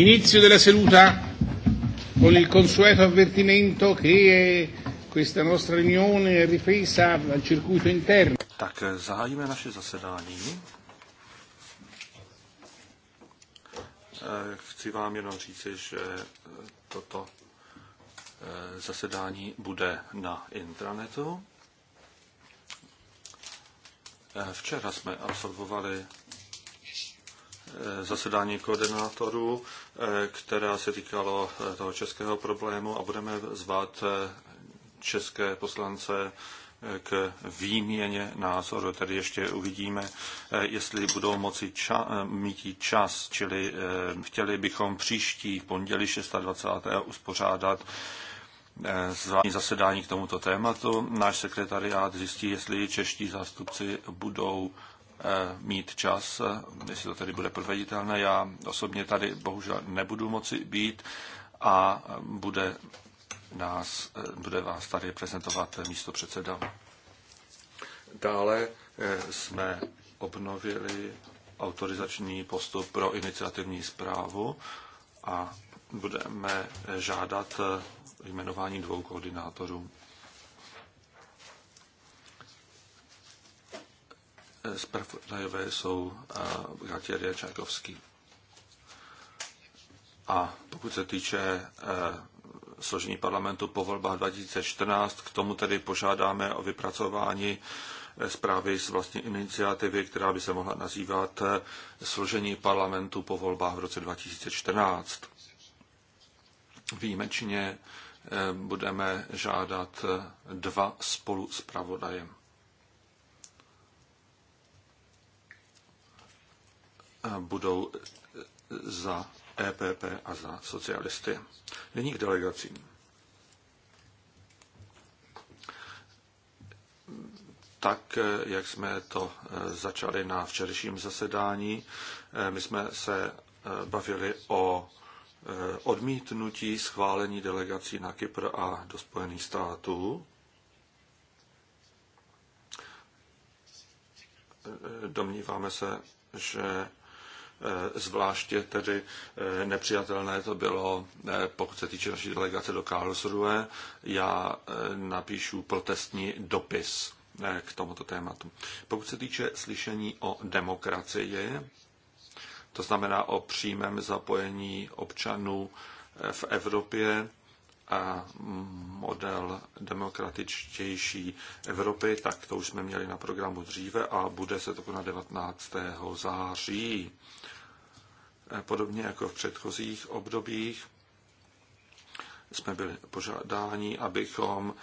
Inizio della seduta con il consueto avvertimento che questa nostra riunione è ripresa al circuito interno. Tak zahájíme naše zasedání. Eh, chci vám jenom říci, že eh, toto eh, zasedání bude na intranetu. Včera jsme absolvovali Eh, zasedání koordinátorů, eh, která se týkalo eh, toho českého problému a budeme zvát české poslance k výměně názoru. Tedy ještě uvidíme, jestli budou moci ča- mít čas, čili chtěli bychom příští pondělí 26. uspořádat zvláštní zasedání k tomuto tématu. Náš sekretariát zjistí, jestli čeští zástupci budou Eh, mít čas, eh, jestli to tedy bude proveditelné. Já osobně tady bohužel nebudu moci být a bude, nás, eh, bude vás tady prezentovat místo předseda. Dále jsme obnovili autorizační postup pro iniciativní zprávu a budeme žádat jmenování dvou koordinátorů. zpravodajové jsou Gatěry Čajkovský. A pokud se týče e, složení parlamentu po volbách 2014, k tomu tedy požádáme o vypracování e, zprávy z vlastní iniciativy, která by se mohla nazývat e, složení parlamentu po volbách v roce 2014. Výjimečně budeme žádat dva spolu s pravodajem. budou za EPP a za socialisty. Nyní k delegacím. Tak, jak jsme to eh, začali na včerejším zasedání, eh, my jsme se eh, bavili o odmítnutí schválení delegací na Kypr a do Spojených států. Domníváme se, že Eh, zvláště tedy eh, nepřijatelné to bylo, eh, pokud se týče naší delegace do Karlsruhe. Já napíšu protestní dopis k tomuto tématu. Pokud se týče slyšení o demokracii, to znamená o přímém zapojení občanů v Evropě a model demokratičtější Evropy, tak to už jsme měli na programu dříve a bude se to na 19. září. Podobně jako v předchozích obdobích jsme byli požádáni, abychom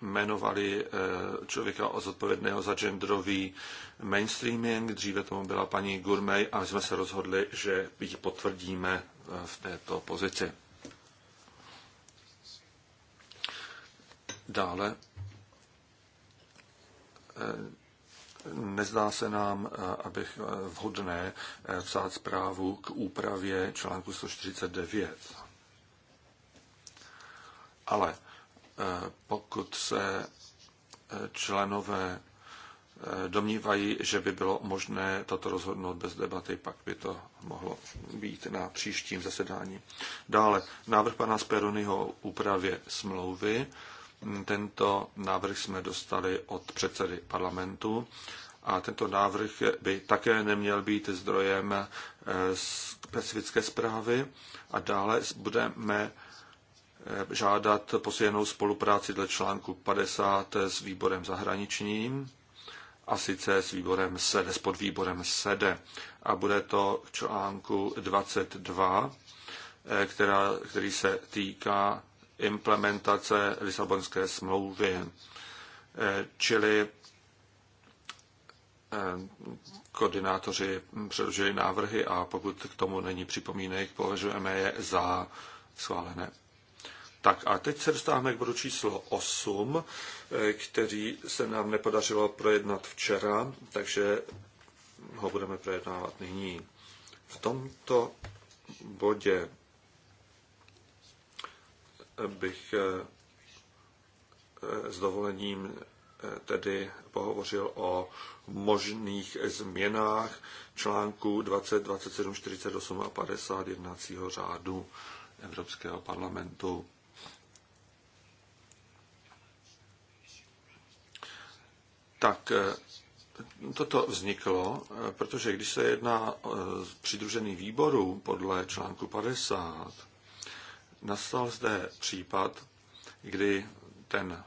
jmenovali eh, člověka zodpovědného za genderový mainstreaming. Dříve tomu byla paní Gurmej a my jsme se rozhodli, že ji potvrdíme eh, v této pozici. Dále eh, Nezdá se nám, eh, abych eh, vhodné eh, psát zprávu k úpravě článku 149. Ale pokud se členové domnívají, že by bylo možné toto rozhodnout bez debaty, pak by to mohlo být na příštím zasedání. Dále návrh pana Speronyho úpravě smlouvy. Tento návrh jsme dostali od předsedy parlamentu a tento návrh by také neměl být zdrojem eh, specifické zprávy a dále budeme eh, žádat posílenou spolupráci dle článku 50 s výborem zahraničním a sice s výborem SEDE, s podvýborem SEDE. A bude to článku 22, eh, která, který se týká implementace Lisabonské smlouvy. Eh, čili eh, koordinátoři předložili návrhy a pokud k tomu není připomínek, považujeme je za schválené. Tak a teď se dostáváme k bodu číslo 8, eh, který se nám nepodařilo projednat včera, takže ho budeme projednávat nyní. V tomto bodě bych eh, eh, s dovolením eh, tedy pohovořil o možných změnách článku 20, 27, 48 a 50 jednacího řádu Evropského parlamentu. Tak toto vzniklo, protože když se jedná o přidružený výborů podle článku 50, nastal zde případ, kdy ten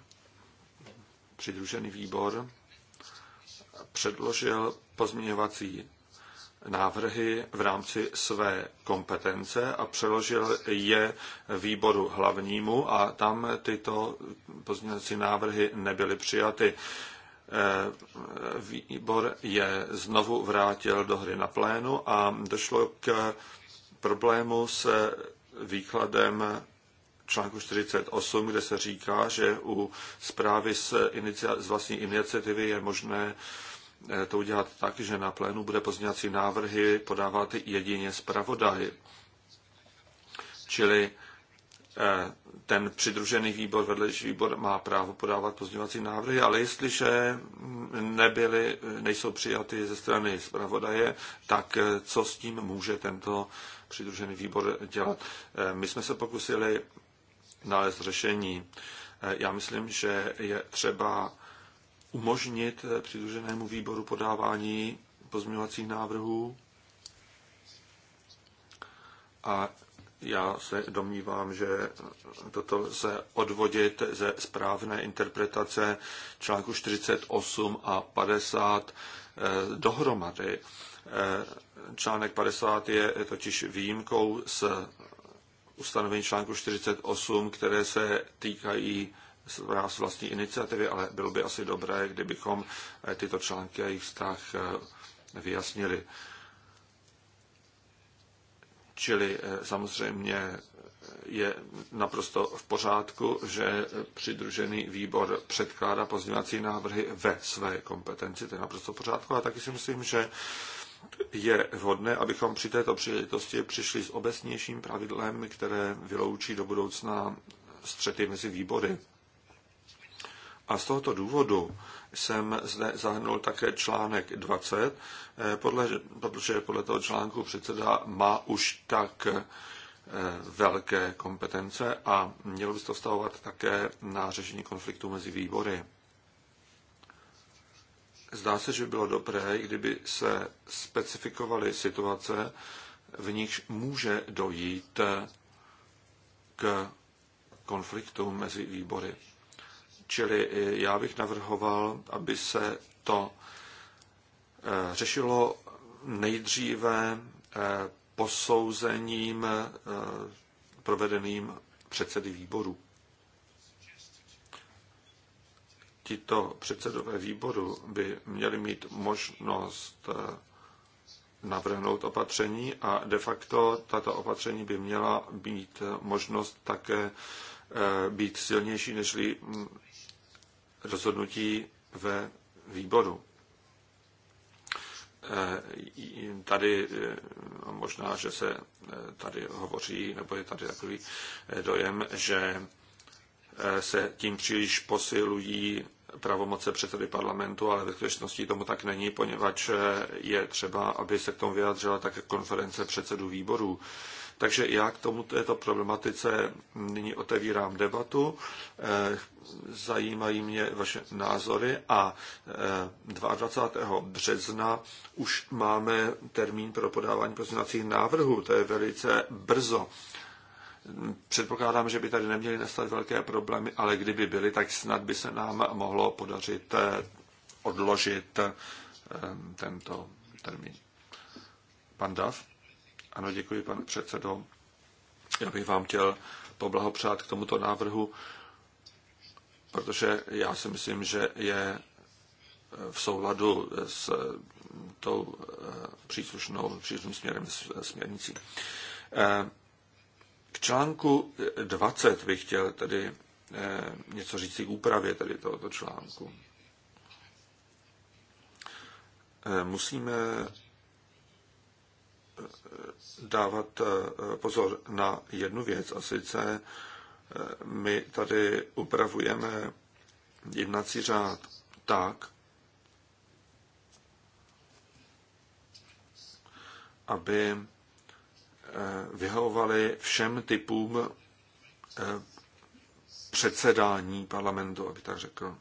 přidružený výbor předložil pozměňovací návrhy v rámci své kompetence a přeložil je výboru hlavnímu a tam tyto pozměňovací návrhy nebyly přijaty. Výbor je znovu vrátil do hry na plénu a došlo k problému se výkladem článku 48, kde se říká, že u zprávy z, inicia- z vlastní iniciativy je možné eh, to udělat tak, že na plénu bude pozměňovací návrhy podávat jedině zpravodaj. Čili eh, ten přidružený výbor, vedlejší výbor má právo podávat pozměňovací návrhy, ale jestliže nebyly, nejsou přijaty ze strany zpravodaje, tak eh, co s tím může tento přidružený výbor dělat. Eh, my jsme se pokusili nalézt řešení. Eh, já myslím, že je třeba umožnit eh, přidruženému výboru podávání pozměňovacích návrhů. A já se domnívám, že toto se odvodit ze správné interpretace článku 48 a 50 dohromady. Článek 50 je totiž výjimkou z ustanovení článku 48, které se týkají z vlastní iniciativy, ale bylo by asi dobré, kdybychom tyto články a jejich vztah eh, vyjasnili. Čili eh, samozřejmě eh, je naprosto v pořádku, že přidružený výbor předkládá pozměňovací návrhy ve své kompetenci, to je naprosto v pořádku, a taky si myslím, že je vhodné, abychom při této příležitosti přišli s obecnějším pravidlem, které vyloučí do budoucna střety mezi výbory. A z tohoto důvodu jsem zde zahrnul také článek 20, eh, podle, protože podle toho článku předseda má už tak eh, velké kompetence a mělo by se to vztahovat také na řešení konfliktu mezi výbory. Zdá se, že bylo dobré, kdyby se specifikovaly situace, v nichž může dojít k konfliktu mezi výbory. Čili já bych navrhoval, aby se to eh, řešilo nejdříve eh, posouzením eh, provedeným předsedy výboru. tito předsedové výboru by měli mít možnost eh, navrhnout opatření a de facto tato opatření by měla být eh, možnost také eh, být silnější než mm, rozhodnutí ve výboru. Tady možná, že se tady hovoří, nebo je tady takový dojem, že se tím příliš posilují pravomoce předsedy parlamentu, ale ve skutečnosti tomu tak není, poněvadž eh, je třeba, aby se k tomu vyjádřila také konference předsedů výborů. Takže já k tomu této problematice nyní otevírám debatu. Eh, zajímají mě vaše názory a 22. Eh, března už máme termín pro podávání pozměňovacích návrhů. To je velice brzo. Předpokládám, že by tady neměly nastat velké problémy, ale kdyby byly, tak snad by se nám mohlo podařit eh, odložit eh, tento termín. Pan Dav? Ano, děkuji, pane předsedo. Já bych vám chtěl poblahopřát k tomuto návrhu, protože já si myslím, že je eh, v souladu s tou příslušnou, příslušným směrem směrnicí. K článku 20 bych chtěl tedy eh, něco říct k úpravě tady tohoto článku. Eh, musíme eh, dávat pozor na jednu věc, a sice my tady upravujeme jednací řád tak, aby Eh, vyhovovali všem typům eh, předsedání parlamentu, aby tak řekl.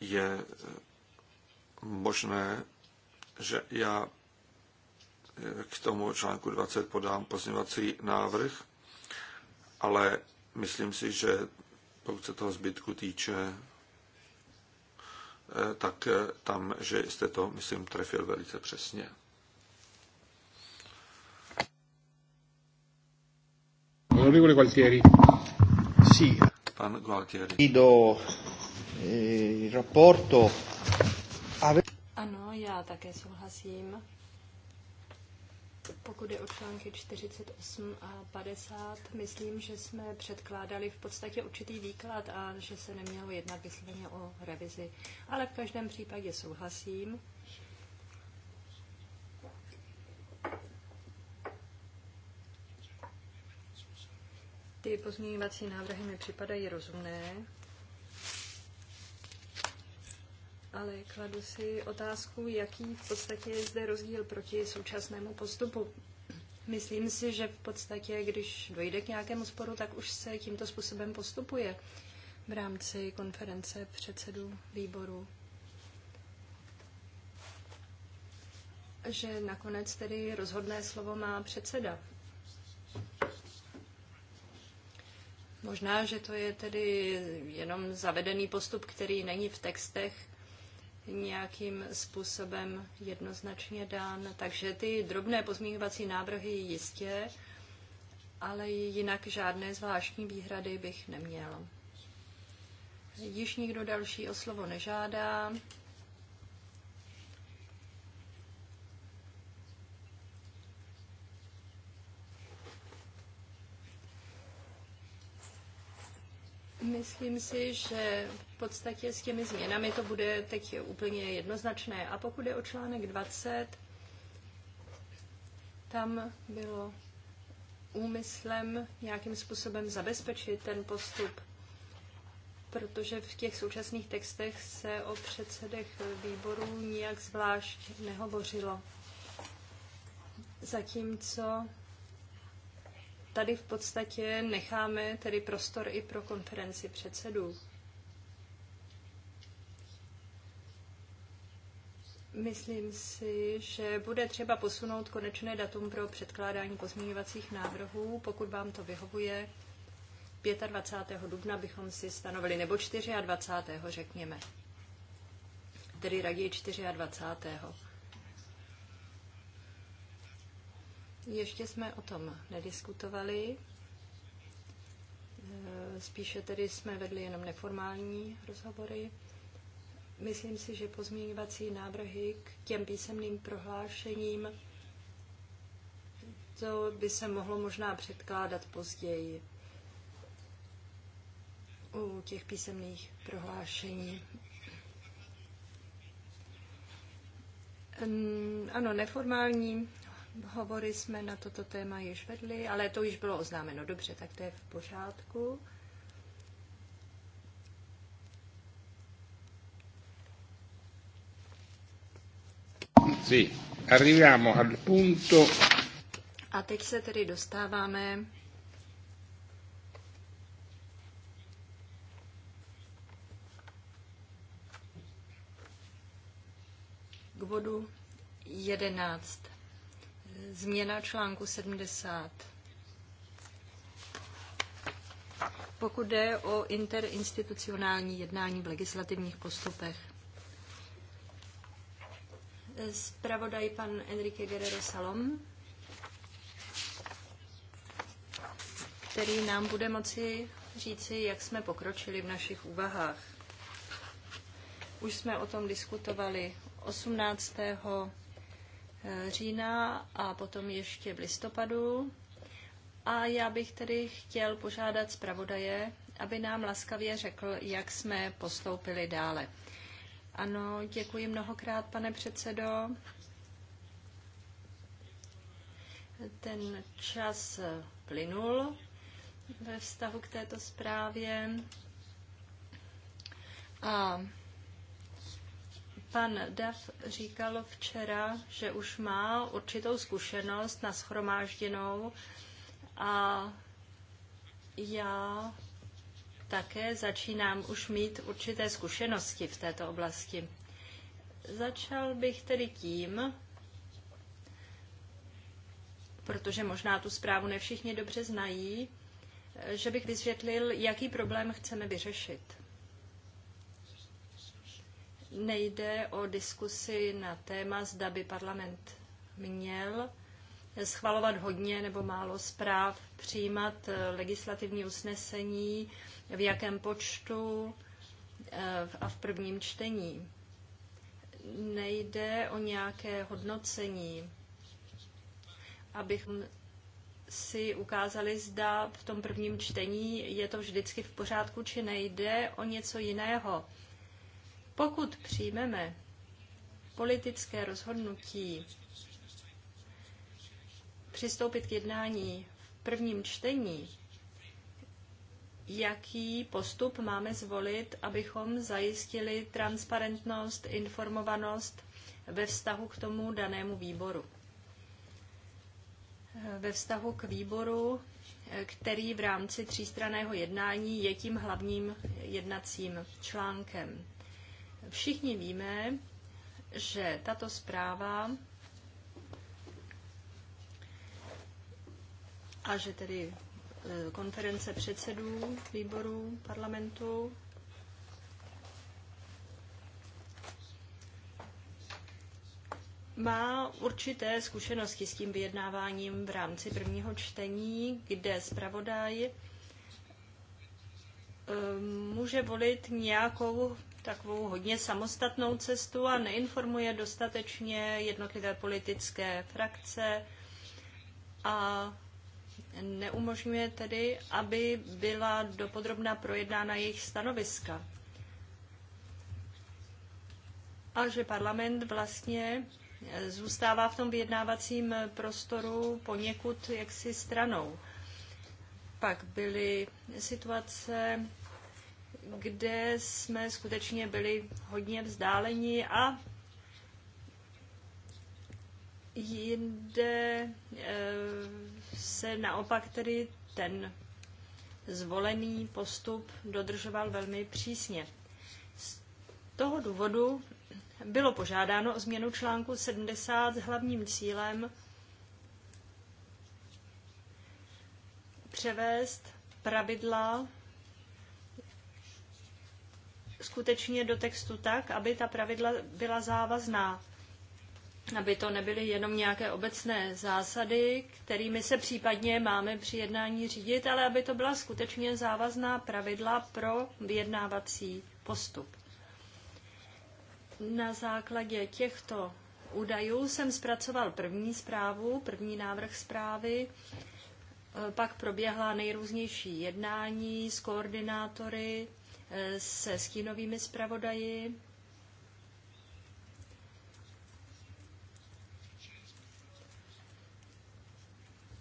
Je eh, možné, že já k tomu článku 20 podám pozměňovací návrh, ale myslím si, že pokud se toho zbytku týče, Eh, tak eh, tam, že jste to, myslím, trefil velice přesně. Onorevole Gualtieri. Sì. Pan Gualtieri. Do, eh, rapporto... Ano, já také souhlasím pokud je o články 48 a 50, myslím, že jsme předkládali v podstatě určitý výklad a že se nemělo jednat vysloveně o revizi. Ale v každém případě souhlasím. Ty pozměňovací návrhy mi připadají rozumné. ale kladu si otázku, jaký v podstatě je zde rozdíl proti současnému postupu. Myslím si, že v podstatě, když dojde k nějakému sporu, tak už se tímto způsobem postupuje v rámci konference předsedů výboru. Že nakonec tedy rozhodné slovo má předseda. Možná, že to je tedy jenom zavedený postup, který není v textech, nějakým způsobem jednoznačně dán. Takže ty drobné pozměňovací návrhy jistě, ale jinak žádné zvláštní výhrady bych neměl. Již nikdo další o slovo nežádá, Myslím si, že v podstatě s těmi změnami to bude teď úplně jednoznačné. A pokud je o článek 20, tam bylo úmyslem nějakým způsobem zabezpečit ten postup, protože v těch současných textech se o předsedech výborů nijak zvlášť nehovořilo. Zatímco tady v podstatě necháme tedy prostor i pro konferenci předsedů. Myslím si, že bude třeba posunout konečné datum pro předkládání pozměňovacích návrhů, pokud vám to vyhovuje. 25. dubna bychom si stanovili, nebo 24. řekněme. Tedy raději 24. Ještě jsme o tom nediskutovali. E, spíše tedy jsme vedli jenom neformální rozhovory. Myslím si, že pozměňovací návrhy k těm písemným prohlášením to by se mohlo možná předkládat později u těch písemných prohlášení. Ano, neformální Hovory jsme na toto téma již vedli, ale to již bylo oznámeno. Dobře, tak to je v pořádku. Sí, arriviamo al punto. A teď se tedy dostáváme k bodu 11 změna článku 70. Pokud jde o interinstitucionální jednání v legislativních postupech. Spravodaj pan Enrique Guerrero Salom, který nám bude moci říci, jak jsme pokročili v našich úvahách. Už jsme o tom diskutovali 18. Eh, října a potom ještě v listopadu. A já bych tedy chtěl požádat zpravodaje, aby nám laskavě řekl, jak jsme postoupili dále. Ano, děkuji mnohokrát, pane předsedo. Ten čas plynul ve vztahu k této zprávě. A Pan Dav říkal včera, že už má určitou zkušenost na schromážděnou a já také začínám už mít určité zkušenosti v této oblasti. Začal bych tedy tím, protože možná tu zprávu ne všichni dobře znají, že bych vysvětlil, jaký problém chceme vyřešit nejde o diskusi na téma, zda by parlament měl schvalovat hodně nebo málo zpráv, přijímat eh, legislativní usnesení, v jakém počtu eh, a v prvním čtení. Nejde o nějaké hodnocení, abychom si ukázali, zda v tom prvním čtení je to vždycky v pořádku, či nejde o něco jiného. Pokud přijmeme politické rozhodnutí přistoupit k jednání v prvním čtení, jaký postup máme zvolit, abychom zajistili transparentnost, informovanost ve vztahu k tomu danému výboru. Ve vztahu k výboru, který v rámci třístraného jednání je tím hlavním jednacím článkem. Všichni víme, že tato zpráva a že tedy e, konference předsedů výborů parlamentu má určité zkušenosti s tím vyjednáváním v rámci prvního čtení, kde zpravodaj e, může volit nějakou takovou hodně samostatnou cestu a neinformuje dostatečně jednotlivé politické frakce a neumožňuje tedy, aby byla dopodrobná projednána jejich stanoviska. A že parlament vlastně zůstává v tom vyjednávacím prostoru poněkud jaksi stranou. Pak byly situace kde jsme skutečně byli hodně vzdáleni a jinde eh, se naopak tedy ten zvolený postup dodržoval velmi přísně. Z toho důvodu bylo požádáno o změnu článku 70 s hlavním cílem převést pravidla skutečně do textu tak, aby ta pravidla byla závazná. Aby to nebyly jenom nějaké obecné zásady, kterými se případně máme při jednání řídit, ale aby to byla skutečně závazná pravidla pro vyjednávací postup. Na základě těchto údajů jsem zpracoval první zprávu, první návrh zprávy. Pak proběhla nejrůznější jednání s koordinátory se stínovými zpravodaji.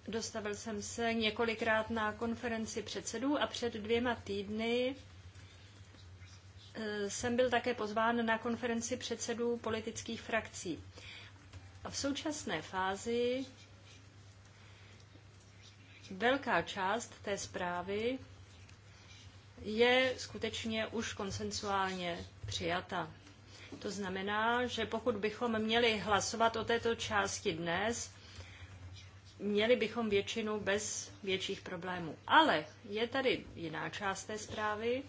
Dostavil jsem se několikrát na konferenci předsedů a před dvěma týdny eh, jsem byl také pozván na konferenci předsedů politických frakcí. A v současné fázi velká část té zprávy je skutečně už konsensuálně přijata. To znamená, že pokud bychom měli hlasovat o této části dnes, měli bychom většinu bez větších problémů. Ale je tady jiná část té zprávy,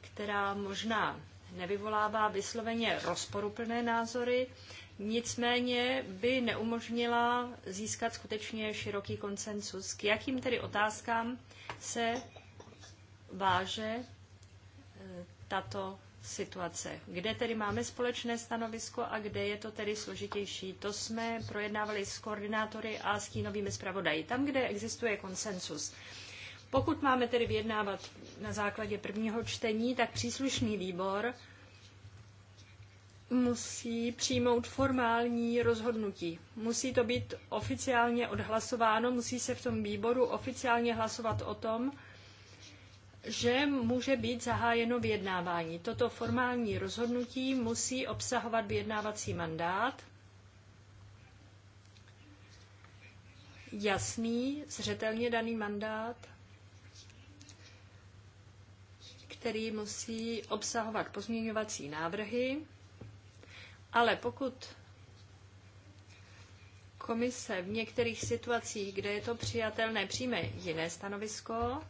která možná nevyvolává vysloveně rozporuplné názory, nicméně by neumožnila získat skutečně široký konsensus. K jakým tedy otázkám se váže e, tato situace. Kde tedy máme společné stanovisko a kde je to tedy složitější? To jsme projednávali s koordinátory a s tínovými zpravodaji. Tam, kde existuje konsensus. Pokud máme tedy vyjednávat na základě prvního čtení, tak příslušný výbor musí přijmout formální rozhodnutí. Musí to být oficiálně odhlasováno, musí se v tom výboru oficiálně hlasovat o tom, že může být zahájeno vyjednávání. Toto formální rozhodnutí musí obsahovat vyjednávací mandát, jasný, zřetelně daný mandát, který musí obsahovat pozměňovací návrhy, ale pokud komise v některých situacích, kde je to přijatelné, přijme jiné stanovisko,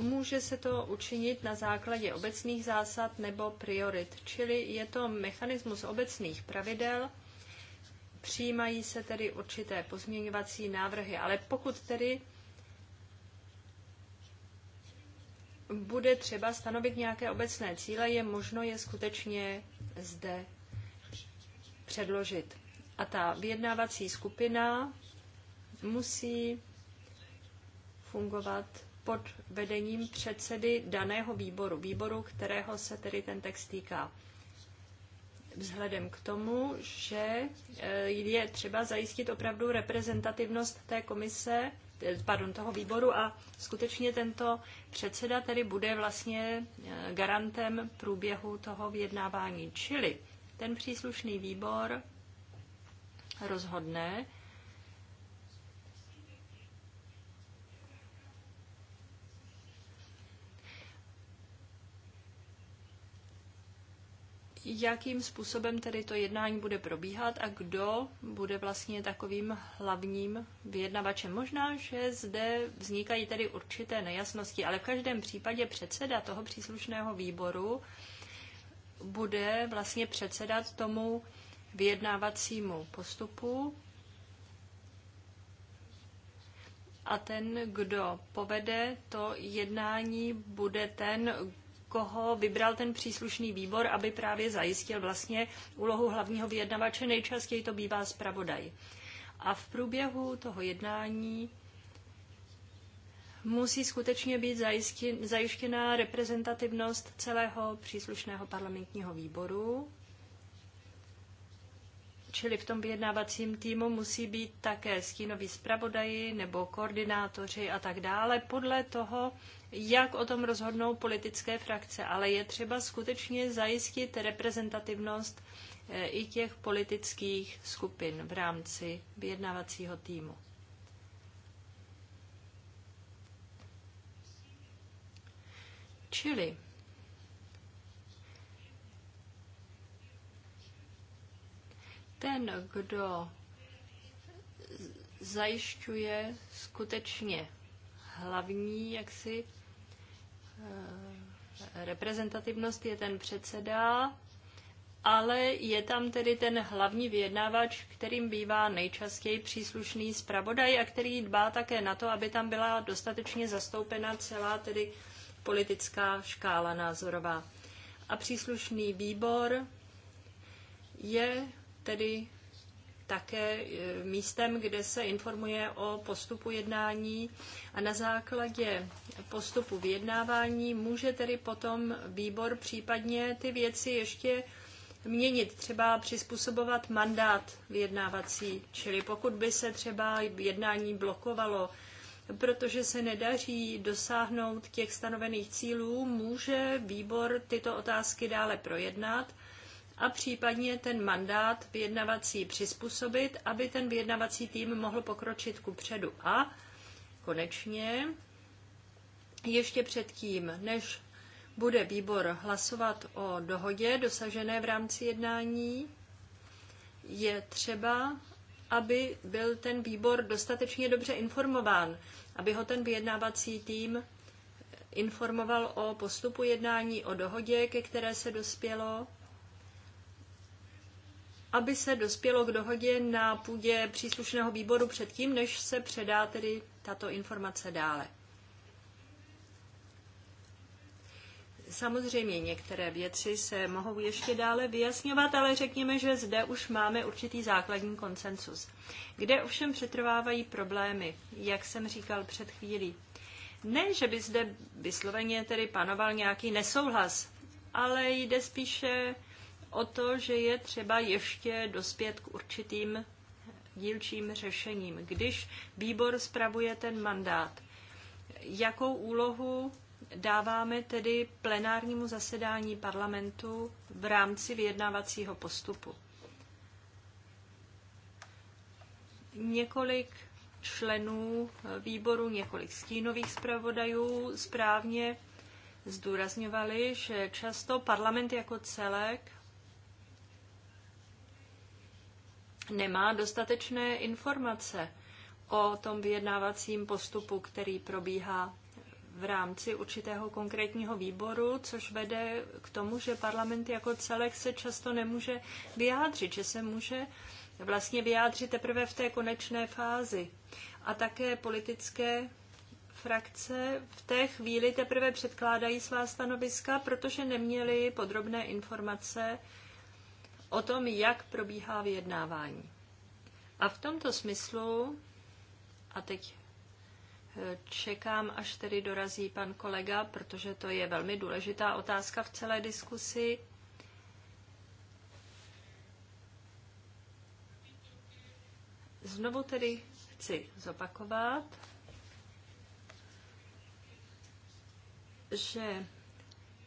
Může se to učinit na základě obecných zásad nebo priorit, čili je to mechanismus obecných pravidel, přijímají se tedy určité pozměňovací návrhy, ale pokud tedy bude třeba stanovit nějaké obecné cíle, je možno je skutečně zde předložit. A ta vyjednávací skupina musí fungovat pod vedením předsedy daného výboru, výboru, kterého se tedy ten text týká. Vzhledem k tomu, že eh, je třeba zajistit opravdu reprezentativnost té komise, eh, pardon, toho výboru a skutečně tento předseda tedy bude vlastně eh, garantem průběhu toho vyjednávání. Čili ten příslušný výbor rozhodne, jakým způsobem tedy to jednání bude probíhat a kdo bude vlastně takovým hlavním vyjednavačem. Možná, že zde vznikají tedy určité nejasnosti, ale v každém případě předseda toho příslušného výboru bude vlastně předsedat tomu vyjednávacímu postupu a ten, kdo povede to jednání, bude ten, koho vybral ten příslušný výbor, aby právě zajistil vlastně úlohu hlavního vyjednavače. Nejčastěji to bývá zpravodaj. A v průběhu toho jednání musí skutečně být zajištěná reprezentativnost celého příslušného parlamentního výboru Čili v tom vyjednávacím týmu musí být také stínoví zpravodaji nebo koordinátoři a tak dále, podle toho, jak o tom rozhodnou politické frakce. Ale je třeba skutečně zajistit reprezentativnost eh, i těch politických skupin v rámci vyjednávacího týmu. Čili ten, kdo zajišťuje skutečně hlavní jaksi eh, reprezentativnost je ten předseda, ale je tam tedy ten hlavní vyjednávač, kterým bývá nejčastěji příslušný zpravodaj a který dbá také na to, aby tam byla dostatečně zastoupena celá tedy politická škála názorová. A příslušný výbor je tedy také e, místem, kde se informuje o postupu jednání a na základě postupu vyjednávání může tedy potom výbor případně ty věci ještě měnit, třeba přizpůsobovat mandát vyjednávací, čili pokud by se třeba jednání blokovalo, protože se nedaří dosáhnout těch stanovených cílů, může výbor tyto otázky dále projednat a případně ten mandát vyjednavací přizpůsobit, aby ten vyjednavací tým mohl pokročit ku předu. A konečně ještě předtím, než bude výbor hlasovat o dohodě dosažené v rámci jednání, je třeba, aby byl ten výbor dostatečně dobře informován, aby ho ten vyjednávací tým informoval o postupu jednání, o dohodě, ke které se dospělo aby se dospělo k dohodě na půdě příslušného výboru předtím, než se předá tedy tato informace dále. Samozřejmě některé věci se mohou ještě dále vyjasňovat, ale řekněme, že zde už máme určitý základní konsensus, kde ovšem přetrvávají problémy, jak jsem říkal před chvílí. Ne, že by zde vysloveně tedy panoval nějaký nesouhlas, ale jde spíše o to, že je třeba ještě dospět k určitým dílčím řešením. Když výbor spravuje ten mandát, jakou úlohu dáváme tedy plenárnímu zasedání parlamentu v rámci vyjednávacího postupu? Několik členů výboru, několik stínových zpravodajů správně zdůrazňovali, že často parlament jako celek nemá dostatečné informace o tom vyjednávacím postupu, který probíhá v rámci určitého konkrétního výboru, což vede k tomu, že parlament jako celek se často nemůže vyjádřit, že se může vlastně vyjádřit teprve v té konečné fázi. A také politické frakce v té chvíli teprve předkládají svá stanoviska, protože neměli podrobné informace o tom, jak probíhá vyjednávání. A v tomto smyslu, a teď eh, čekám, až tedy dorazí pan kolega, protože to je velmi důležitá otázka v celé diskusi. Znovu tedy chci zopakovat, že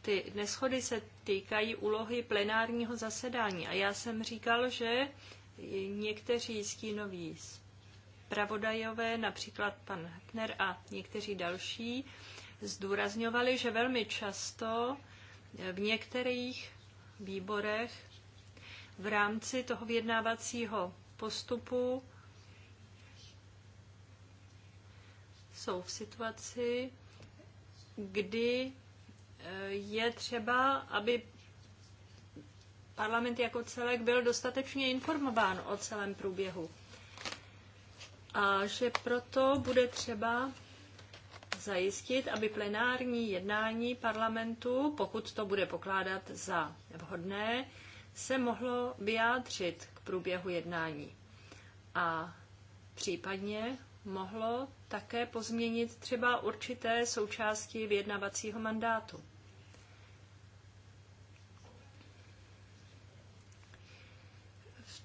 ty neschody se týkají úlohy plenárního zasedání. A já jsem říkal, že někteří stínoví pravodajové, například pan Hepner a někteří další, zdůrazňovali, že velmi často v některých výborech v rámci toho vyjednávacího postupu jsou v situaci, kdy je třeba, aby parlament jako celek byl dostatečně informován o celém průběhu. A že proto bude třeba zajistit, aby plenární jednání parlamentu, pokud to bude pokládat za vhodné, se mohlo vyjádřit k průběhu jednání. A případně mohlo také pozměnit třeba určité součásti vyjednavacího mandátu.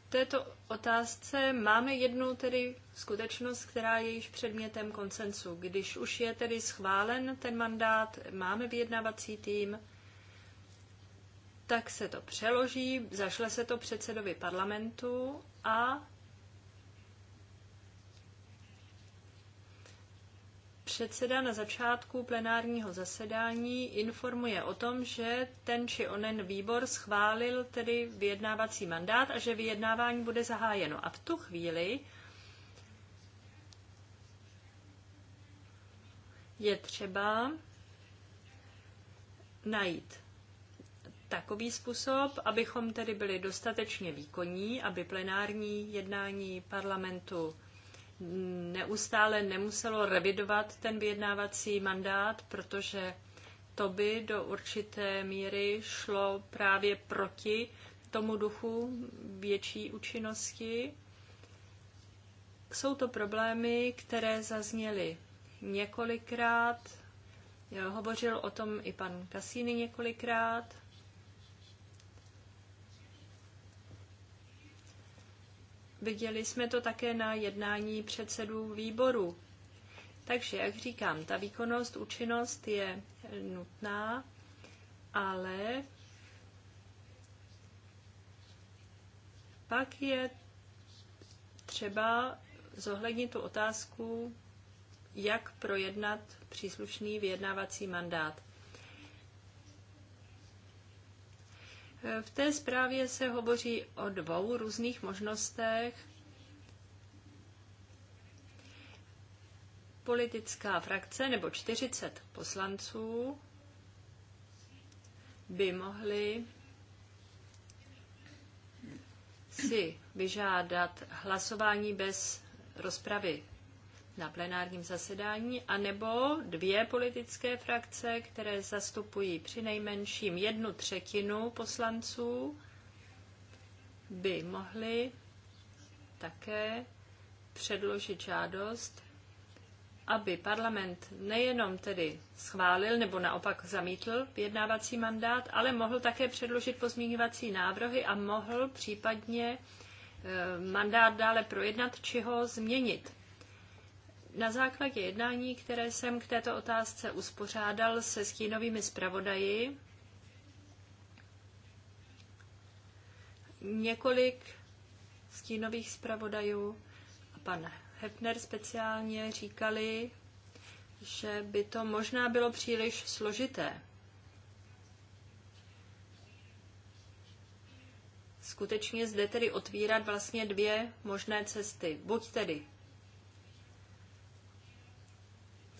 této otázce máme jednu tedy skutečnost, která je již předmětem koncensu. Když už je tedy schválen ten mandát, máme vyjednávací tým, tak se to přeloží, zašle se to předsedovi parlamentu a Předseda na začátku plenárního zasedání informuje o tom, že ten či onen výbor schválil tedy vyjednávací mandát a že vyjednávání bude zahájeno. A v tu chvíli je třeba najít takový způsob, abychom tedy byli dostatečně výkonní, aby plenární jednání parlamentu neustále nemuselo revidovat ten vyjednávací mandát, protože to by do určité míry šlo právě proti tomu duchu větší účinnosti. Jsou to problémy, které zazněly několikrát. Hovořil o tom i pan Kasíny několikrát. Viděli jsme to také na jednání předsedů výboru. Takže, jak říkám, ta výkonnost, účinnost je nutná, ale pak je třeba zohlednit tu otázku, jak projednat příslušný vyjednávací mandát. V té zprávě se hovoří o dvou různých možnostech. Politická frakce nebo 40 poslanců by mohli si vyžádat hlasování bez rozpravy na plenárním zasedání, anebo dvě politické frakce, které zastupují při nejmenším jednu třetinu poslanců, by mohly také předložit žádost, aby parlament nejenom tedy schválil nebo naopak zamítl vyjednávací mandát, ale mohl také předložit pozměňovací návrhy a mohl případně eh, mandát dále projednat či ho změnit. Na základě jednání, které jsem k této otázce uspořádal se stínovými zpravodaji, několik stínových zpravodajů a pan Hepner speciálně říkali, že by to možná bylo příliš složité. Skutečně zde tedy otvírat vlastně dvě možné cesty. Buď tedy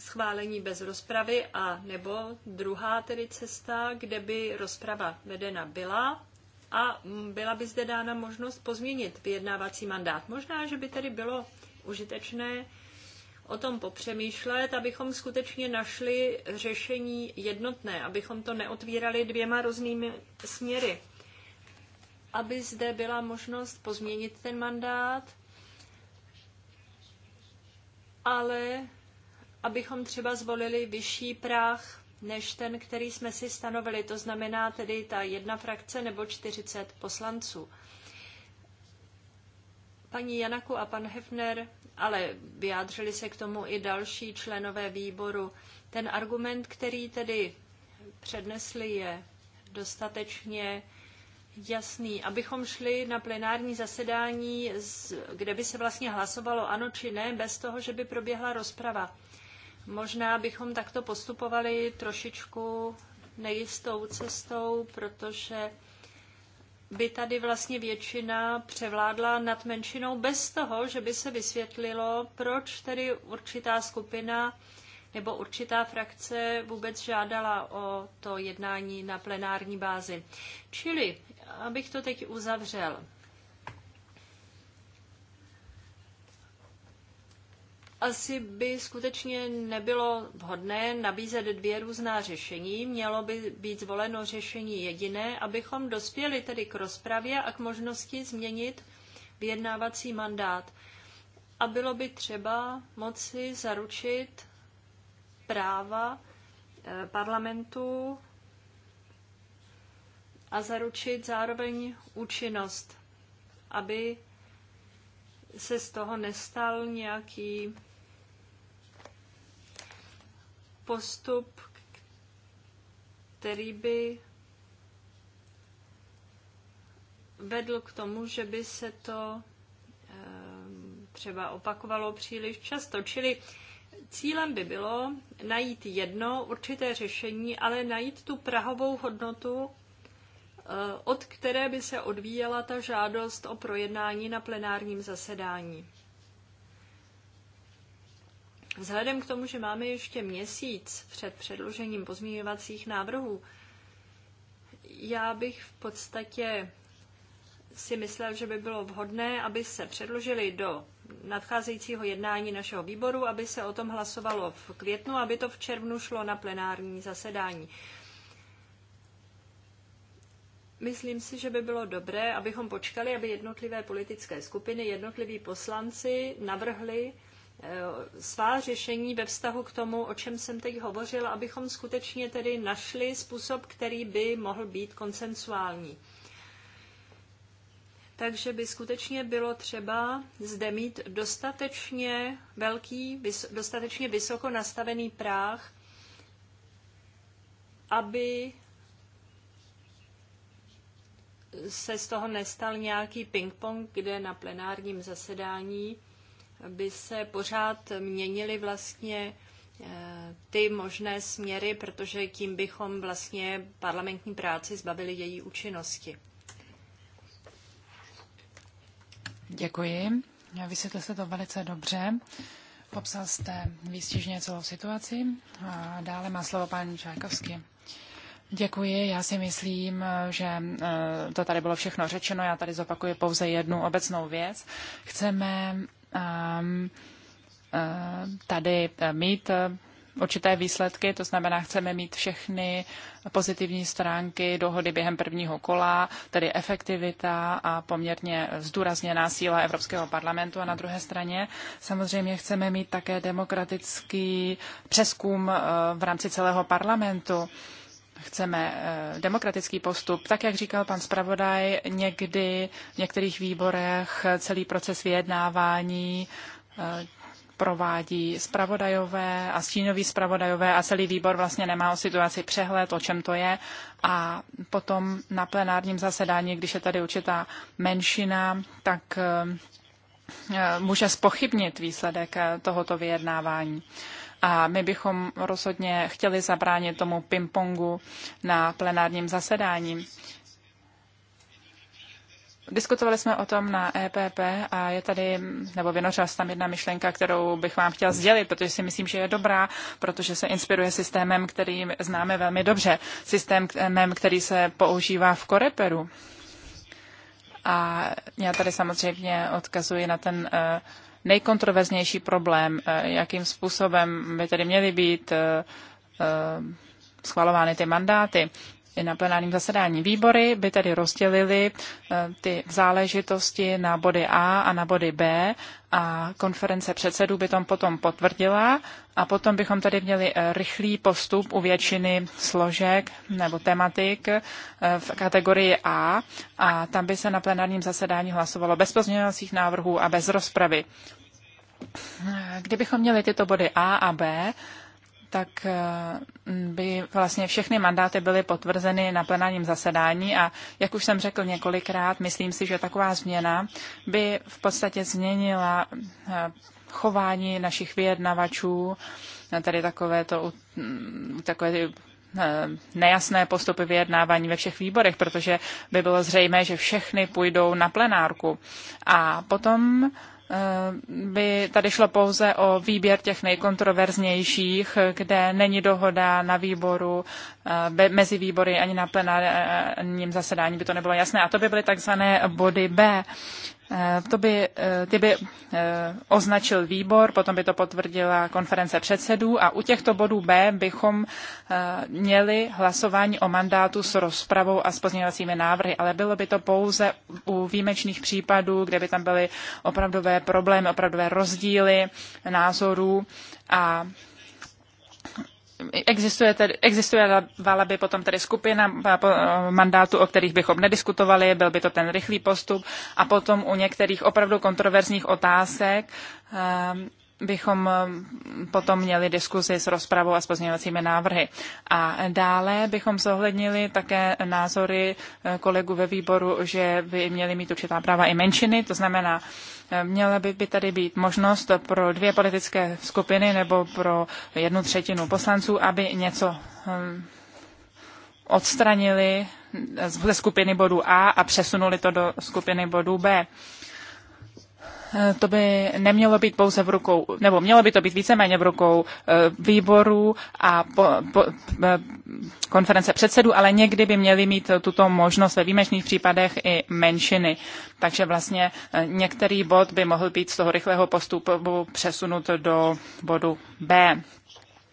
schválení bez rozpravy a nebo druhá tedy cesta, kde by rozprava vedena byla a byla by zde dána možnost pozměnit vyjednávací mandát. Možná, že by tedy bylo užitečné o tom popřemýšlet, abychom skutečně našli řešení jednotné, abychom to neotvírali dvěma různými směry. Aby zde byla možnost pozměnit ten mandát, ale abychom třeba zvolili vyšší práh než ten, který jsme si stanovili, to znamená tedy ta jedna frakce nebo 40 poslanců. Paní Janaku a pan Hefner, ale vyjádřili se k tomu i další členové výboru. Ten argument, který tedy přednesli, je dostatečně jasný. Abychom šli na plenární zasedání, kde by se vlastně hlasovalo ano či ne, bez toho, že by proběhla rozprava. Možná bychom takto postupovali trošičku nejistou cestou, protože by tady vlastně většina převládla nad menšinou bez toho, že by se vysvětlilo, proč tedy určitá skupina nebo určitá frakce vůbec žádala o to jednání na plenární bázi. Čili, abych to teď uzavřel, asi by skutečně nebylo vhodné nabízet dvě různá řešení. Mělo by být zvoleno řešení jediné, abychom dospěli tedy k rozpravě a k možnosti změnit vyjednávací mandát. A bylo by třeba moci zaručit práva eh, parlamentu a zaručit zároveň účinnost, aby se z toho nestal nějaký postup, který by vedl k tomu, že by se to ehm, třeba opakovalo příliš často. Čili cílem by bylo najít jedno určité řešení, ale najít tu prahovou hodnotu, eh, od které by se odvíjela ta žádost o projednání na plenárním zasedání. Vzhledem k tomu, že máme ještě měsíc před předložením pozměňovacích návrhů, já bych v podstatě si myslel, že by bylo vhodné, aby se předložili do nadcházejícího jednání našeho výboru, aby se o tom hlasovalo v květnu, aby to v červnu šlo na plenární zasedání. Myslím si, že by bylo dobré, abychom počkali, aby jednotlivé politické skupiny, jednotliví poslanci navrhli E, svá řešení ve vztahu k tomu, o čem jsem teď hovořila, abychom skutečně tedy našli způsob, který by mohl být konsensuální. Takže by skutečně bylo třeba zde mít dostatečně velký, dostatečně vysoko nastavený práh, aby se z toho nestal nějaký ping-pong, kde na plenárním zasedání by se pořád měnily vlastně eh, ty možné směry, protože tím bychom vlastně parlamentní práci zbavili její účinnosti. Děkuji. Vysvětlil jste to velice dobře. Popsal jste výstižně celou situaci. A dále má slovo paní Čajkovský. Děkuji. Já si myslím, že eh, to tady bylo všechno řečeno. Já tady zopakuji pouze jednu obecnou věc. Chceme Ehm, ehm, tady eh, mít eh, určité výsledky, to znamená, chceme mít všechny pozitivní stránky dohody během prvního kola, tedy efektivita a poměrně zdůrazněná síla Evropského parlamentu a na druhé straně samozřejmě chceme mít také demokratický přeskum eh, v rámci celého parlamentu chceme eh, demokratický postup, tak jak říkal pan zpravodaj, někdy v některých výborech celý proces vyjednávání eh, provádí spravodajové a stínoví spravodajové a celý výbor vlastně nemá o situaci přehled, o čem to je. A potom na plenárním zasedání, když je tady určitá menšina, tak eh, může spochybnit výsledek tohoto vyjednávání. A my bychom rozhodně chtěli zabránit tomu pingpongu na plenárním zasedání. Diskutovali jsme o tom na EPP a je tady, nebo vynořila se tam jedna myšlenka, kterou bych vám chtěla sdělit, protože si myslím, že je dobrá, protože se inspiruje systémem, který známe velmi dobře, systémem, který se používá v Koreperu. A já tady samozřejmě odkazuji na ten uh, nejkontroverznější problém, eh, jakým způsobem by tedy měly být eh, eh, schvalovány ty mandáty i na plenárním zasedání. Výbory by tedy rozdělili eh, ty záležitosti na body A a na body B a konference předsedů by tom potom potvrdila a potom bychom tady měli eh, rychlý postup u většiny složek nebo tematik eh, v kategorii A a tam by se na plenárním zasedání hlasovalo bez pozměňovacích návrhů a bez rozpravy. Kdybychom měli tyto body A a B, tak eh, by vlastně všechny mandáty byly potvrzeny na plenárním zasedání a jak už jsem řekl několikrát, myslím si, že taková změna by v podstatě změnila eh, chování našich vyjednavačů, eh, tady takové to, mm, takové nejasné postupy vyjednávání ve všech výborech, protože by bylo zřejmé, že všechny půjdou na plenárku. A potom Eh, by tady šlo pouze o výběr těch nejkontroverznějších, kde není dohoda na výboru, eh, mezi výbory ani na plenárním zasedání by to nebylo jasné. A to by byly takzvané body B. Eh, to by, eh, ty by eh, označil výbor, potom by to potvrdila konference předsedů a u těchto bodů B bychom měli hlasování o mandátu s rozpravou a s pozměňovacími návrhy, ale bylo by to pouze u výjimečných případů, kde by tam byly opravdové problémy, opravdové rozdíly názorů a Existuje, tedy, existuje by potom tedy skupina eh, eh, mandátů, o kterých bychom nediskutovali, byl by to ten rychlý postup a potom u některých opravdu kontroverzních otázek eh, bychom eh, potom měli diskuzi s rozpravou a s pozměňovacími návrhy. A dále bychom zohlednili také názory eh, kolegů ve výboru, že by měly mít určitá práva i menšiny, to znamená, eh, měla by, by tady být možnost pro dvě politické skupiny nebo pro jednu třetinu poslanců, aby něco odstranili ze skupiny bodu A a přesunuli to do skupiny bodu B to by nemělo být pouze v rukou, nebo mělo by to být víceméně v rukou eh, výborů a po, po, eh, konference předsedů, ale někdy by měly mít tuto možnost ve výjimečných případech i menšiny. Takže vlastně eh, některý bod by mohl být z toho rychlého postupu přesunut do bodu B.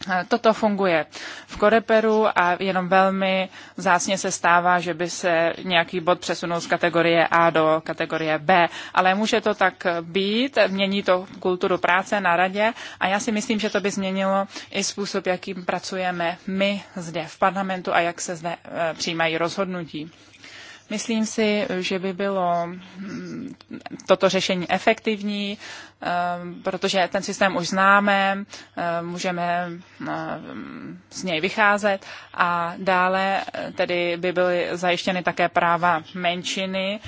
Eh, toto funguje v Koreperu a jenom velmi zásně se stává, že by se nějaký bod přesunul z kategorie A do kategorie B. Ale může to tak být, mění to kulturu práce na radě a já si myslím, že to by změnilo i způsob, jakým pracujeme my zde v parlamentu a jak se zde eh, přijímají rozhodnutí. Myslím si, že by bylo hm, toto řešení efektivní, ehm, protože ten systém už známe, ehm, můžeme ehm, z něj vycházet a dále eh, tedy by byly zajištěny také práva menšiny,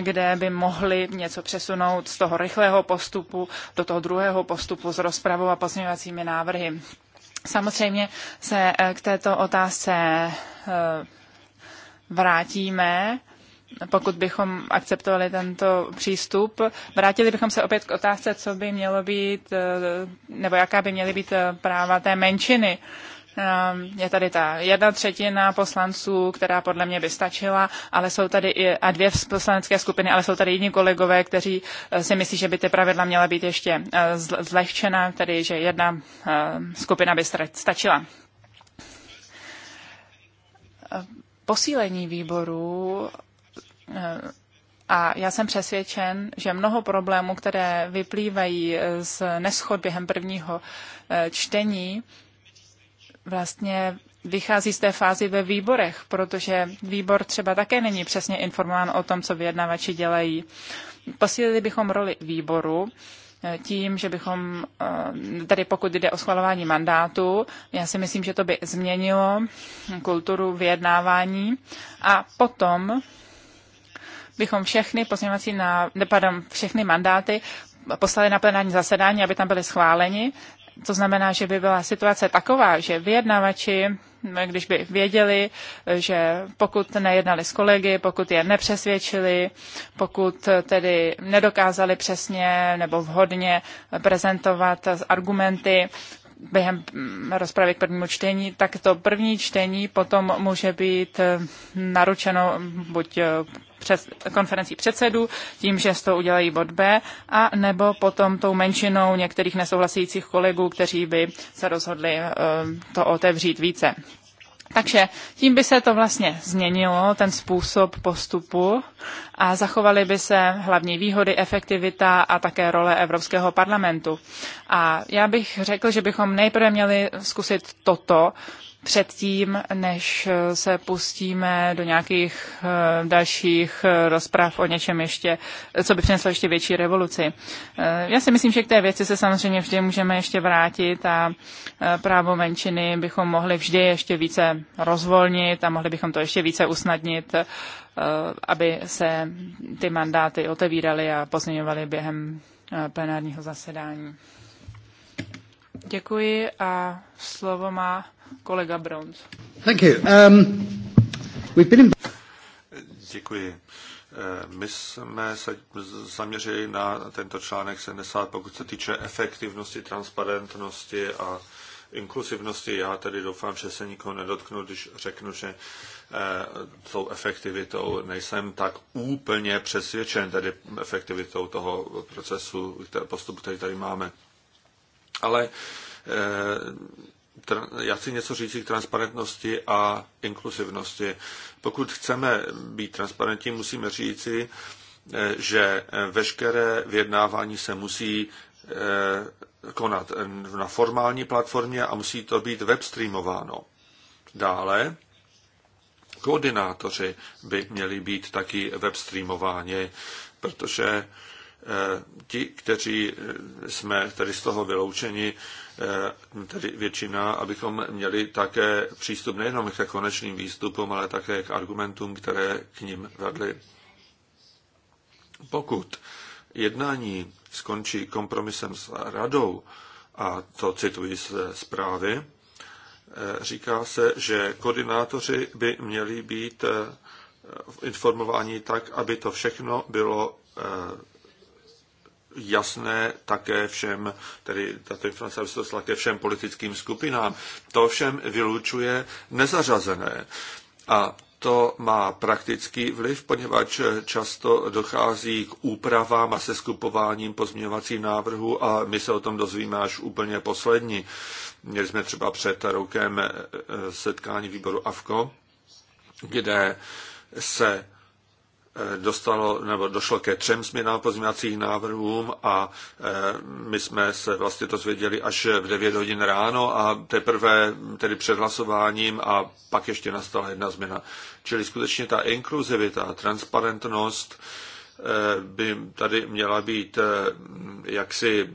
kde by mohli něco přesunout z toho rychlého postupu do toho druhého postupu s rozpravou a pozměňovacími návrhy. Samozřejmě se eh, k této otázce eh, vrátíme, pokud bychom akceptovali tento přístup. Vrátili bychom se opět k otázce, co by mělo být, eh, nebo jaká by měly být eh, práva té menšiny. Eh, je tady ta jedna třetina poslanců, která podle mě by stačila, ale jsou tady i, a dvě poslanecké skupiny, ale jsou tady jiní kolegové, kteří si myslí, že by ty pravidla měla být ještě zlehčena, tedy že jedna skupina by stačila posílení výborů eh, a já jsem přesvědčen, že mnoho problémů, které vyplývají z neschod během prvního eh, čtení, vlastně vychází z té fázy ve výborech, protože výbor třeba také není přesně informován o tom, co vyjednavači dělají. Posílili bychom roli výboru tím, že bychom, eh, tady pokud jde o schvalování mandátu, já si myslím, že to by změnilo kulturu vyjednávání a potom bychom všechny pozměňovací na, pardon, všechny mandáty poslali na plenární zasedání, aby tam byly schváleni to znamená, že by byla situace taková, že vyjednavači, když by věděli, že pokud nejednali s kolegy, pokud je nepřesvědčili, pokud tedy nedokázali přesně nebo vhodně prezentovat argumenty, během rozpravy k prvnímu čtení, tak to první čtení potom může být naručeno buď přes, konferencí předsedů, tím, že z toho udělají bod B, a nebo potom tou menšinou některých nesouhlasících kolegů, kteří by se rozhodli eh, to otevřít více. Takže tím by se to vlastně změnilo, ten způsob postupu a zachovaly by se hlavní výhody, efektivita a také role Evropského parlamentu. A já bych řekl, že bychom nejprve měli zkusit toto, předtím, než se pustíme do nějakých eh, dalších eh, rozprav o něčem ještě, co by přineslo ještě větší revoluci. Eh, já si myslím, že k té věci se samozřejmě vždy můžeme ještě vrátit a právo menšiny bychom mohli vždy ještě více rozvolnit a mohli bychom to ještě více usnadnit, aby se ty mandáty otevíraly a pozměňovaly během plenárního zasedání. Děkuji a slovo má kolega Browns. Thank you. Um, we've been in... Děkuji. Eh, my jsme se zaměřili na tento článek 70, pokud se týče efektivnosti, transparentnosti a inkluzivnosti. Já tedy doufám, že se nikoho nedotknu, když řeknu, že eh, tou efektivitou nejsem tak úplně přesvědčen, tedy efektivitou toho procesu, postupu, který tady máme. Ale eh, já chci něco říct k transparentnosti a inkluzivnosti. Pokud chceme být transparentní, musíme říci, eh, že eh, veškeré vyjednávání se musí eh, konat na formální platformě a musí to být webstreamováno. Dále koordinátoři by měli být taky webstreamováni, protože Eh, ti, kteří eh, jsme tedy z toho vyloučeni, eh, tedy většina, abychom měli také přístup nejenom ke konečným výstupům, ale také k argumentům, které k ním vedly. Pokud jednání skončí kompromisem s radou, a to cituji z zprávy, říká se, že koordinátoři by měli být informováni tak, aby to všechno bylo jasné také všem, tedy tato informace aby se dostala ke všem politickým skupinám. To všem vylučuje nezařazené. A to má praktický vliv, poněvadž často dochází k úpravám a se skupováním pozměňovacích návrhů a my se o tom dozvíme až úplně poslední. Měli jsme třeba před rokem eh, setkání výboru AFKO, kde se Eh, dostalo, nebo došlo ke třem změnám pozměňovacích návrhům a eh, my jsme se vlastně to zvěděli až v 9 hodin ráno a teprve tedy před hlasováním a pak ještě nastala jedna změna. Čili skutečně ta inkluzivita, transparentnost eh, by tady měla být jaksi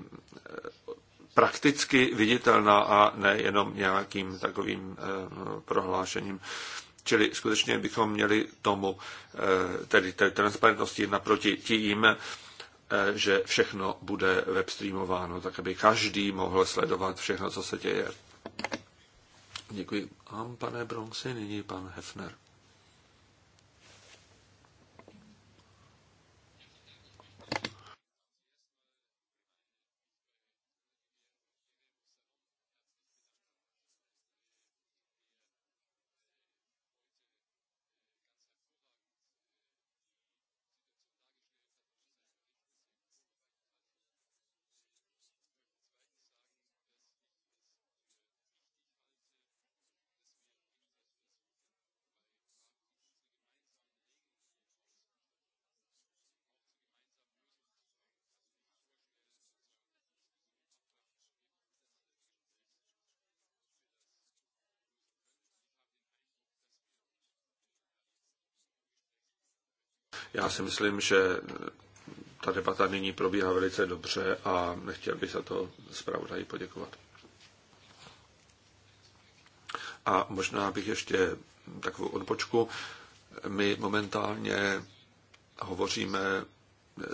prakticky viditelná a nejenom nějakým takovým prohlášením. Čili skutečně bychom měli tomu, eh, tedy té transparentnosti naproti tím, eh, že všechno bude webstreamováno, tak aby každý mohl sledovat všechno, co se děje. Děkuji vám, pane Bronxy, nyní pan Hefner. Já si myslím, že ta debata nyní probíhá velice dobře a nechtěl bych za to zpravodaji poděkovat. A možná bych ještě takovou odpočku. My momentálně hovoříme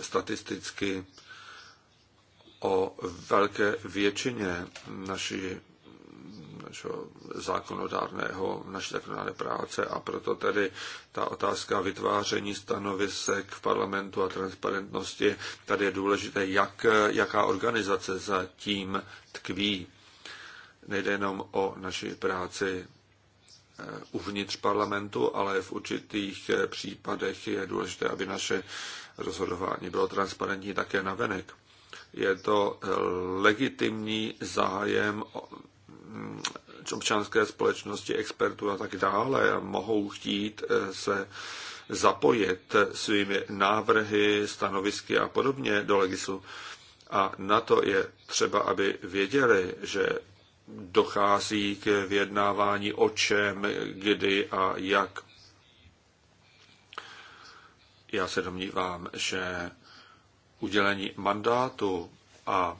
statisticky o velké většině naší našeho zákonodárného, naší zákonodárné práce a proto tedy ta otázka vytváření stanovisek v parlamentu a transparentnosti, tady je důležité, jak, jaká organizace za tím tkví. Nejde jenom o naši práci eh, uvnitř parlamentu, ale v určitých eh, případech je důležité, aby naše rozhodování bylo transparentní také na venek. Je to eh, legitimní zájem občanské společnosti, expertů a tak dále mohou chtít eh, se zapojit svými návrhy, stanovisky a podobně do legisu. A na to je třeba, aby věděli, že dochází k vyjednávání o čem, kdy a jak. Já se domnívám, že udělení mandátu a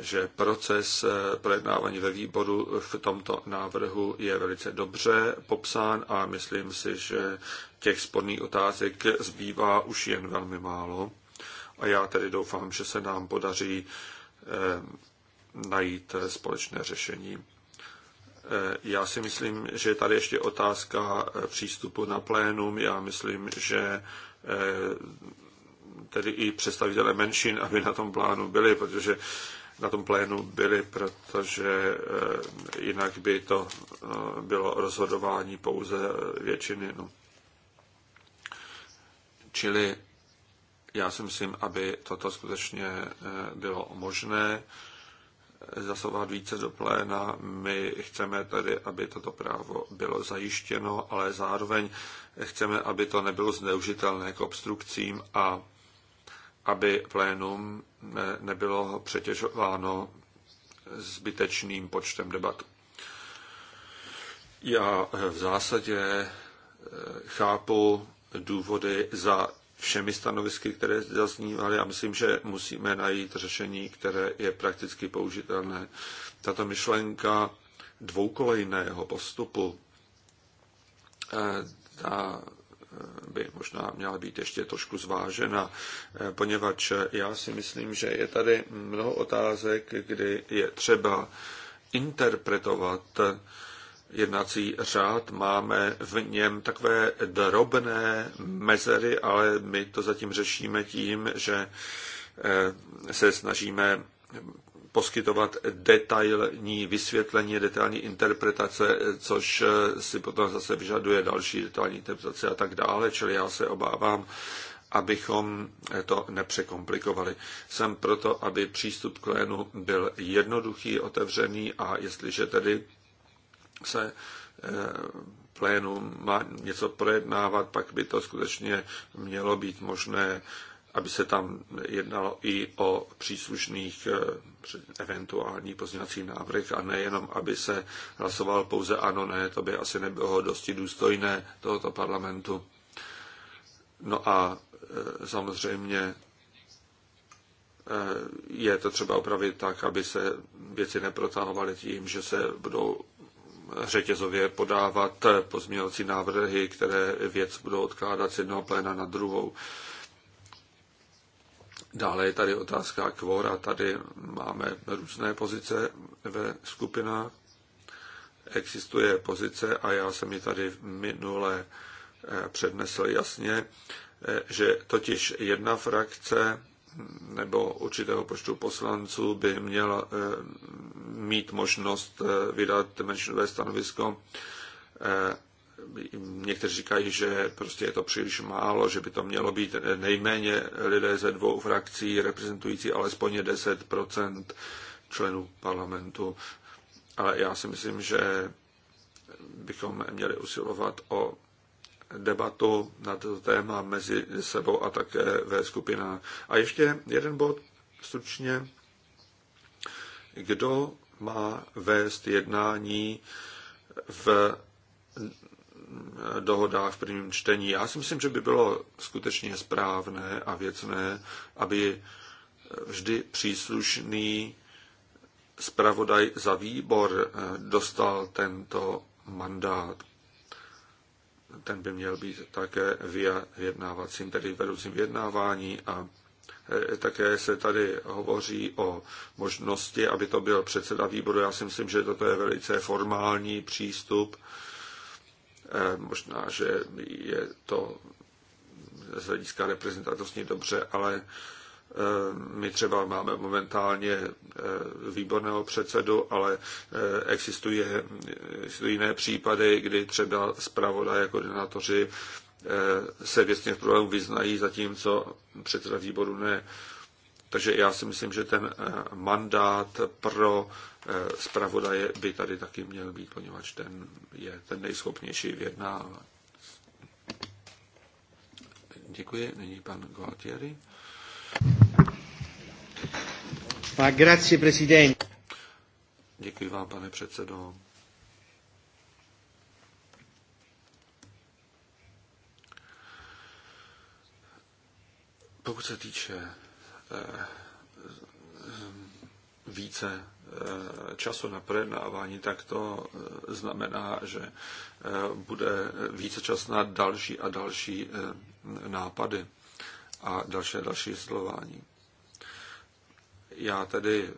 že proces eh, projednávání ve výboru v tomto návrhu je velice dobře popsán a myslím si, že těch sporných otázek zbývá už jen velmi málo. A já tedy doufám, že se nám podaří eh, najít společné řešení. Eh, já si myslím, že je tady ještě otázka přístupu na plénum. Já myslím, že tedy i představitelé menšin, aby na tom plánu byli, protože na tom plénu byli, protože eh, jinak by to eh, bylo rozhodování pouze většiny. No. Čili já si myslím, aby toto skutečně eh, bylo možné zasovat více do pléna. My chceme tedy, aby toto právo bylo zajištěno, ale zároveň chceme, aby to nebylo zneužitelné k obstrukcím a aby plénum eh, nebylo přetěžováno zbytečným počtem debat. Já eh, v zásadě eh, chápu důvody za všemi stanovisky, které zaznívaly a myslím, že musíme najít řešení, které je prakticky použitelné. Tato myšlenka dvoukolejného postupu, ta by možná měla být ještě trošku zvážena, eh, poněvadž eh, já si myslím, že je tady mnoho otázek, kdy je třeba interpretovat eh, jednací řád, máme v něm takové drobné mezery, ale my to zatím řešíme tím, že se snažíme poskytovat detailní vysvětlení, detailní interpretace, což eh, si potom zase vyžaduje další detailní interpretace a tak dále, čili já se obávám, abychom eh, to nepřekomplikovali. Jsem proto, aby přístup k lénu byl jednoduchý, otevřený a jestliže tedy se eh, plénu má něco projednávat, pak by to skutečně mělo být možné aby se tam jednalo i o příslušných eh, eventuální pozměňovacích návrh a nejenom, aby se hlasoval pouze ano, ne, to by asi nebylo dosti důstojné tohoto parlamentu. No a eh, samozřejmě eh, je to třeba opravit tak, aby se věci neprotahovaly tím, že se budou řetězově podávat pozměňovací návrhy, které věc budou odkládat z jednoho pléna na druhou. Dále je tady otázka kvóra. Tady máme různé pozice ve skupinách. Existuje pozice a já jsem ji tady minule eh, přednesl jasně, eh, že totiž jedna frakce nebo určitého počtu poslanců by měla eh, mít možnost vydat menšinové stanovisko někteří říkají, že prostě je to příliš málo, že by to mělo být nejméně lidé ze dvou frakcí reprezentující alespoň 10 členů parlamentu. Ale já si myslím, že bychom měli usilovat o debatu na toto téma mezi sebou a také ve skupinách. A ještě jeden bod stručně. Kdo má vést jednání v dohodách v prvním čtení. Já si myslím, že by bylo skutečně správné a věcné, aby vždy příslušný zpravodaj za výbor dostal tento mandát. Ten by měl být také vyjednávacím, tedy vedoucím vyjednávání a eh, také se tady hovoří o možnosti, aby to byl předseda výboru. Já si myslím, že toto je velice formální přístup Eh, možná, že je to z hlediska reprezentativní dobře, ale eh, my třeba máme momentálně eh, výborného předsedu, ale existuje, existují jiné případy, kdy třeba zpravodaj jako koordinátoři se věcně v problému vyznají, zatímco předseda výboru ne. Takže já si myslím, že ten eh, mandát pro eh, zpravodaje by tady taky měl být, poněvadž ten je ten nejschopnější vyjednávat. Děkuji. Nyní pan Gualtieri. grazie, prezident. Děkuji vám, pane předsedo. Pokud se týče Eh, více eh, času na projednávání, tak to eh, znamená, že bude více čas na další a další nápady a další a další slování. Já tedy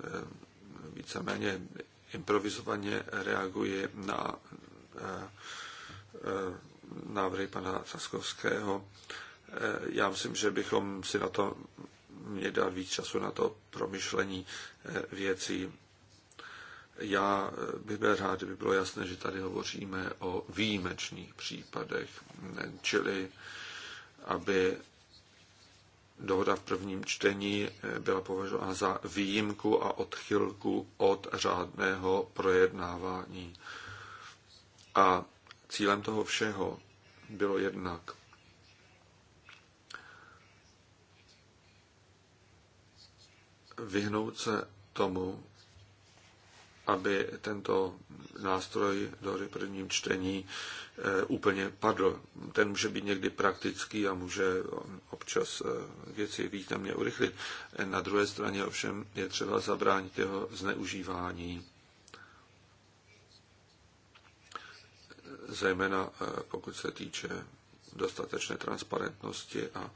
víceméně improvizovaně reaguji na návrhy pana Saskovského. Já myslím, že bychom si na to mě dá víc času na to promyšlení eh, věcí. Já eh, bych byl rád, kdyby bylo jasné, že tady hovoříme o výjimečných případech, eh, čili aby dohoda v prvním čtení byla považována za výjimku a odchylku od řádného projednávání. A cílem toho všeho bylo jednak vyhnout se tomu, aby tento nástroj do prvním čtení eh, úplně padl. Ten může být někdy praktický a může občas eh, věci významně urychlit. Na druhé straně ovšem je třeba zabránit jeho zneužívání. Zejména eh, pokud se týče dostatečné transparentnosti a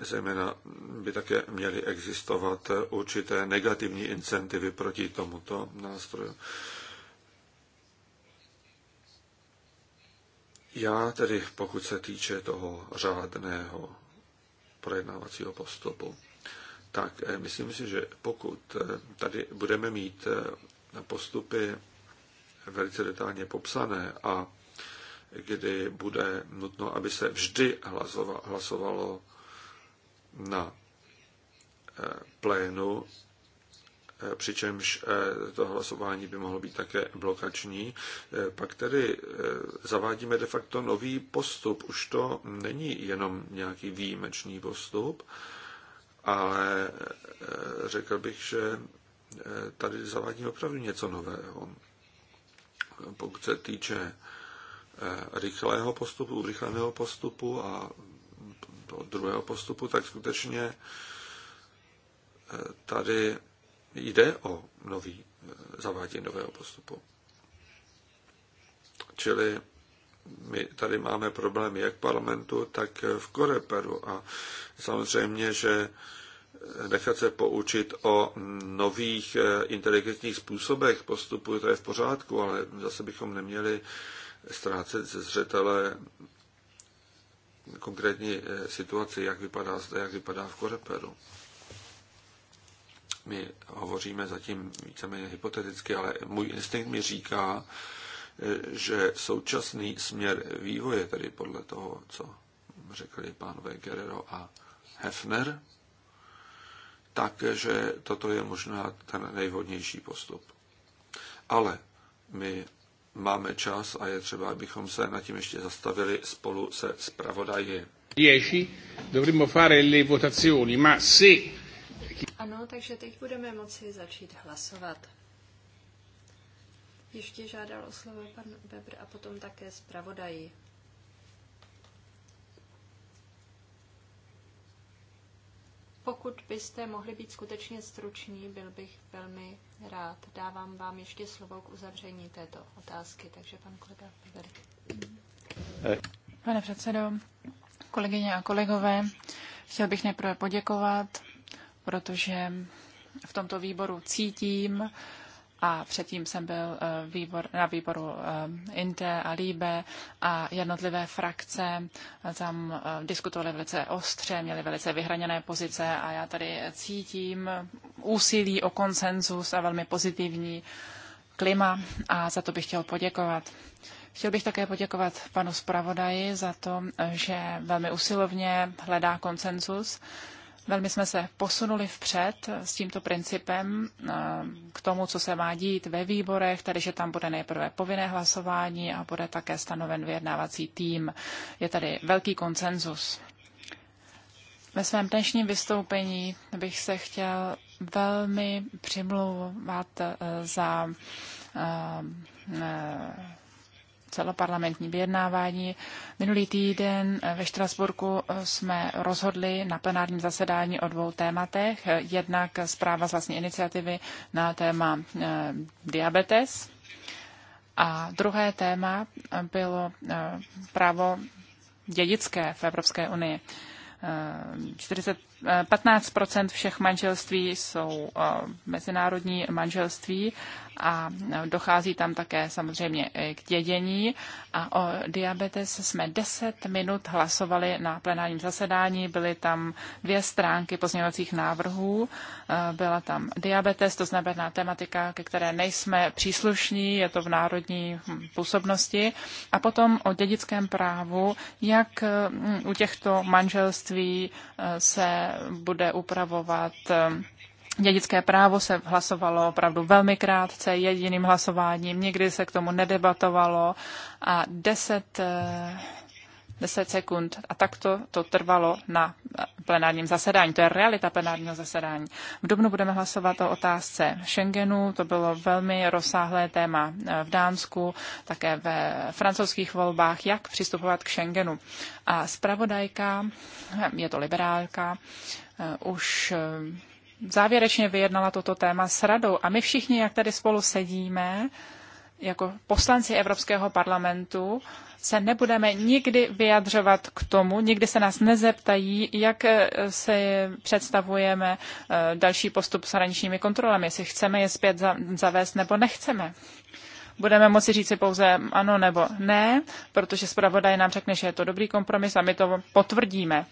zejména by také měly existovat určité negativní incentivy proti tomuto nástroju. Já tedy, pokud se týče toho řádného projednávacího postupu, tak eh, myslím si, že pokud eh, tady budeme mít eh, postupy velice detailně popsané a kdy bude nutno, aby se vždy hlasovalo na eh, plénu, eh, přičemž eh, to hlasování by mohlo být také blokační. Pak tedy zavádíme de facto nový postup. Už to není jenom nějaký výjimečný postup, ale řekl bych, že tady zavádíme opravdu něco nového. Pokud se týče rychlého postupu, urychleného postupu a toho druhého postupu, tak skutečně eh, tady jde o nový, eh, zavádění nového postupu. Čili my tady máme problémy jak parlamentu, tak eh, v Koreperu a samozřejmě, že nechat se poučit o nových inteligentních způsobech postupu, to je v pořádku, ale zase bychom neměli ztrácet ze zřetele konkrétní eh, situaci, jak vypadá zde, jak vypadá v Koreperu. My hovoříme zatím víceméně hypoteticky, ale můj instinkt mi říká, eh, že současný směr vývoje, tedy podle toho, co řekli pánové Guerrero a Hefner, takže toto je možná ten nejvhodnější postup. Ale my máme čas a je třeba, abychom se nad tím ještě zastavili spolu se zpravodaji. 10 dovremmo fare le votazioni, ma se... Ano, takže teď budeme moci začít hlasovat. Ještě žádal o slovo pan Weber a potom také zpravodaji. Pokud byste mohli být skutečně struční, byl bych velmi rád. Dávám vám ještě slovo k uzavření této otázky, takže pan kolega Piver. Pane předsedo, kolegyně a kolegové, chtěl bych nejprve poděkovat, protože v tomto výboru cítím, a předtím jsem byl eh, výbor, na výboru eh, INTE a LIBE a jednotlivé frakce tam eh, diskutovali velice ostře, měli velice vyhraněné pozice a já tady cítím úsilí o konsenzus a velmi pozitivní klima a za to bych chtěl poděkovat. Chtěl bych také poděkovat panu zpravodaji za to, že velmi usilovně hledá konsenzus Velmi jsme se posunuli vpřed s tímto principem eh, k tomu, co se má dít ve výborech, tedy že tam bude nejprve povinné hlasování a bude také stanoven vyjednávací tým. Je tady velký konsenzus. Ve svém dnešním vystoupení bych se chtěl velmi přimlouvat eh, za eh, celoparlamentní vyjednávání. Minulý týden eh, ve Štrasburku eh, jsme rozhodli na plenárním zasedání o dvou tématech. Jednak zpráva z vlastní iniciativy na téma eh, diabetes. A druhé téma bylo právo dědické v Evropské unii. 40 15 všech manželství jsou eh, mezinárodní manželství a eh, dochází tam také samozřejmě k dědění. A o diabetes jsme 10 minut hlasovali na plenárním zasedání. Byly tam dvě stránky pozměňovacích návrhů. Eh, byla tam diabetes, to znamená tematika, ke které nejsme příslušní, je to v národní hm, působnosti. A potom o dědickém právu, jak hm, u těchto manželství se bude upravovat eh, Dědické právo se hlasovalo opravdu velmi krátce, jediným hlasováním, nikdy se k tomu nedebatovalo a deset eh, 10 sekund. A takto to trvalo na plenárním zasedání. To je realita plenárního zasedání. V Dubnu budeme hlasovat o otázce Schengenu. To bylo velmi rozsáhlé téma eh, v Dánsku, také ve francouzských volbách, jak přistupovat k Schengenu. A zpravodajka, eh, je to liberálka, eh, už závěrečně vyjednala toto téma s radou. A my všichni, jak tady spolu sedíme, jako poslanci Evropského parlamentu se nebudeme nikdy vyjadřovat k tomu, nikdy se nás nezeptají, jak eh, se představujeme eh, další postup s hraničními kontrolami, jestli chceme je zpět zavést nebo nechceme. Budeme moci říci pouze ano nebo ne, protože zpravodaj nám řekne, že je to dobrý kompromis a my to potvrdíme.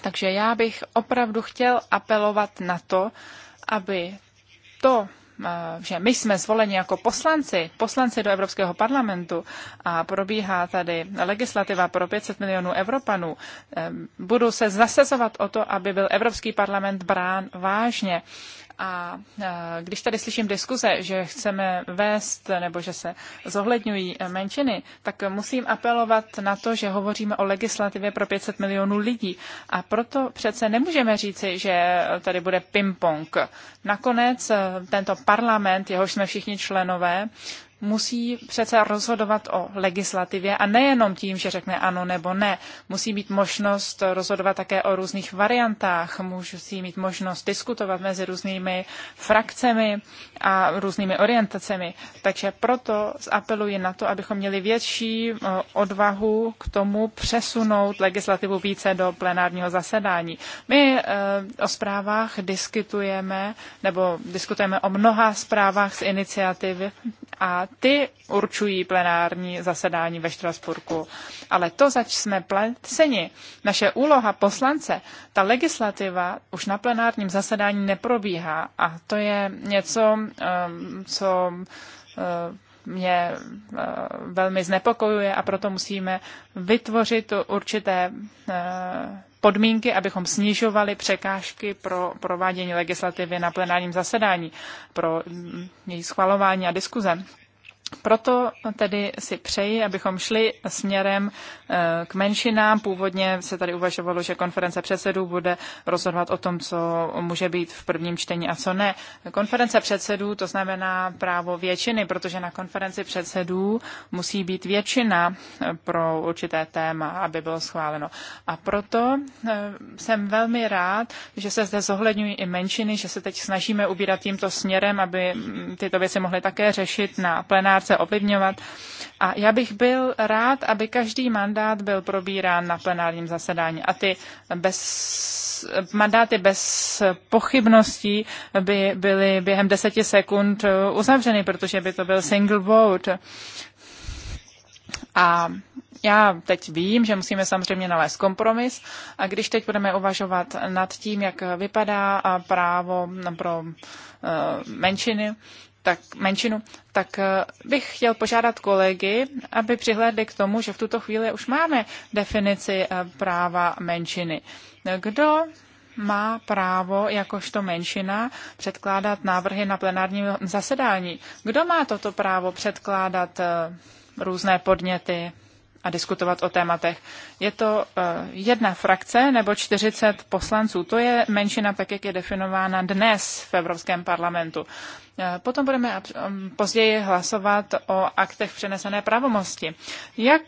Takže já bych opravdu chtěl apelovat na to, aby to, Eh, že my jsme zvoleni jako poslanci, poslanci do Evropského parlamentu a probíhá tady legislativa pro 500 milionů Evropanů, eh, budu se zasazovat o to, aby byl Evropský parlament brán vážně. A e, když tady slyším diskuze, že chceme vést nebo že se zohledňují e, menšiny, tak musím apelovat na to, že hovoříme o legislativě pro 500 milionů lidí. A proto přece nemůžeme říci, že tady bude ping-pong. Nakonec e, tento parlament, jehož jsme všichni členové, musí přece rozhodovat o legislativě a nejenom tím, že řekne ano nebo ne. Musí mít možnost rozhodovat také o různých variantách, musí mít možnost diskutovat mezi různými frakcemi a různými orientacemi. Takže proto apeluji na to, abychom měli větší eh, odvahu k tomu přesunout legislativu více do plenárního zasedání. My eh, o zprávách diskutujeme, nebo diskutujeme o mnoha zprávách z iniciativy a ty určují plenární zasedání ve Štrasburku. Ale to, zač jsme pleceni, naše úloha poslance, ta legislativa už na plenárním zasedání neprobíhá. A to je něco, co eh, mě eh, velmi znepokojuje a proto musíme vytvořit určité eh, podmínky, abychom snižovali překážky pro provádění legislativy na plenárním zasedání, pro mm, její schvalování a diskuze. Proto tedy si přeji, abychom šli směrem eh, k menšinám. Původně se tady uvažovalo, že konference předsedů bude rozhodovat o tom, co může být v prvním čtení a co ne. Konference předsedů to znamená právo většiny, protože na konferenci předsedů musí být většina eh, pro určité téma, aby bylo schváleno. A proto eh, jsem velmi rád, že se zde zohledňují i menšiny, že se teď snažíme ubírat tímto směrem, aby mm, tyto věci mohly také řešit na plenár se ovlivňovat. A já bych byl rád, aby každý mandát byl probírán na plenárním zasedání. A ty bez, mandáty bez pochybností by byly během deseti sekund uzavřeny, protože by to byl single vote. A já teď vím, že musíme samozřejmě nalézt kompromis a když teď budeme uvažovat nad tím, jak vypadá právo pro eh, menšiny, tak menšinu, tak eh, bych chtěl požádat kolegy, aby přihlédli k tomu, že v tuto chvíli už máme definici eh, práva menšiny. Kdo má právo jakožto menšina předkládat návrhy na plenárním zasedání? Kdo má toto právo předkládat eh, různé podněty a diskutovat o tématech. Je to eh, jedna frakce nebo 40 poslanců. To je menšina, tak jak je definována dnes v Evropském parlamentu. Eh, potom budeme eh, později hlasovat o aktech přenesené pravomosti. Jak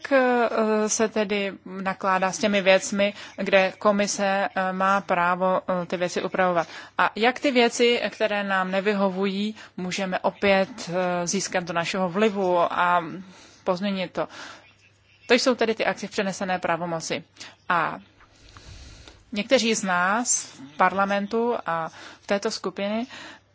se tedy nakládá s těmi věcmi, kde komise má právo ty věci upravovat? A jak ty věci, které nám nevyhovují, můžeme opět získat do našeho vlivu a pozměnit to? To jsou tedy ty akci v přenesené pravomoci. A někteří z nás v parlamentu a v této skupiny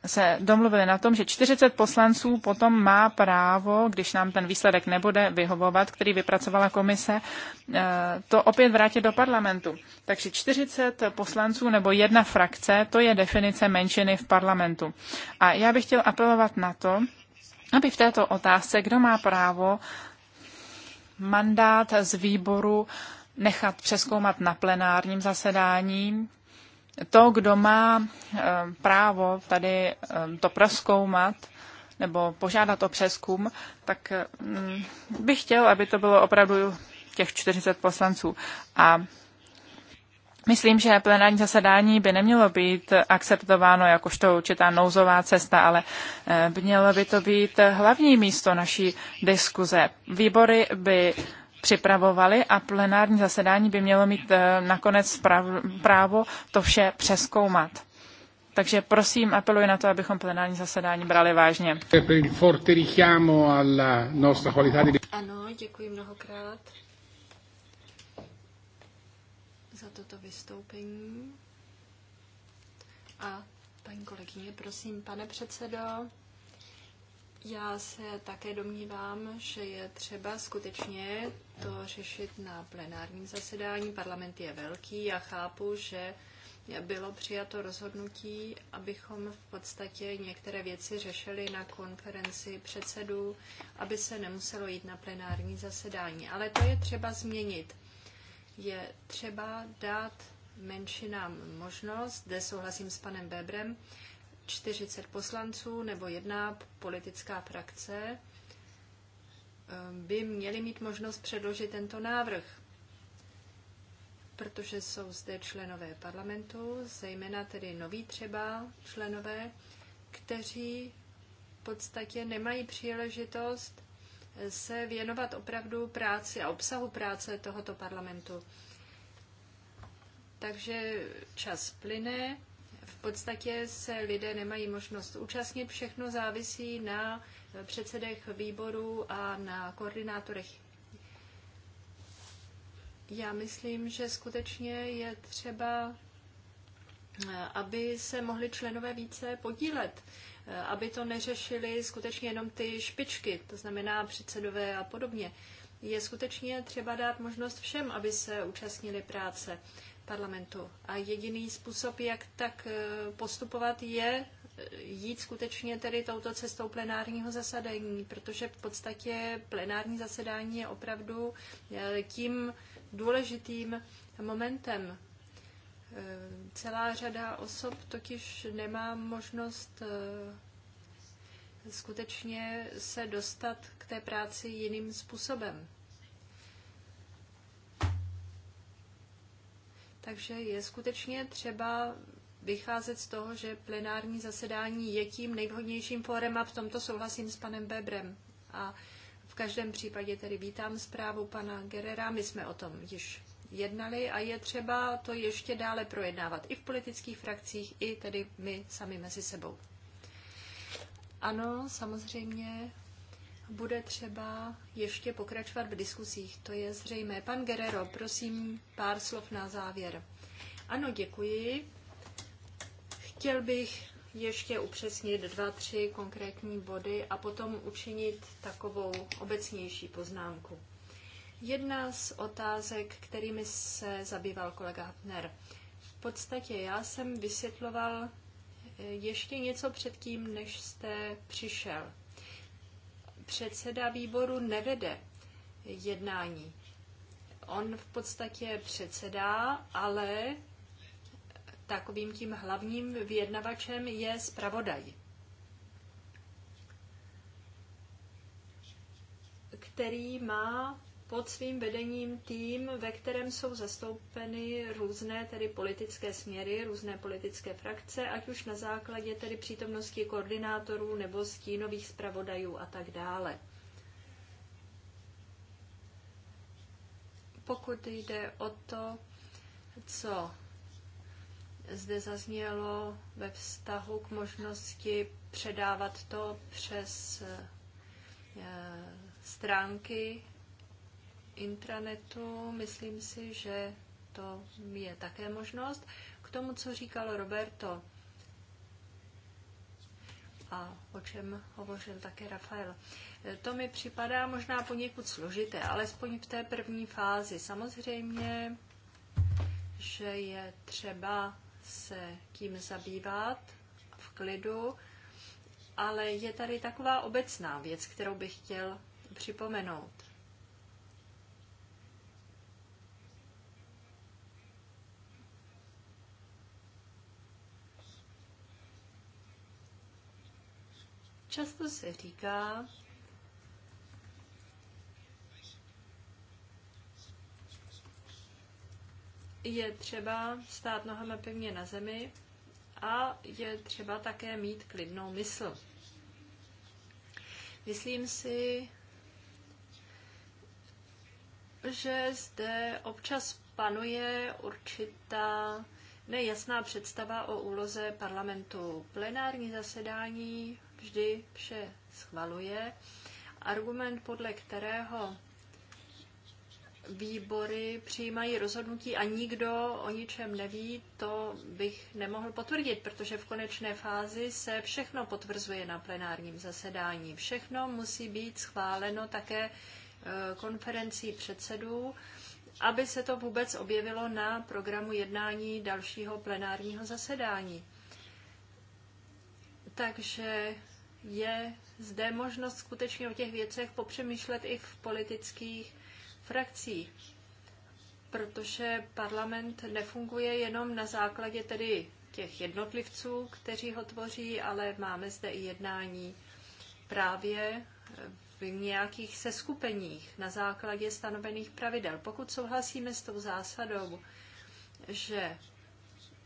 se domluvili na tom, že 40 poslanců potom má právo, když nám ten výsledek nebude vyhovovat, který vypracovala komise, eh, to opět vrátit do parlamentu. Takže 40 poslanců nebo jedna frakce, to je definice menšiny v parlamentu. A já bych chtěl apelovat na to, aby v této otázce, kdo má právo mandát z výboru nechat přeskoumat na plenárním zasedání. To, kdo má eh, právo tady eh, to proskoumat nebo požádat o přeskum, tak mm, bych chtěl, aby to bylo opravdu těch 40 poslanců. A Myslím, že plenární zasedání by nemělo být akceptováno jakožto určitá nouzová cesta, ale eh, mělo by to být hlavní místo naší diskuze. Výbory by připravovali a plenární zasedání by mělo mít eh, nakonec právo to vše přeskoumat. Takže prosím, apeluji na to, abychom plenární zasedání brali vážně. Ano, děkuji mnohokrát za toto vystoupení. A paní kolegyně, prosím, pane předsedo, já se také domnívám, že je třeba skutečně to řešit na plenárním zasedání. Parlament je velký, já chápu, že bylo přijato rozhodnutí, abychom v podstatě některé věci řešili na konferenci předsedů, aby se nemuselo jít na plenární zasedání. Ale to je třeba změnit je třeba dát menšinám možnost, zde souhlasím s panem Bebrem, 40 poslanců nebo jedna politická frakce eh, by měli mít možnost předložit tento návrh, protože jsou zde členové parlamentu, zejména tedy noví třeba členové, kteří v podstatě nemají příležitost se věnovat opravdu práci a obsahu práce tohoto parlamentu. Takže čas plyne, v podstatě se lidé nemají možnost účastnit, všechno závisí na předsedech výborů a na koordinátorech. Já myslím, že skutečně je třeba, eh, aby se mohli členové více podílet Eh, aby to neřešili skutečně jenom ty špičky, to znamená předsedové a podobně. Je skutečně třeba dát možnost všem, aby se účastnili práce parlamentu. A jediný způsob, jak tak eh, postupovat, je eh, jít skutečně tedy touto cestou plenárního zasedání, protože v podstatě plenární zasedání je opravdu tím důležitým momentem Eh, celá řada osob totiž nemá možnost eh, skutečně se dostat k té práci jiným způsobem. Takže je skutečně třeba vycházet z toho, že plenární zasedání je tím nejvhodnějším fórem a v tomto souhlasím s panem Bebrem. A v každém případě tedy vítám zprávu pana Gerera. My jsme o tom již jednali a je třeba to ještě dále projednávat i v politických frakcích, i tedy my sami mezi sebou. Ano, samozřejmě bude třeba ještě pokračovat v diskusích, to je zřejmé. Pan Guerrero, prosím pár slov na závěr. Ano, děkuji. Chtěl bych ještě upřesnit dva, tři konkrétní body a potom učinit takovou obecnější poznámku. Jedna z otázek, kterými se zabýval kolega Hapner. V podstatě já jsem vysvětloval eh, ještě něco předtím, než jste přišel. Předseda výboru nevede jednání. On v podstatě předsedá, ale takovým tím hlavním vyjednavačem je zpravodaj, který má pod svým vedením tým, ve kterém jsou zastoupeny různé tedy politické směry, různé politické frakce, ať už na základě tedy přítomnosti koordinátorů nebo stínových zpravodajů a tak dále. Pokud jde o to, co zde zaznělo ve vztahu k možnosti předávat to přes eh, stránky intranetu. Myslím si, že to je také možnost. K tomu, co říkal Roberto a o čem hovořil také Rafael. E, to mi připadá možná poněkud složité, alespoň v té první fázi. Samozřejmě, že je třeba se tím zabývat v klidu, ale je tady taková obecná věc, kterou bych chtěl připomenout. Často se říká, je třeba stát nohama pevně na zemi a je třeba také mít klidnou mysl. Myslím si, že zde občas panuje určitá nejasná představa o úloze parlamentu. Plenární zasedání vždy vše schvaluje. Argument, podle kterého výbory přijímají rozhodnutí a nikdo o ničem neví, to bych nemohl potvrdit, protože v konečné fázi se všechno potvrzuje na plenárním zasedání. Všechno musí být schváleno také eh, konferencí předsedů, aby se to vůbec objevilo na programu jednání dalšího plenárního zasedání. Takže je zde možnost skutečně o těch věcech popřemýšlet i v politických frakcích, protože parlament nefunguje jenom na základě tedy těch jednotlivců, kteří ho tvoří, ale máme zde i jednání právě v nějakých seskupeních na základě stanovených pravidel. Pokud souhlasíme s tou zásadou, že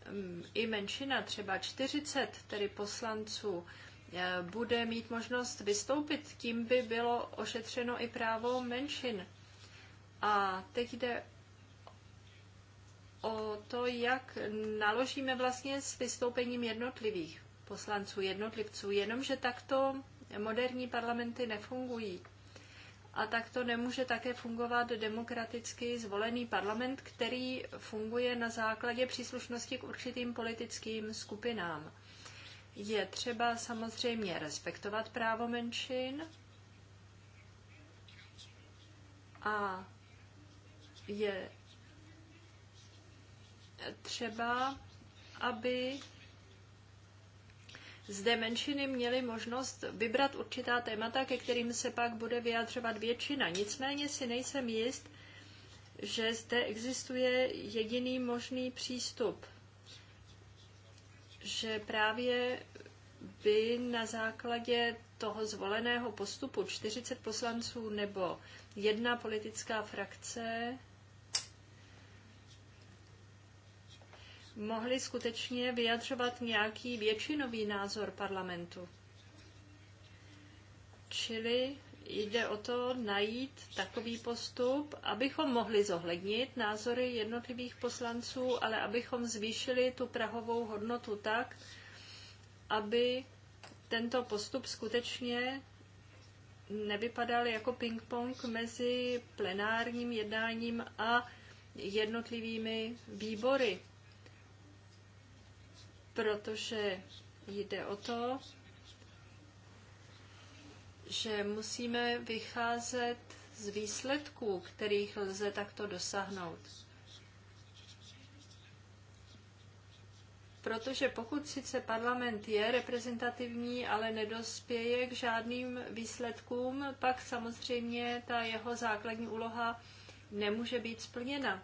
mm, i menšina, třeba 40 tedy poslanců, Eh, bude mít možnost vystoupit. Tím by bylo ošetřeno i právo menšin. A teď jde o to, jak naložíme vlastně s vystoupením jednotlivých poslanců, jednotlivců, jenomže takto moderní parlamenty nefungují. A takto nemůže také fungovat demokraticky zvolený parlament, který funguje na základě příslušnosti k určitým politickým skupinám. Je třeba samozřejmě respektovat právo menšin a je třeba, aby zde menšiny měly možnost vybrat určitá témata, ke kterým se pak bude vyjadřovat většina. Nicméně si nejsem jist, že zde existuje jediný možný přístup že právě by na základě toho zvoleného postupu 40 poslanců nebo jedna politická frakce mohli skutečně vyjadřovat nějaký většinový názor parlamentu. Čili jde o to najít takový postup, abychom mohli zohlednit názory jednotlivých poslanců, ale abychom zvýšili tu prahovou hodnotu tak, aby tento postup skutečně nevypadal jako ping-pong mezi plenárním jednáním a jednotlivými výbory. Protože jde o to, že musíme vycházet z výsledků, kterých lze takto dosáhnout. Protože pokud sice parlament je reprezentativní, ale nedospěje k žádným výsledkům, pak samozřejmě ta jeho základní úloha nemůže být splněna.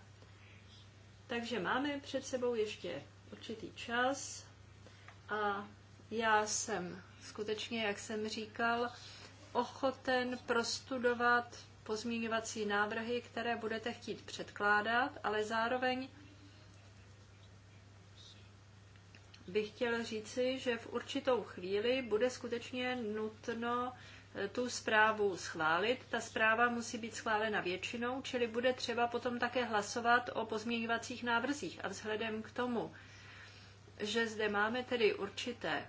Takže máme před sebou ještě určitý čas a já jsem skutečně, jak jsem říkal, ochoten prostudovat pozměňovací návrhy, které budete chtít předkládat, ale zároveň bych chtěl říci, že v určitou chvíli bude skutečně nutno eh, tu zprávu schválit. Ta zpráva musí být schválena většinou, čili bude třeba potom také hlasovat o pozměňovacích návrzích. A vzhledem k tomu, že zde máme tedy určité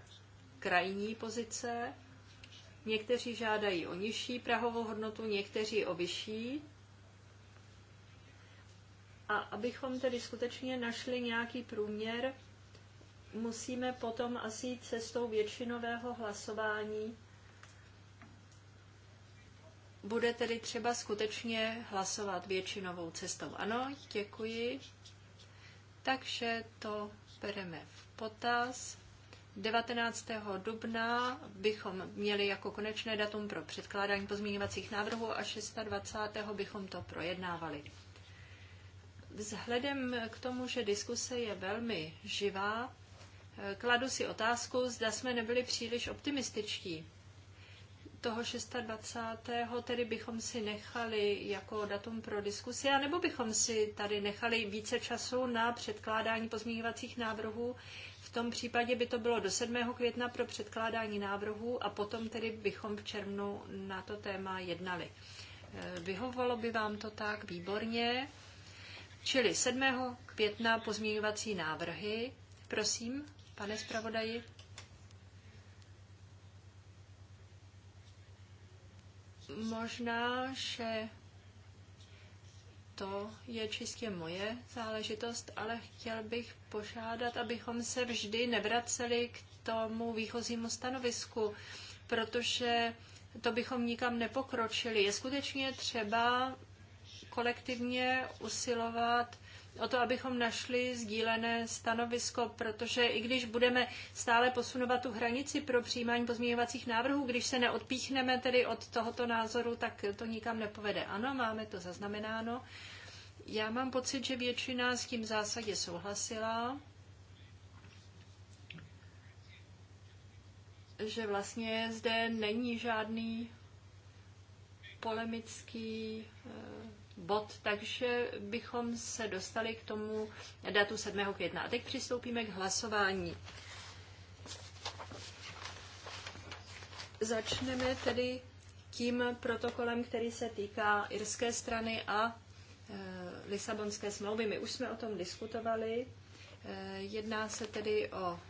krajní pozice, Někteří žádají o nižší prahovou hodnotu, někteří o vyšší. A abychom tedy skutečně našli nějaký průměr, musíme potom asi jít cestou většinového hlasování. Bude tedy třeba skutečně hlasovat většinovou cestou. Ano, děkuji. Takže to bereme v potaz. 19. dubna bychom měli jako konečné datum pro předkládání pozměňovacích návrhů a 26. bychom to projednávali. Vzhledem k tomu, že diskuse je velmi živá, eh, kladu si otázku, zda jsme nebyli příliš optimističtí. Toho 26. tedy bychom si nechali jako datum pro diskusi, anebo bychom si tady nechali více času na předkládání pozměňovacích návrhů, v tom případě by to bylo do 7. května pro předkládání návrhů a potom tedy bychom v červnu na to téma jednali. E, vyhovovalo by vám to tak výborně. Čili 7. května pozměňovací návrhy. Prosím, pane zpravodaji. Možná, že to je čistě moje záležitost, ale chtěl bych požádat, abychom se vždy nevraceli k tomu výchozímu stanovisku, protože to bychom nikam nepokročili. Je skutečně třeba kolektivně usilovat o to, abychom našli sdílené stanovisko, protože i když budeme stále posunovat tu hranici pro přijímání pozměňovacích návrhů, když se neodpíchneme tedy od tohoto názoru, tak to nikam nepovede. Ano, máme to zaznamenáno. Já mám pocit, že většina s tím zásadě souhlasila. že vlastně zde není žádný polemický eh, bod, takže bychom se dostali k tomu datu 7. května. A teď přistoupíme k hlasování. Začneme tedy tím protokolem, který se týká irské strany a e, Lisabonské smlouvy. My už jsme o tom diskutovali. E, jedná se tedy o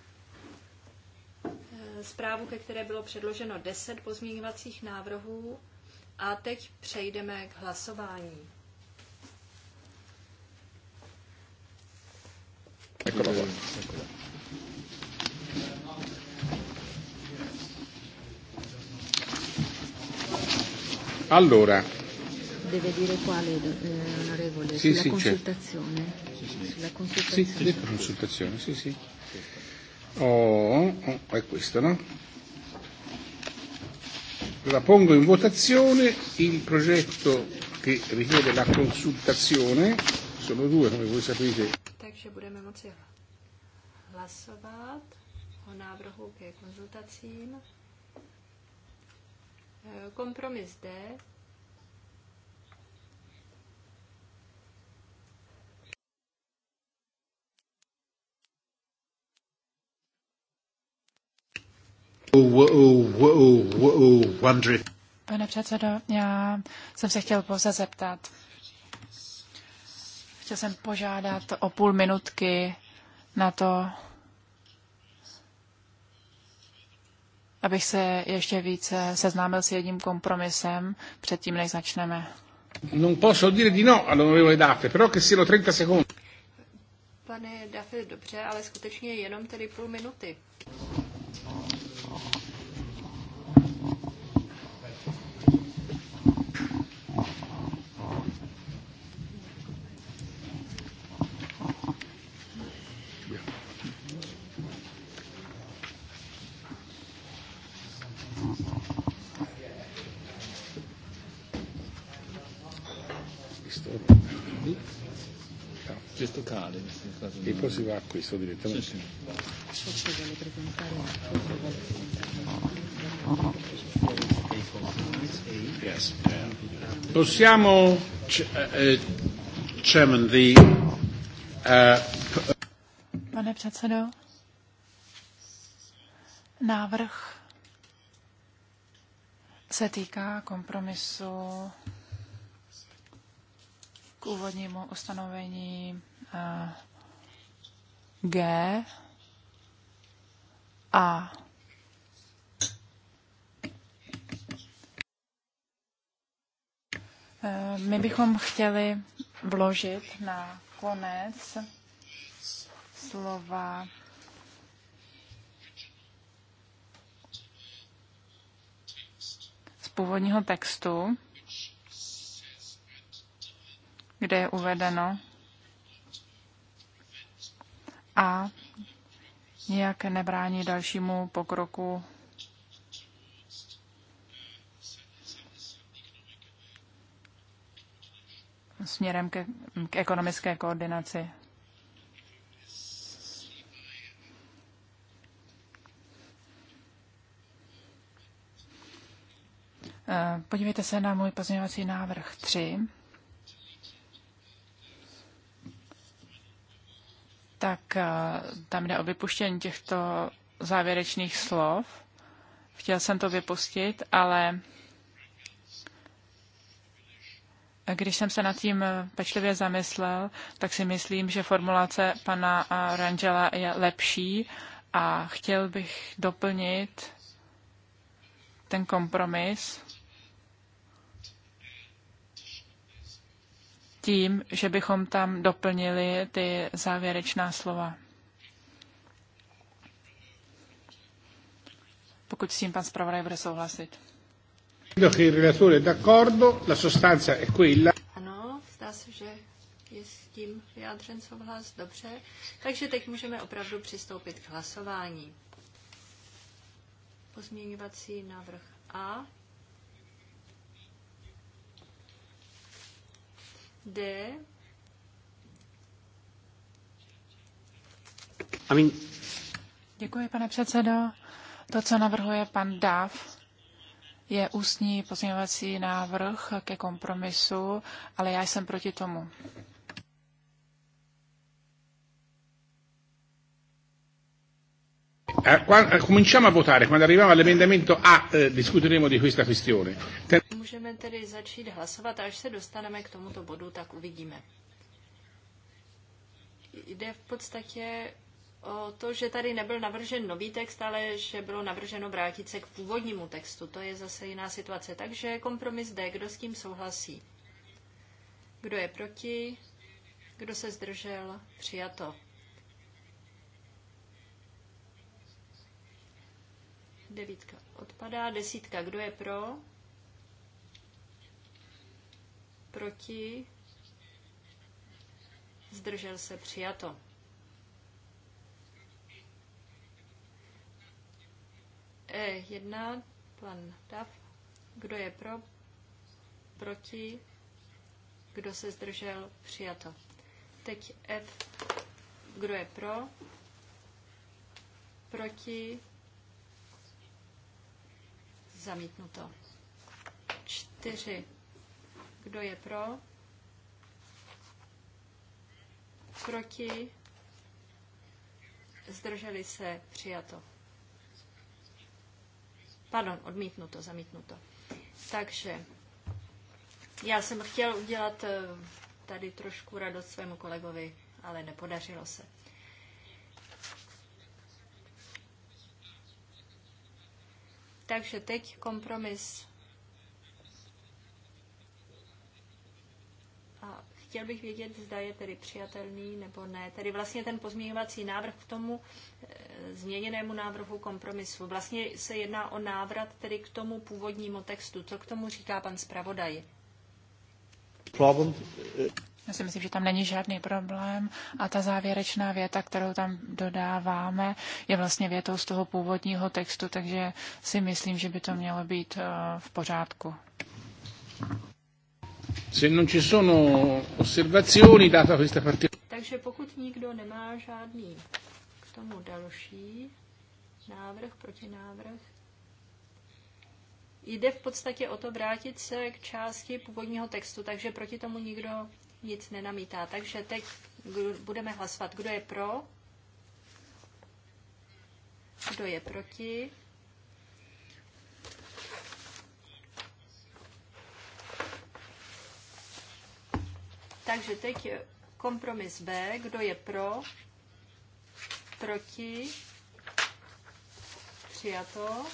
e, zprávu, ke které bylo předloženo 10 pozměňovacích návrhů. A teď přejdeme k hlasování. qua. Allora. Deve dire quale, eh, onorevole, sì, sulla, sì, consultazione. Sì, sì. sulla consultazione. Sì, sulla consultazione, sì, sì. Oh, oh, è questo, no? La pongo in votazione il progetto che richiede la consultazione, sono due come voi sapete že budeme moci hlasovat o návrhu ke konzultacím. E, kompromis D. Pane předsedo, já jsem se chtěl pouze zeptat. Chtěl jsem požádat o půl minutky na to, abych se ještě více seznámil s jedním kompromisem předtím, než začneme. Non posso dire di no all'onorevole Dafe, però che siano 30 secondi. Pane Dafe, dobře, ale skutečně jenom tedy půl minuty. questo direttamente. Sì, sì. Possiamo, presentare uh, Chairman, the, uh, Pane předsedo, návrh se týká kompromisu k úvodnímu ustanovení uh, G a eh, My bychom chtěli vložit na konec slova z původního textu, kde je uvedeno, a nijak nebrání dalšímu pokroku směrem ke, k ekonomické koordinaci. Eh, podívejte se na můj pozměňovací návrh 3. tak eh, tam jde o vypuštění těchto závěrečných slov. Chtěl jsem to vypustit, ale eh, když jsem se nad tím eh, pečlivě zamyslel, tak si myslím, že formulace pana Rangela je lepší a chtěl bych doplnit ten kompromis tím, že bychom tam doplnili ty závěrečná slova. Pokud s tím pan zpravodaj bude souhlasit. Ano, zdá se, že je s tím vyjádřen souhlas, dobře. Takže teď můžeme opravdu přistoupit k hlasování. Pozměňovací návrh A D. I mean... Děkuji, pane předsedo. To, co navrhuje pan Dáv, je ústní pozměňovací návrh ke kompromisu, ale já jsem proti tomu. Eh, eh, cominciamo a votare. Quando arriviamo all'emendamento A eh, discuteremo di questa questione. Ten... Můžeme tedy začít hlasovat, až se dostaneme k tomuto bodu, tak uvidíme. Jde v podstatě o to, že tady nebyl navržen nový text, ale že bylo navrženo vrátit se k původnímu textu. To je zase jiná situace. Takže kompromis D. Kdo s tím souhlasí? Kdo je proti? Kdo se zdržel? Přijato. Devítka odpadá. Desítka, kdo je pro? Proti? Zdržel se přijato. E1, pan Dav. Kdo je pro? Proti? Kdo se zdržel? Přijato. Teď F. Kdo je pro? Proti? Zamítnuto. Čtyři. Kdo je pro? Proti? Zdrželi se? Přijato. Pardon, odmítnuto, zamítnuto. Takže já jsem chtěl udělat eh, tady trošku radost svému kolegovi, ale nepodařilo se. Takže teď kompromis. A chtěl bych vědět, zda je tedy přijatelný nebo ne. Tedy vlastně ten pozměňovací návrh k tomu e, změněnému návrhu kompromisu. Vlastně se jedná o návrat tedy k tomu původnímu textu. Co k tomu říká pan zpravodaj? Problem. Eh, já si myslím, že tam není žádný problém a ta závěrečná věta, kterou tam dodáváme, je vlastně větou z toho původního textu, takže si myslím, že by to mělo být eh, v pořádku. Takže pokud nikdo nemá žádný k tomu další návrh, protinávrh, jde v podstatě o to vrátit se k části původního textu, takže proti tomu nikdo nic nenamítá. Takže teď budeme hlasovat, kdo je pro, kdo je proti. Takže teď kompromis B, kdo je pro, proti, přijato.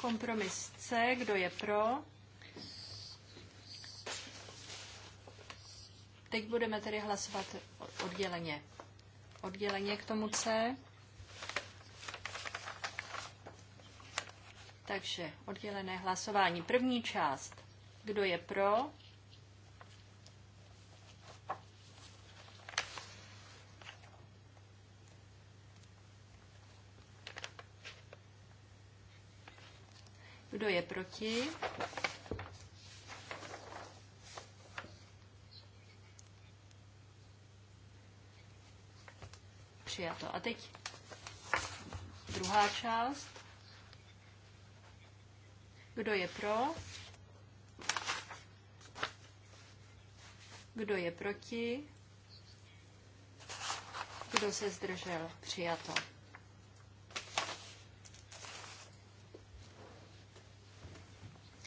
Kompromis C, kdo je pro, Teď budeme tedy hlasovat odděleně. Odděleně k tomu C. Takže oddělené hlasování. První část. Kdo je pro? Kdo je proti? Přijato. A teď druhá část. Kdo je pro? Kdo je proti? Kdo se zdržel? Přijato.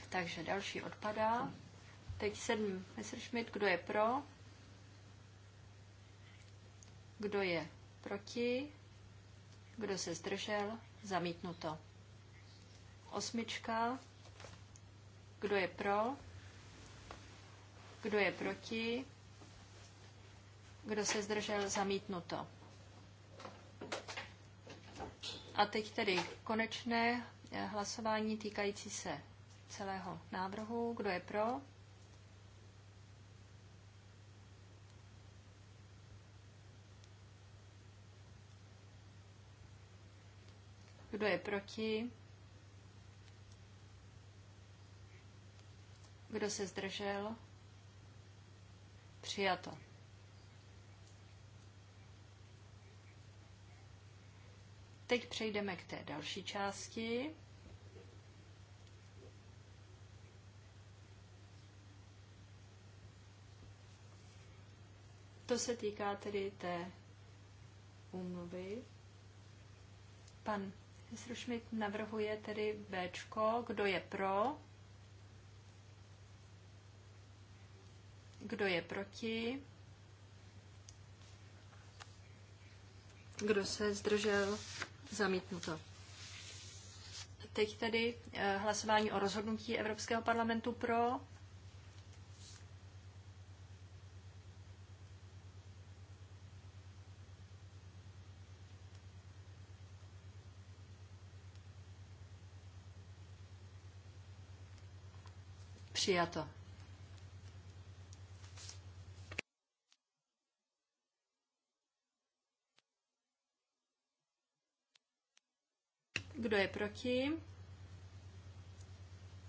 Takže další odpadá. Teď sedm. Mr. Schmidt, kdo je pro? Kdo je Proti? Kdo se zdržel? Zamítnuto. Osmička. Kdo je pro? Kdo je proti? Kdo se zdržel? Zamítnuto. A teď tedy konečné eh, hlasování týkající se celého návrhu. Kdo je pro? Kdo je proti? Kdo se zdržel? Přijato. Teď přejdeme k té další části. To se týká tedy té úmluvy. Pan Mr. Schmidt navrhuje tedy B. Kdo je pro? Kdo je proti? Kdo se zdržel? Zamítnuto. Teď tedy eh, hlasování o rozhodnutí Evropského parlamentu pro, Přijato. Kdo je proti?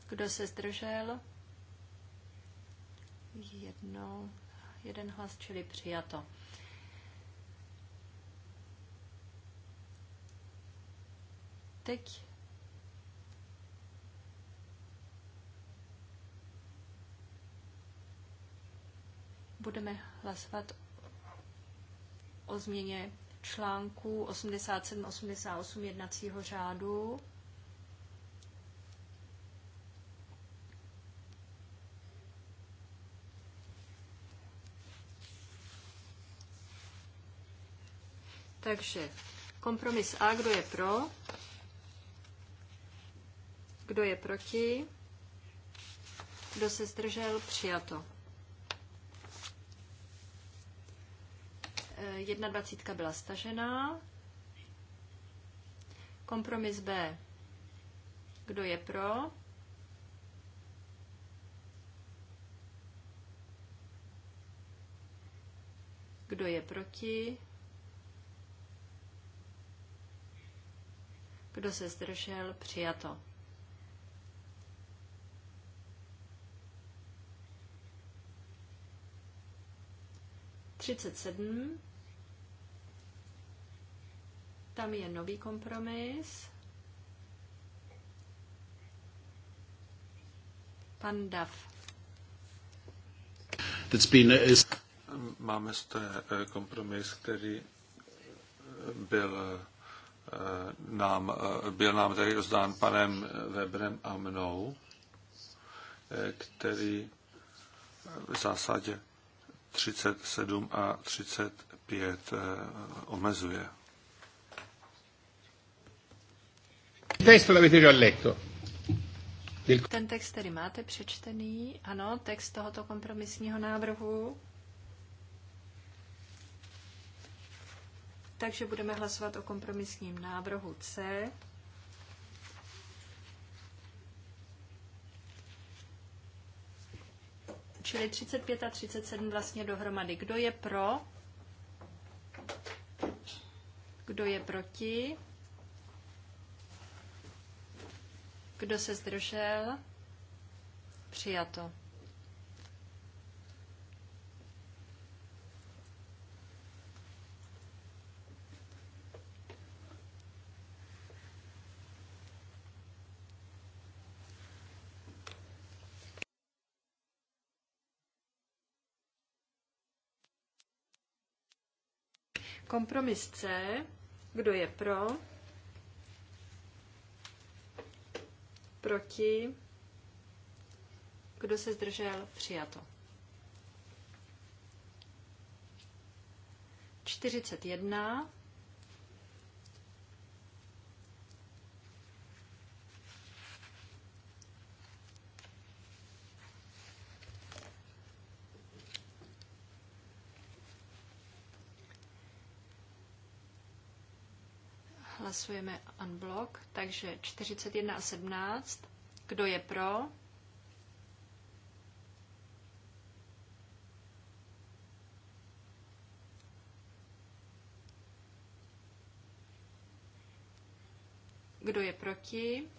Kdo se zdržel? Jedno, jeden hlas, čili přijato. Teď budeme hlasovat o změně článku 87-88 jednacího řádu. Takže kompromis A, kdo je pro? Kdo je proti? Kdo se zdržel? Přijato. 21 byla stažená. Kompromis B. Kdo je pro? Kdo je proti? Kdo se zdržel? Přijato. Třicet sedm. Tam je nový kompromis. Pan Dav. Uh, Máme zde eh, kompromis, který eh, byl eh, nám, byl nám tady rozdán panem Webrem a mnou, který v zásadě 37 a 35 omezuje. Ten text tedy máte přečtený, ano, text tohoto kompromisního návrhu. Takže budeme hlasovat o kompromisním návrhu C. Čili 35 a 37 vlastně dohromady. Kdo je pro? Kdo je proti? Kdo se zdržel? Přijato. Kompromis C. Kdo je pro? Proti? Kdo se zdržel? Přijato. 41 hlasujeme unblock, takže 41 a 17. Kdo je pro? Kdo je proti?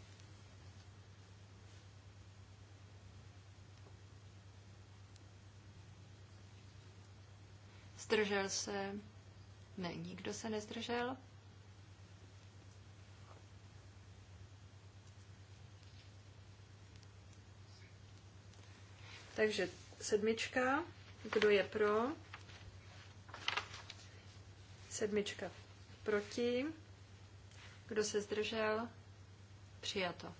Zdržel se? Ne, nikdo se nezdržel. Takže sedmička, kdo je pro? Sedmička proti. Kdo se zdržel? Přijato.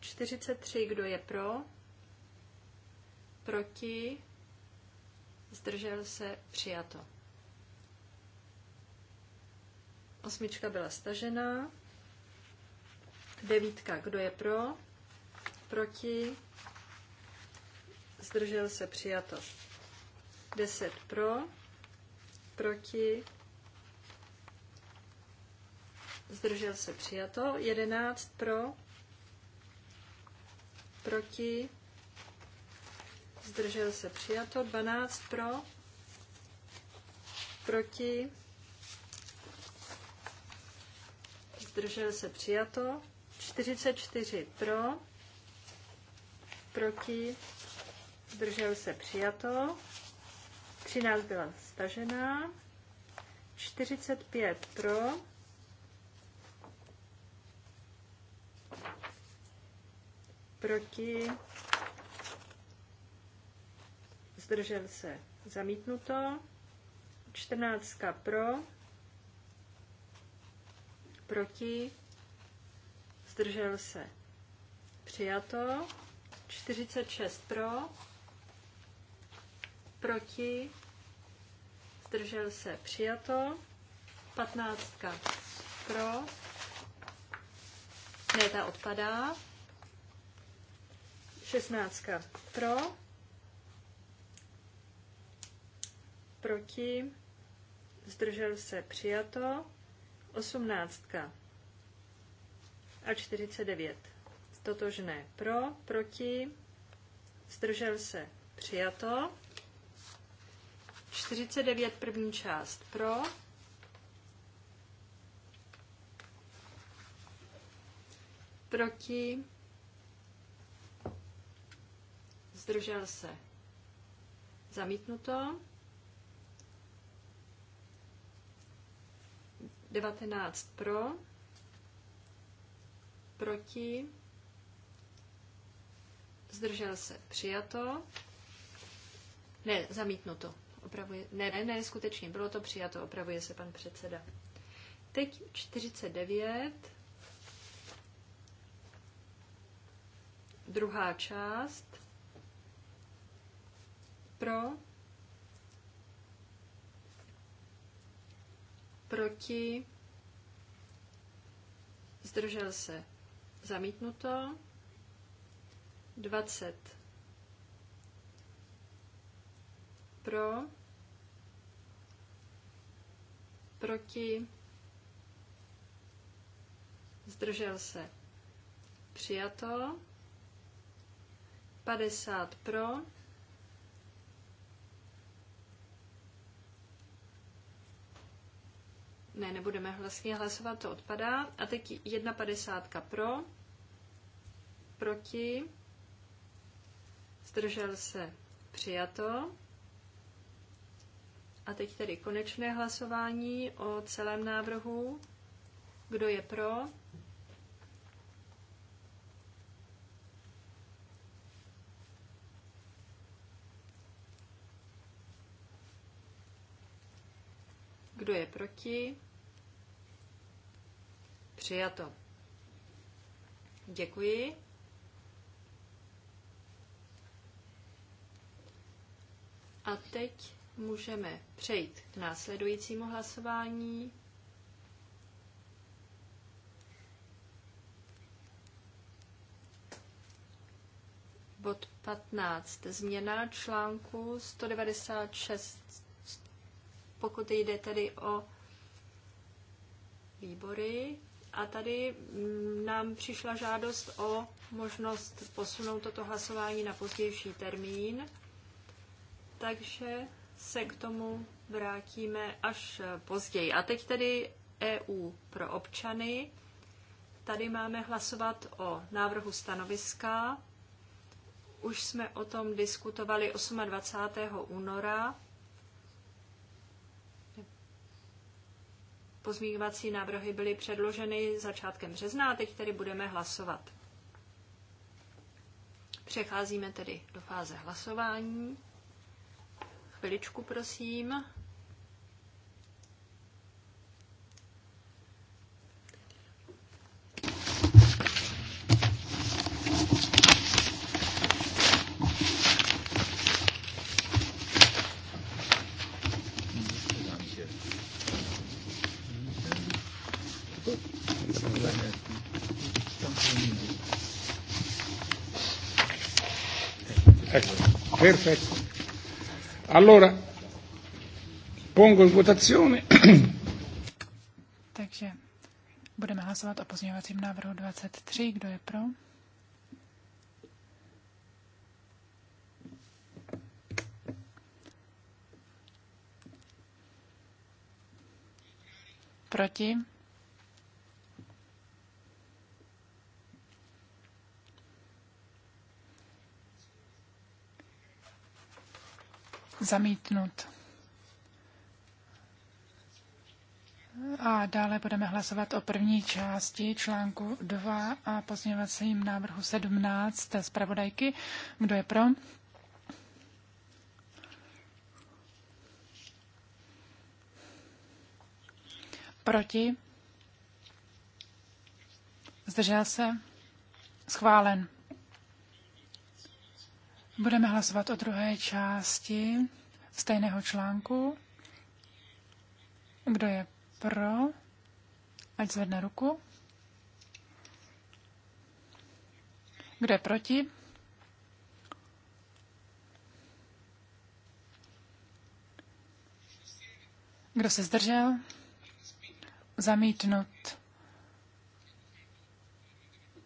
Čtyřicet tři, kdo je pro? Proti. Zdržel se? Přijato. Osmička byla stažená. Devítka, kdo je pro? Proti? Zdržel se přijato. Deset pro? Proti? Zdržel se přijato. Jedenáct pro? Proti? Zdržel se přijato. Dvanáct pro? Proti? Zdržel se přijato. 44 pro, proti, zdržel se přijato, 13 byla stažená, 45 pro, proti, zdržel se zamítnuto, 14 pro, proti, zdržel se. Přijato. 46 pro, proti, zdržel se. Přijato. 15 pro, ne, ta odpadá. 16 pro, proti, zdržel se. Přijato. 18 a 49. Totožné pro, proti, zdržel se, přijato. 49 první část pro. Proti. Zdržel se. Zamítnuto. 19 pro proti, zdržel se, přijato, ne, zamítnuto, opravuje, ne, ne, ne, skutečně, bylo to přijato, opravuje se pan předseda. Teď 49, druhá část, pro, proti, zdržel se, Zamítnuto. 20 pro, proti, zdržel se, přijato, 50 pro, ne, nebudeme hlasně hlasovat, to odpadá, a teď 1,50 pro, proti, zdržel se přijato. A teď tedy konečné hlasování o celém návrhu. Kdo je pro? Kdo je proti? Přijato. Děkuji. A teď můžeme přejít k následujícímu hlasování. Bod 15. Změna článku 196. Pokud jde tedy o výbory, a tady mm, nám přišla žádost o možnost posunout toto hlasování na pozdější termín takže se k tomu vrátíme až eh, později. A teď tedy EU pro občany. Tady máme hlasovat o návrhu stanoviska. Už jsme o tom diskutovali 28. února. Pozměňovací návrhy byly předloženy začátkem března a teď tedy budeme hlasovat. Přecházíme tedy do fáze hlasování chviličku, prosím. Perfecto. Allora, pongo in votazione. Takže budeme hlasovat o pozměňovacím návrhu 23. Kdo je pro? Proti? zamítnut. A dále budeme hlasovat o první části článku 2 a pozměňovacím návrhu 17 zpravodajky. Kdo je pro? Proti? Zdržel se? Schválen. Budeme hlasovat o druhé části stejného článku. Kdo je pro, ať zvedne ruku. Kdo je proti? Kdo se zdržel? Zamítnut.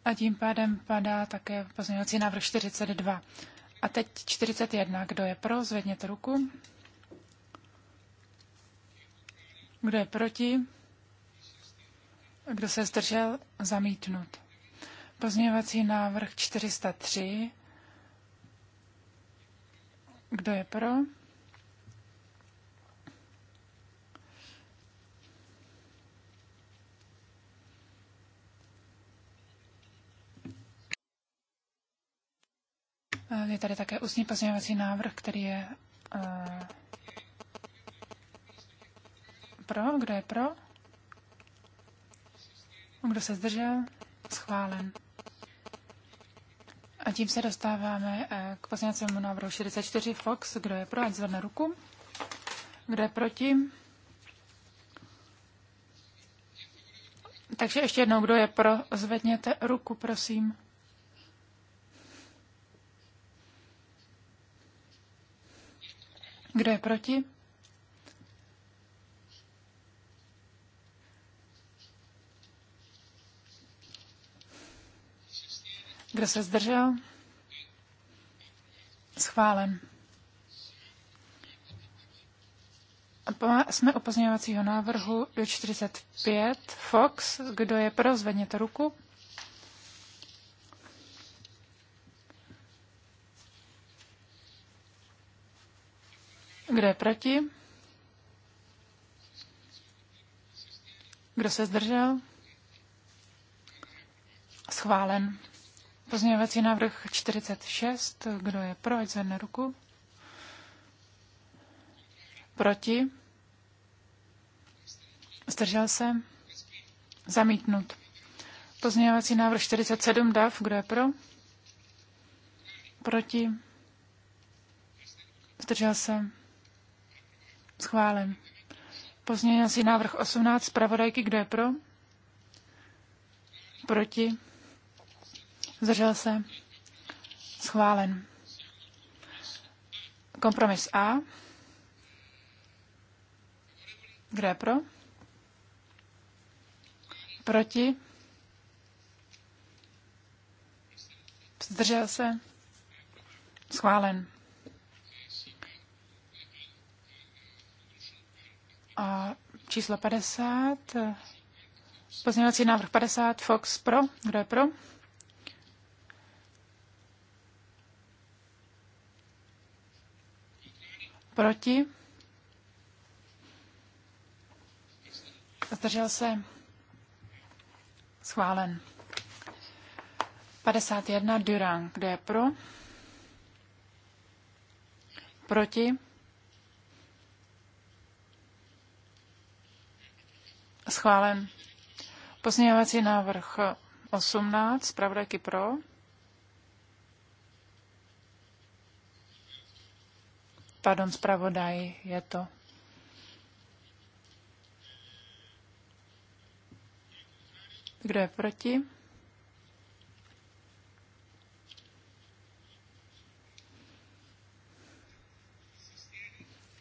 A tím pádem padá také pozměňovací návrh 42. A teď 41. Kdo je pro, zvedněte ruku. Kdo je proti? Kdo se zdržel? Zamítnut. Pozměňovací návrh 403. Kdo je pro? je tady také ústní pozměňovací návrh, který je eh, pro. Kdo je pro? Kdo se zdržel? Schválen. A tím se dostáváme eh, k pozměňovacímu návrhu 64. Fox. Kdo je pro, ať zvedne ruku. Kdo je proti? Takže ještě jednou, kdo je pro, zvedněte ruku, prosím. Kdo je proti? Kdo se zdržel? Schválen. Jsme o pozměňovacího návrhu 45 Fox. Kdo je pro, zvedněte ruku. Kdo je proti? Kdo se zdržel? Schválen. Pozměňovací návrh 46. Kdo je pro, ať zvedne ruku. Proti? Zdržel se? Zamítnut. Pozměňovací návrh 47. DAV. Kdo je pro? Proti? Zdržel se? Schválen. Pozměňovací návrh 18 Spravodajky, kdo je pro? Proti? Zdržel se? Schválen. Kompromis A. Kdo je pro? Proti? Zdržel se? Schválen. a číslo 50. Pozměňovací návrh 50, Fox pro. Kdo je pro? Proti? Zdržel se? Schválen. 51, Durang. Kdo je pro? Proti? Schválen. Pozměňovací návrh 18, zpravodajky pro. Pardon, zpravodaj, je to. Kdo je proti?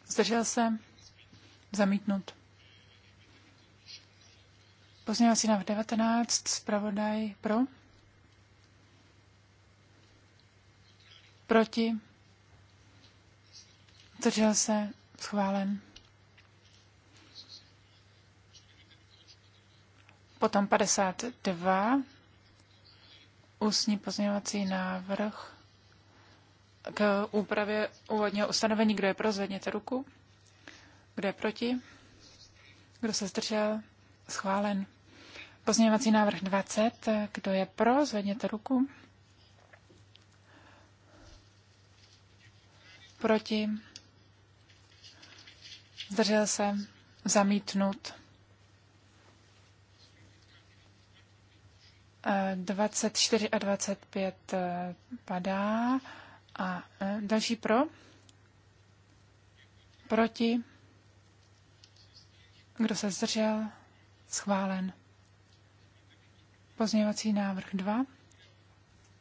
Zdržel se? Zamítnut. Pozměňovací návrh 19, zpravodaj pro. Proti. Zdržel se. Schválen. Potom 52. Ústní pozměňovací návrh k úpravě úvodního ustanovení. Kdo je pro, zvedněte ruku. Kdo je proti? Kdo se zdržel? Schválen. Pozměňovací návrh 20. Kdo je pro, zvedněte ruku. Proti. Zdržel se. Zamítnut. 24 eh, a 25 eh, padá. A eh, další pro. Proti. Kdo se zdržel? Schválen. Pozměňovací návrh 2.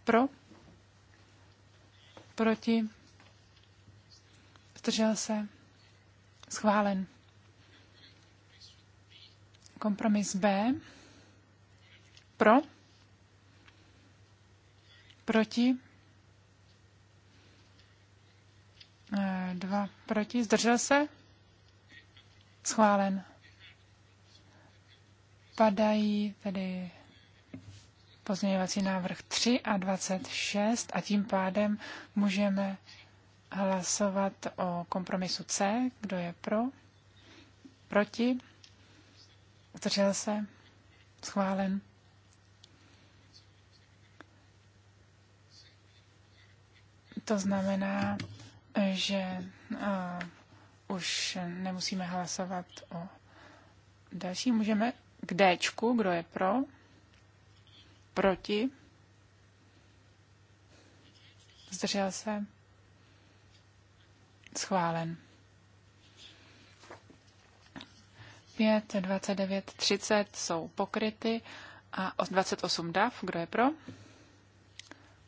Pro. Proti. Zdržel se. Schválen. Kompromis B. Pro. Proti. E, dva proti. Zdržel se. Schválen. Padají tedy pozměňovací návrh 3 a 26 a tím pádem můžeme hlasovat o kompromisu C. Kdo je pro? Proti? Zdržel se? Schválen. To znamená, že uh, už nemusíme hlasovat o další. Můžeme k Dčku, kdo je pro? Proti? Zdržel se? Schválen. 5, 29, 30 jsou pokryty a 28 dav, Kdo je pro?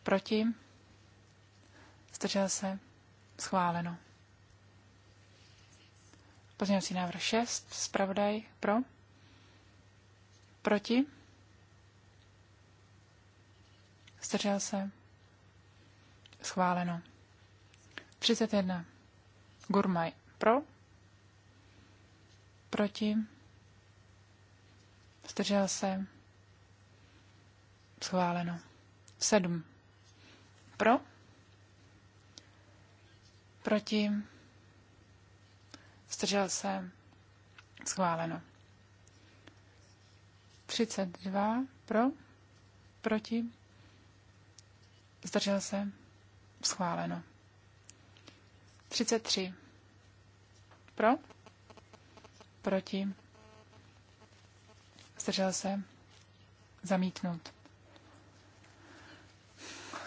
Proti? Zdržel se? Schváleno. Pozměňovací návrh 6. Spravodaj pro? Proti? Zdržel se? Schváleno. 31. Gurmaj pro? Proti? Zdržel se? Schváleno. 7. Pro? Proti? Zdržel se? Schváleno. 32. Pro? Proti? Zdržel se? Schváleno. 33. Pro? Proti? Zdržel se? Zamítnout.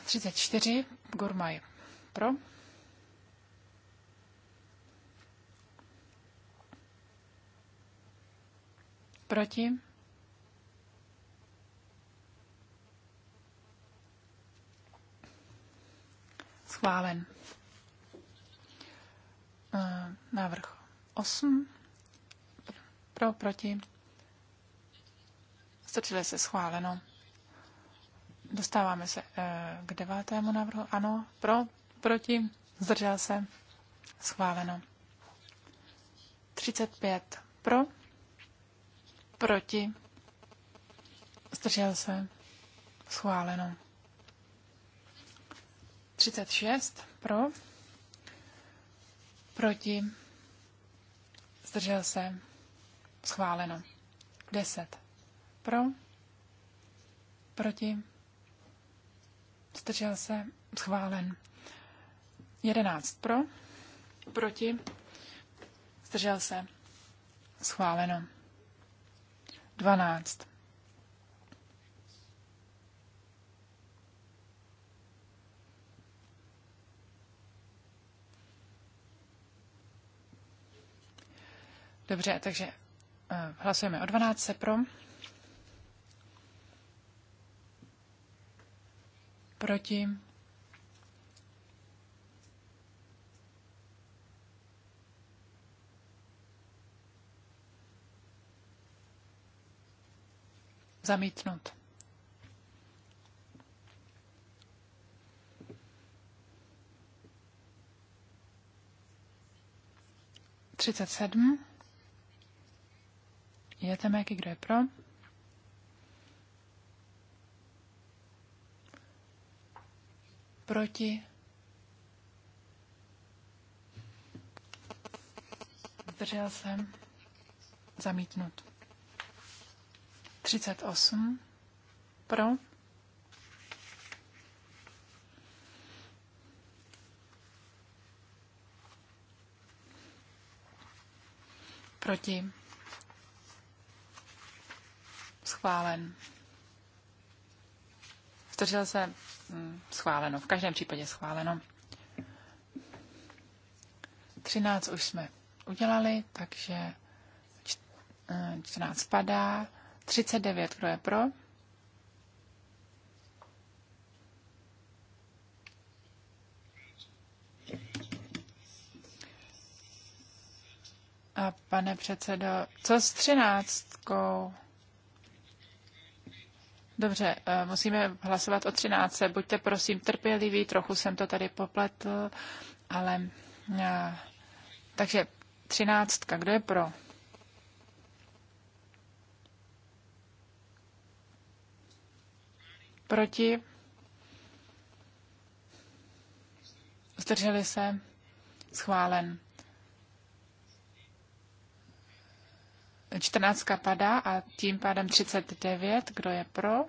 34. Gurmaj. Pro? Proti? schválen. E, návrh 8 pro, proti. Stačili se schváleno. Dostáváme se e, k devátému návrhu. Ano, pro, proti, zdržel se, schváleno. 35 pro, proti, zdržel se, schváleno. 36 pro, proti, zdržel se, schváleno. 10 pro, proti, zdržel se, schválen. 11 pro, proti, zdržel se, schváleno. 12 Dobře, takže eh, hlasujeme o 12 pro. Proti. Zamítnut. Třicet sedm. Je tam nějaký, kdo je pro? Proti? Zdržel jsem. Zamítnut. 38. Pro. Proti. Schválen. Zdržel se? Hm, schváleno. V každém případě schváleno. 13 už jsme udělali, takže 14 eh, padá. 39, kdo je pro? A pane předsedo, co s třináctkou? Dobře, eh, musíme hlasovat o 13. Buďte prosím trpěliví, trochu jsem to tady popletl, ale... Eh, takže 13. Kdo je pro? Proti? Zdrželi se? Schválen. 14 padá a tím pádem 39. Kdo je pro?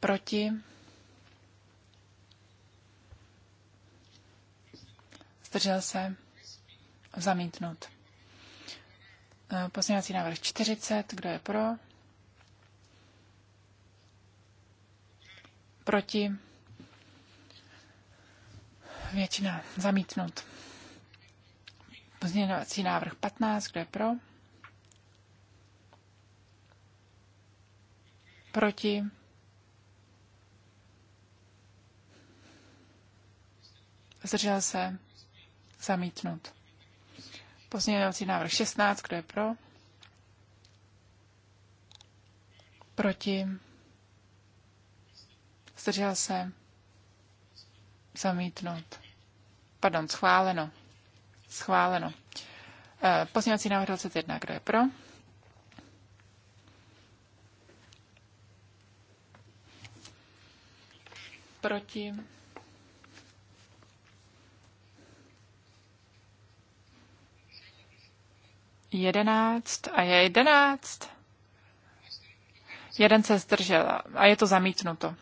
Proti? Zdržel se? Zamítnut. Eh, Pozměňovací návrh 40. Kdo je pro? Proti? Většina. Zamítnut. Pozměňovací návrh 15, kdo je pro? Proti? Zdržel se? Zamítnut. Pozměňovací návrh 16, kdo je pro? Proti? Zdržel se? zamítnout. Pardon, schváleno. Schváleno. Eh, pozměňovací návrh 21. Kdo je pro? Proti? Jedenáct a je jedenáct. Jeden se zdržel a je to zamítnuto.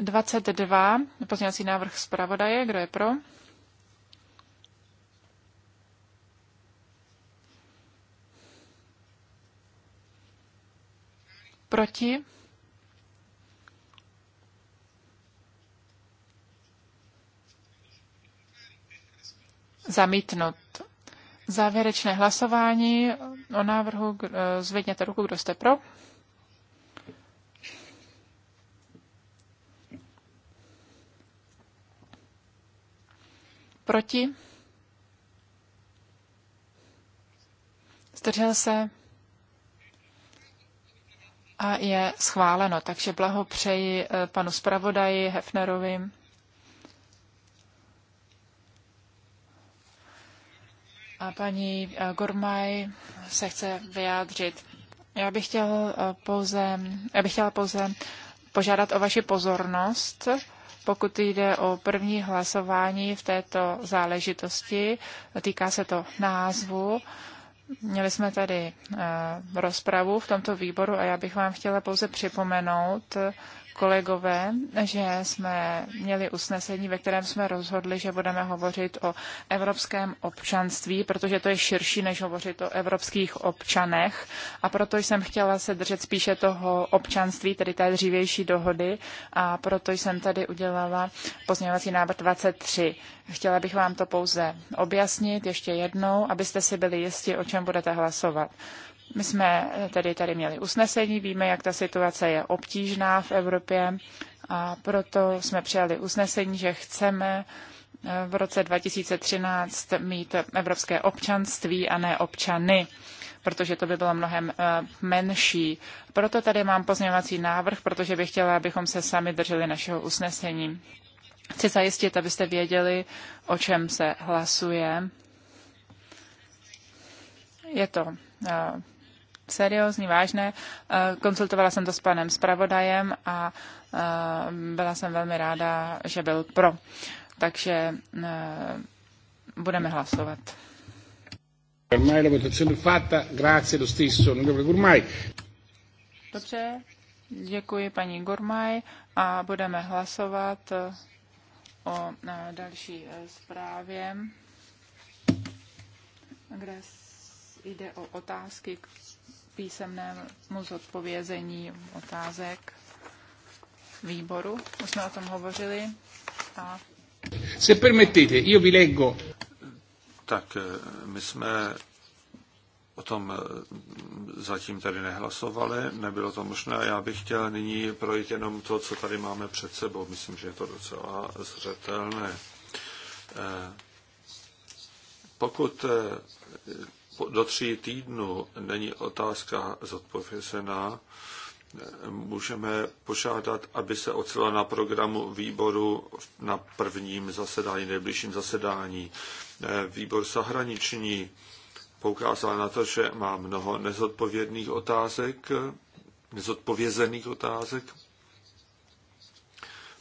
22, pozměňovací návrh zpravodaje, kdo je pro? Proti? Zamítnut. Závěrečné hlasování o návrhu, eh, zvedněte ruku, kdo jste pro. Proti? Zdržel se? A je schváleno, takže blahopřeji eh, panu zpravodaji Hefnerovi. A paní eh, Gormaj se chce vyjádřit. Já bych, chtěl eh, pouze, já bych chtěla pouze požádat o vaši pozornost pokud jde o první hlasování v této záležitosti, týká se to názvu, Měli jsme tady eh, rozpravu v tomto výboru a já bych vám chtěla pouze připomenout, kolegové, že jsme měli usnesení, ve kterém jsme rozhodli, že budeme hovořit o evropském občanství, protože to je širší, než hovořit o evropských občanech. A proto jsem chtěla se držet spíše toho občanství, tedy té dřívější dohody. A proto jsem tady udělala pozměňovací návrh 23. Chtěla bych vám to pouze objasnit ještě jednou, abyste si byli jisti, o čem budete hlasovat. My jsme eh, tedy tady měli usnesení, víme, jak ta situace je obtížná v Evropě a proto jsme přijali usnesení, že chceme eh, v roce 2013 mít evropské občanství a ne občany protože to by bylo mnohem eh, menší. Proto tady mám pozměňovací návrh, protože bych chtěla, abychom se sami drželi našeho usnesení. Chci zajistit, abyste věděli, o čem se hlasuje. Je to seriózní, vážné. Eh, konzultovala jsem to s panem zpravodajem a eh, byla jsem velmi ráda, že byl pro. Takže eh, budeme hlasovat. Dobře, děkuji paní Gurmaj a budeme hlasovat o další zprávě, kde jde o otázky, písemnému zodpovězení otázek výboru. Už jsme o tom hovořili. A... Se permettete, io vi leggo. Tak eh, my jsme o tom eh, zatím tady nehlasovali, nebylo to možné. Já bych chtěl nyní projít jenom to, co tady máme před sebou. Myslím, že je to docela zřetelné. Eh, pokud do tří týdnů není otázka zodpovězená, můžeme požádat, aby se ocela na programu výboru na prvním zasedání, nejbližším zasedání. Výbor zahraniční poukázal na to, že má mnoho nezodpovědných otázek, nezodpovězených otázek.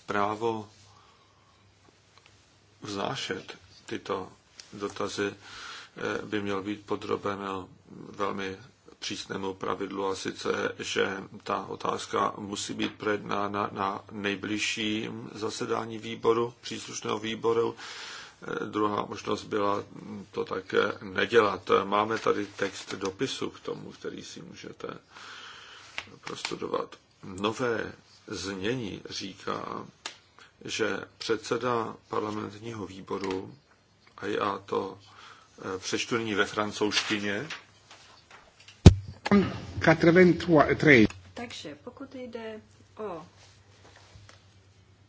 Právo vznášet tyto dotazy Eh, by měl být podroben velmi přísnému pravidlu a sice, že ta otázka musí být projednána na nejbližším zasedání výboru, příslušného výboru. Eh, druhá možnost byla to také nedělat. Máme tady text dopisu k tomu, který si můžete prostudovat. Nové znění říká, že předseda parlamentního výboru, a já to Eh, přečtu nyní ve francouzštině. Takže pokud jde o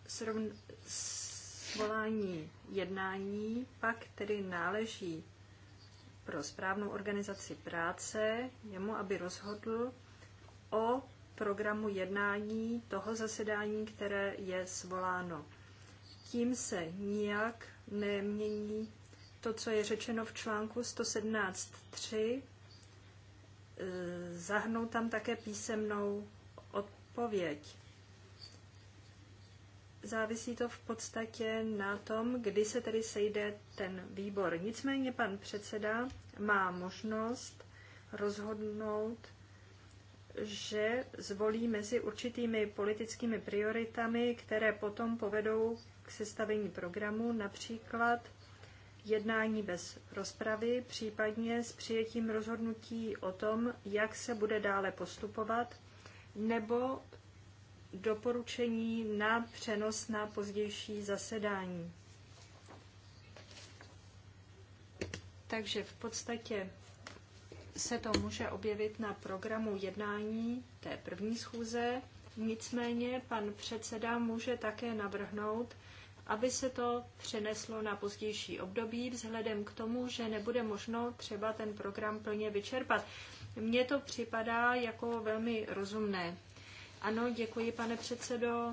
srovn- svolání jednání, pak tedy náleží pro správnou organizaci práce jemu, aby rozhodl o programu jednání toho zasedání, které je svoláno. Tím se nijak nemění to, co je řečeno v článku 117.3, eh, zahrnout tam také písemnou odpověď. Závisí to v podstatě na tom, kdy se tedy sejde ten výbor. Nicméně pan předseda má možnost rozhodnout, že zvolí mezi určitými politickými prioritami, které potom povedou k sestavení programu, například jednání bez rozpravy, případně s přijetím rozhodnutí o tom, jak se bude dále postupovat, nebo doporučení na přenos na pozdější zasedání. Takže v podstatě se to může objevit na programu jednání té první schůze. Nicméně pan předseda může také navrhnout, aby se to přeneslo na pozdější období, vzhledem k tomu, že nebude možno třeba ten program plně vyčerpat. Mně to připadá jako velmi rozumné. Ano, děkuji, pane předsedo.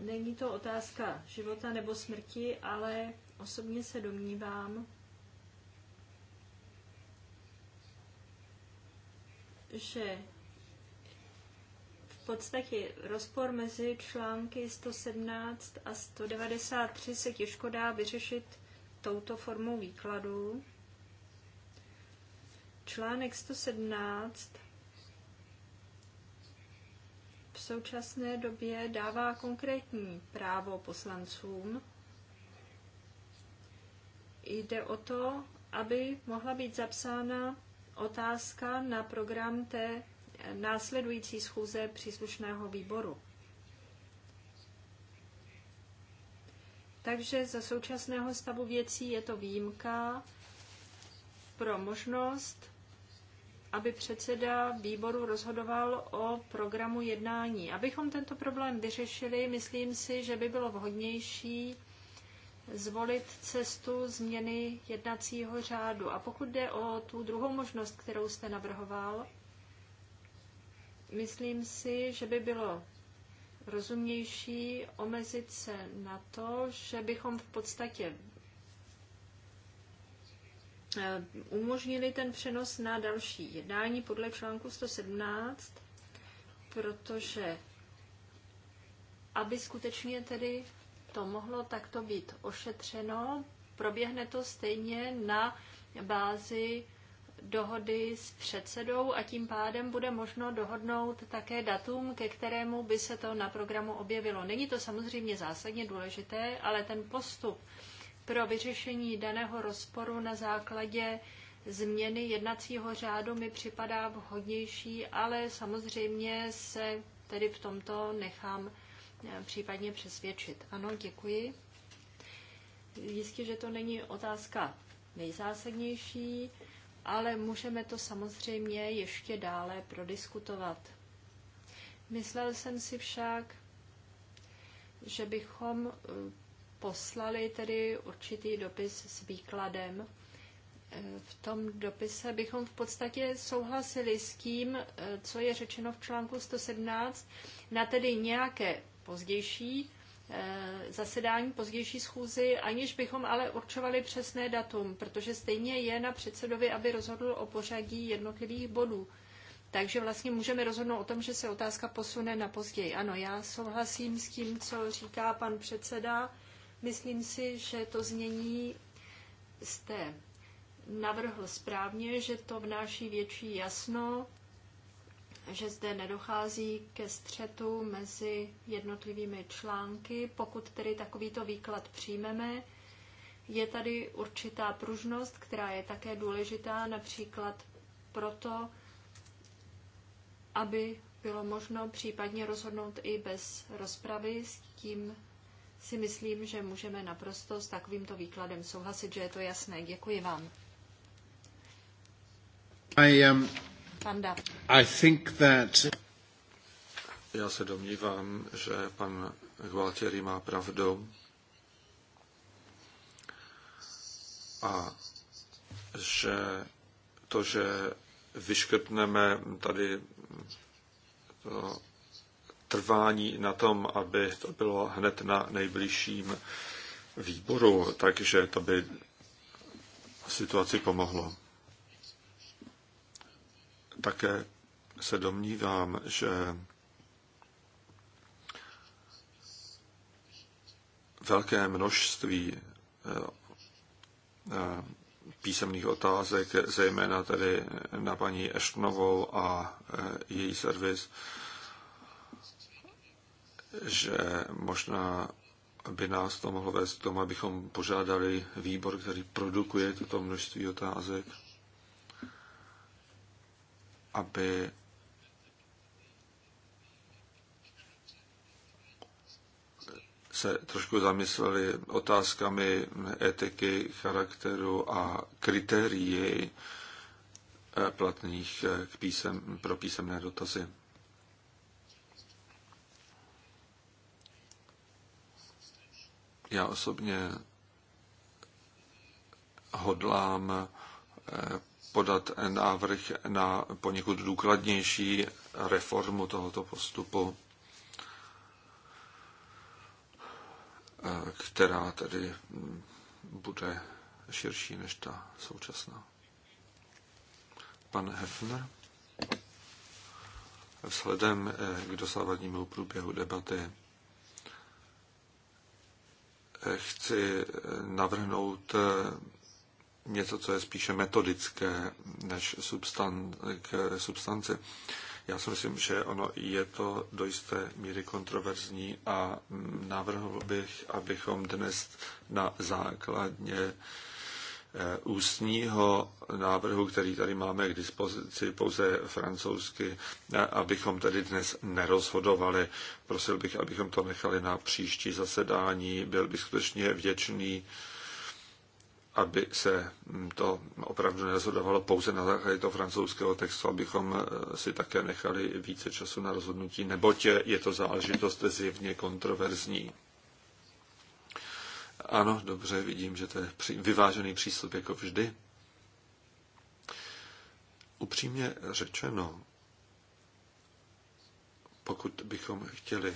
Není to otázka života nebo smrti, ale osobně se domnívám, že podstatě rozpor mezi články 117 a 193 se těžko dá vyřešit touto formou výkladu. Článek 117 v současné době dává konkrétní právo poslancům. Jde o to, aby mohla být zapsána otázka na program té následující schůze příslušného výboru. Takže za současného stavu věcí je to výjimka pro možnost, aby předseda výboru rozhodoval o programu jednání. Abychom tento problém vyřešili, myslím si, že by bylo vhodnější zvolit cestu změny jednacího řádu. A pokud jde o tu druhou možnost, kterou jste navrhoval, Myslím si, že by bylo rozumnější omezit se na to, že bychom v podstatě eh, umožnili ten přenos na další jednání podle článku 117, protože aby skutečně tedy to mohlo takto být ošetřeno, proběhne to stejně na bázi dohody s předsedou a tím pádem bude možno dohodnout také datum, ke kterému by se to na programu objevilo. Není to samozřejmě zásadně důležité, ale ten postup pro vyřešení daného rozporu na základě změny jednacího řádu mi připadá vhodnější, ale samozřejmě se tedy v tomto nechám eh, případně přesvědčit. Ano, děkuji. Jistě, že to není otázka nejzásadnější, ale můžeme to samozřejmě ještě dále prodiskutovat. Myslel jsem si však, že bychom eh, poslali tedy určitý dopis s výkladem. Eh, v tom dopise bychom v podstatě souhlasili s tím, eh, co je řečeno v článku 117, na tedy nějaké pozdější Eh, zasedání pozdější schůzi, aniž bychom ale určovali přesné datum, protože stejně je na předsedovi, aby rozhodl o pořadí jednotlivých bodů. Takže vlastně můžeme rozhodnout o tom, že se otázka posune na později. Ano, já souhlasím s tím, co říká pan předseda. Myslím si, že to změní jste navrhl správně, že to vnáší větší jasno že zde nedochází ke střetu mezi jednotlivými články. Pokud tedy takovýto výklad přijmeme, je tady určitá pružnost, která je také důležitá, například proto, aby bylo možno případně rozhodnout i bez rozpravy. S tím si myslím, že můžeme naprosto s takovýmto výkladem souhlasit, že je to jasné. Děkuji vám. I, um... I think that... Já se domnívám, že pan Gualtieri má pravdu. A že to, že vyškrtneme tady to trvání na tom, aby to bylo hned na nejbližším výboru, takže to by situaci pomohlo. Také se domnívám, že velké množství eh, eh, písemných otázek, zejména tedy na paní Eštnovou a eh, její servis, že možná by nás to mohlo vést k tomu, abychom požádali výbor, který produkuje toto množství otázek, aby se trošku zamysleli otázkami etiky, charakteru a kritérií eh, platných eh, k písem, pro písemné dotazy. Já osobně hodlám eh, podat návrh na poněkud důkladnější reformu tohoto postupu, eh, která tedy bude širší než ta současná. Pan Hefner. Vzhledem eh, k dosávadnímu průběhu debaty eh, chci navrhnout něco, co je spíše metodické než substan- k substanci. Já si myslím, že ono je to do jisté míry kontroverzní a navrhl bych, abychom dnes na základně eh, ústního návrhu, který tady máme k dispozici pouze francouzsky, eh, abychom tedy dnes nerozhodovali. Prosil bych, abychom to nechali na příští zasedání. Byl bych skutečně vděčný aby se to opravdu nerozhodovalo pouze na základě toho francouzského textu, abychom eh, si také nechali více času na rozhodnutí, neboť je to záležitost zjevně kontroverzní. Ano, dobře, vidím, že to je vyvážený přístup jako vždy. Upřímně řečeno, pokud bychom chtěli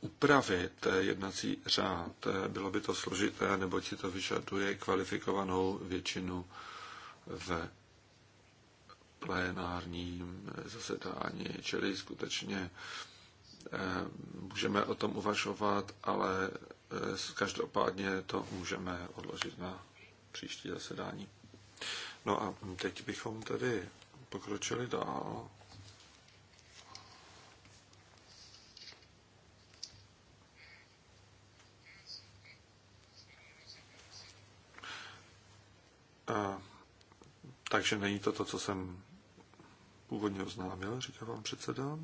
upravit eh, jednací řád. Eh, bylo by to složité, nebo si to vyžaduje kvalifikovanou většinu v plénárním eh, zasedání. Čili skutečně můžeme o tom uvažovat, ale každopádně to můžeme odložit na příští zasedání. No a teď bychom tedy pokročili dál. takže není to to, co jsem původně oznámil, říká vám předseda.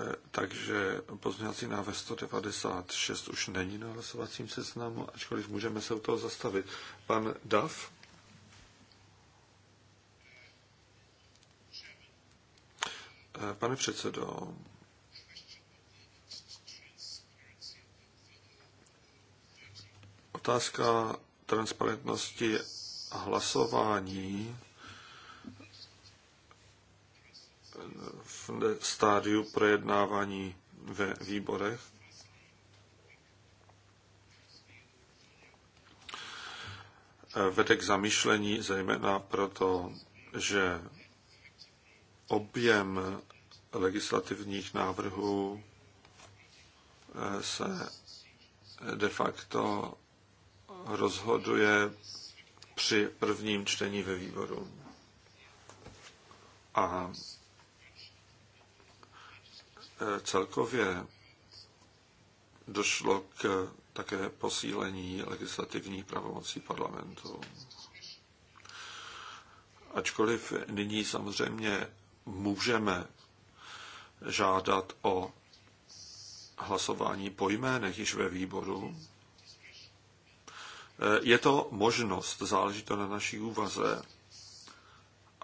E, takže pozměňovací návrh 196 už není na hlasovacím seznamu, ačkoliv můžeme se u toho zastavit. Pan Dav? E, pane předsedo, otázka transparentnosti a hlasování v stádiu projednávání ve výborech. Vede k zamýšlení zejména proto, že objem legislativních návrhů se de facto rozhoduje při prvním čtení ve výboru. A e, celkově došlo k také posílení legislativní pravomocí parlamentu. Ačkoliv nyní samozřejmě můžeme žádat o hlasování po jménech již ve výboru, Eh, je to možnost, záleží to na naší úvaze.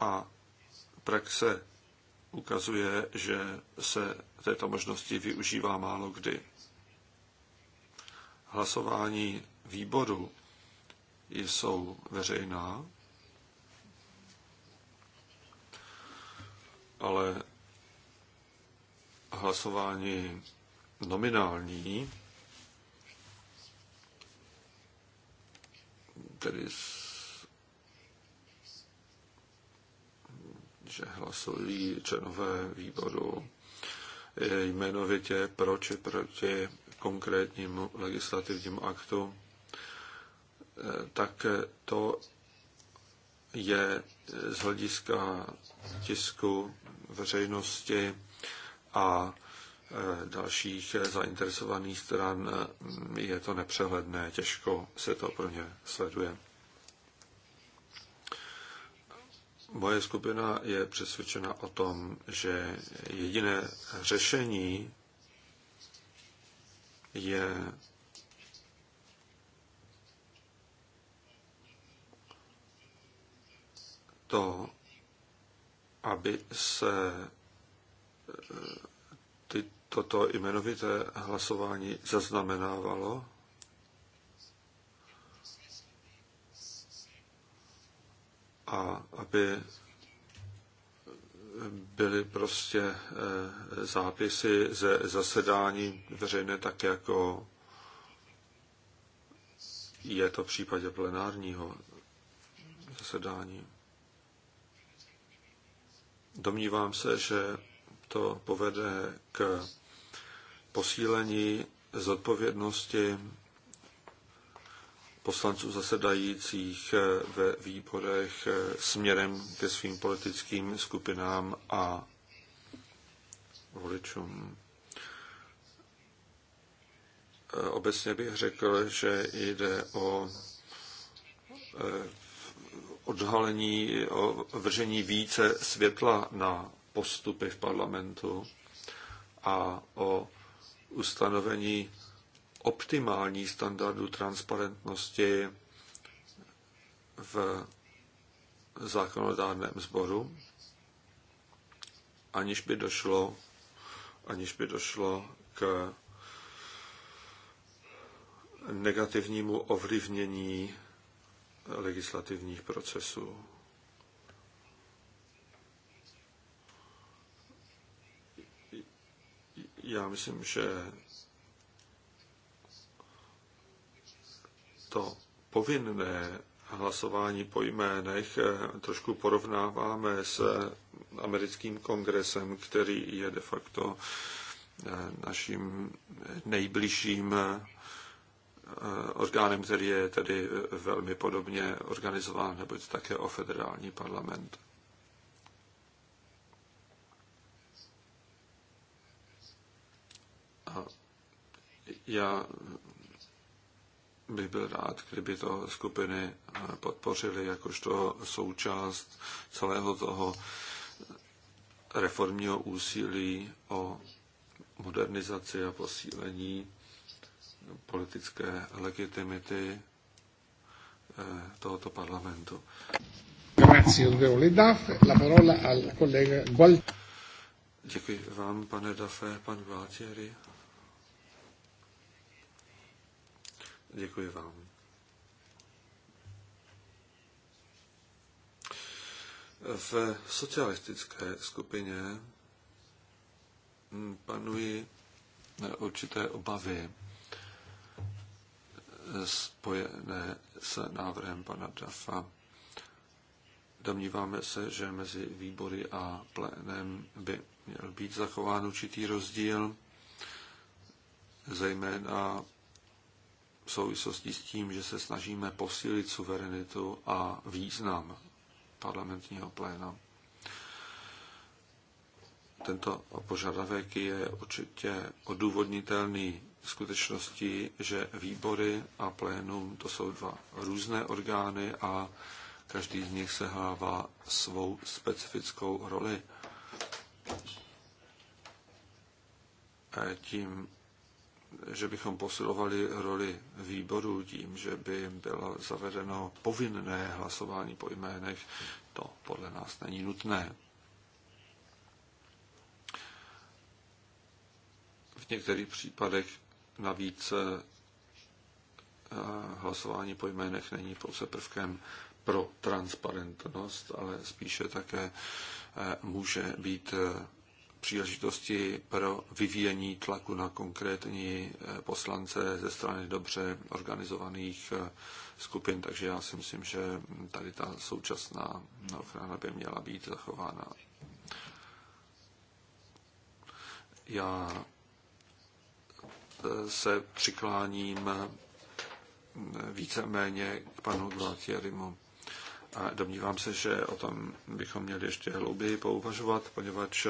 A praxe ukazuje, že se této možnosti využívá málo kdy. Hlasování výboru jsou veřejná, ale hlasování nominální tedy že hlasují členové výboru jmenovitě proč či proti konkrétnímu legislativnímu aktu, eh, tak to je z hlediska tisku veřejnosti a Eh, dalších zainteresovaných stran eh, je to nepřehledné, těžko se to pro ně sleduje. Moje skupina je přesvědčena o tom, že jediné řešení je to, aby se eh, toto jmenovité hlasování zaznamenávalo. A aby byly prostě eh, zápisy ze zasedání veřejné tak jako je to v případě plenárního zasedání. Domnívám se, že to povede k posílení zodpovědnosti poslanců zasedajících eh, ve výborech eh, směrem ke svým politickým skupinám a voličům. Eh, obecně bych řekl, že jde o odhalení, o vržení více světla na postupy v parlamentu a o ustanovení optimální standardu transparentnosti v zákonodárném sboru, aniž by došlo, aniž by došlo k negativnímu ovlivnění legislativních procesů. já myslím, že to povinné hlasování po jménech eh, trošku porovnáváme s americkým kongresem, který je de facto eh, naším nejbližším eh, orgánem, který je tedy velmi podobně organizován, neboť také o federální parlament. Já bych byl rád, kdyby to skupiny podpořily jakožto součást celého toho reformního úsilí o modernizaci a posílení politické legitimity eh, tohoto parlamentu. Děkuji vám, pane Dafe, pan Gualtieri. Děkuji vám. V socialistické skupině panují určité obavy spojené s návrhem pana Dafa. Domníváme se, že mezi výbory a plénem by měl být zachován určitý rozdíl, zejména v souvislosti s tím, že se snažíme posílit suverenitu a význam parlamentního pléna. Tento požadavek je určitě odůvodnitelný skutečností, že výbory a plénum to jsou dva různé orgány a každý z nich sehrává svou specifickou roli. Tím že bychom posilovali roli výboru tím, že by bylo zavedeno povinné hlasování po jménech, to podle nás není nutné. V některých případech navíc eh, hlasování po jménech není pouze prvkem pro transparentnost, ale spíše také eh, může být eh, příležitosti pro vyvíjení tlaku na konkrétní eh, poslance ze strany dobře organizovaných eh, skupin, takže já si myslím, že tady ta současná ochrana by měla být zachována. Já eh, se přikláním víceméně k panu Gualtierimu. A domnívám se, že o tom bychom měli ještě hlouběji pouvažovat, poněvadž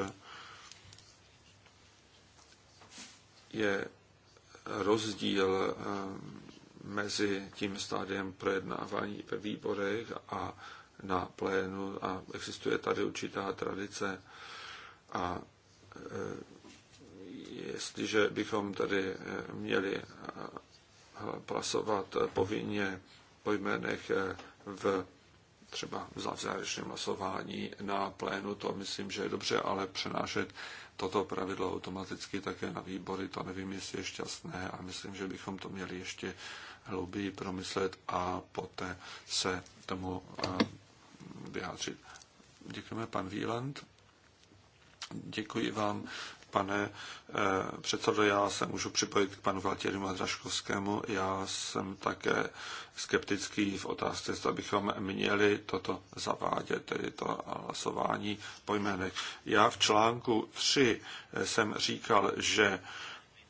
je rozdíl eh, mezi tím stádiem projednávání ve výborech a na plénu a existuje tady určitá tradice a eh, jestliže bychom tady eh, měli hlasovat povinně po jménech v třeba v závěrečném hlasování na plénu, to myslím, že je dobře, ale přenášet toto pravidlo automaticky také na výbory, to nevím, jestli je šťastné a myslím, že bychom to měli ještě hlouběji promyslet a poté se tomu eh, vyjádřit. Děkujeme, pan Víland. Děkuji vám pane eh, předsedo, já se můžu připojit k panu Valtěru Madraškovskému. Já jsem také skeptický v otázce, zda bychom měli toto zavádět, tedy to hlasování po jménech. Já v článku 3 eh, jsem říkal, že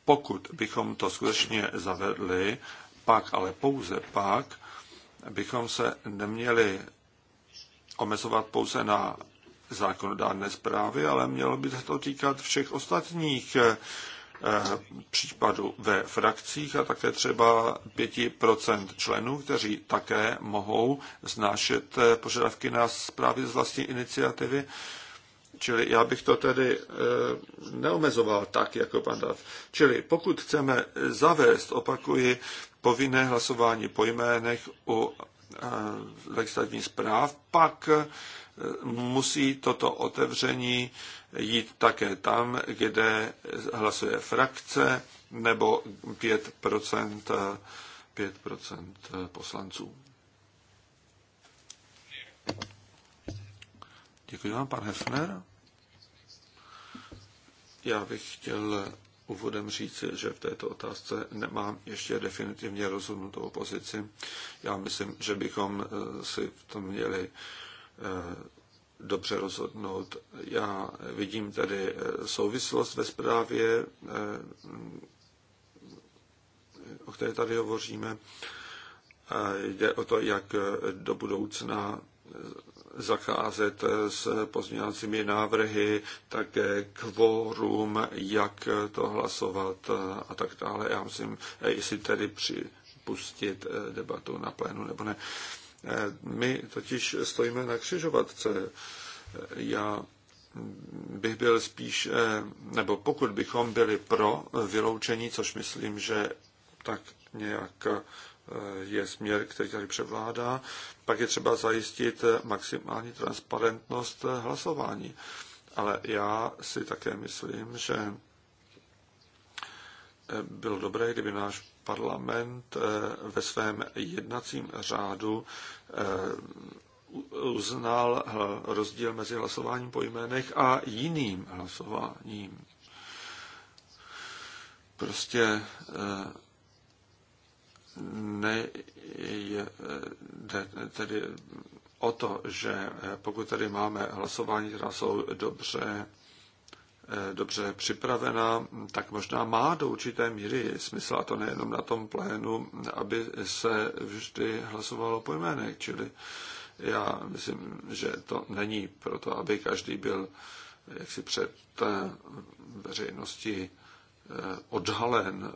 pokud bychom to skutečně zavedli, pak, ale pouze pak, bychom se neměli omezovat pouze na zákonodárné zprávy, ale mělo by se to týkat všech ostatních eh, případů ve frakcích a také třeba 5% členů, kteří také mohou znášet eh, požadavky na zprávy z vlastní iniciativy. Čili já bych to tedy eh, neomezoval tak, jako pan Dav. Čili pokud chceme zavést, opakuji, povinné hlasování po jménech u legislativních zpráv, pak musí toto otevření jít také tam, kde hlasuje frakce nebo 5 5 poslanců. Děkuji vám, pan Hefner. Já bych chtěl úvodem říci, že v této otázce nemám ještě definitivně rozhodnutou pozici. Já myslím, že bychom eh, si v tom měli Eh, dobře rozhodnout. Já vidím tady eh, souvislost ve zprávě, eh, o které tady hovoříme. Jde o to, jak do budoucna zacházet s pozměňovacími návrhy, také kvórum, jak to hlasovat a tak dále. Já musím, jestli tedy připustit debatu na plénu nebo ne. Eh, my totiž stojíme na křižovatce. Eh, já bych byl spíš, eh, nebo pokud bychom byli pro vyloučení, což myslím, že tak nějak je směr, který tady převládá, pak je třeba zajistit maximální transparentnost hlasování. Ale já si také myslím, že bylo dobré, kdyby náš parlament eh, ve svém jednacím řádu eh, uznal rozdíl mezi hlasováním po jménech a jiným hlasováním. Prostě eh, nejde tedy o to, že pokud tady máme hlasování, která jsou dobře Eh, dobře připravena, tak možná má do určité míry smysl, a to nejenom na tom plénu, aby se vždy hlasovalo po jménech. Čili já myslím, že to není proto, aby každý byl eh, jaksi před eh, veřejností odhalen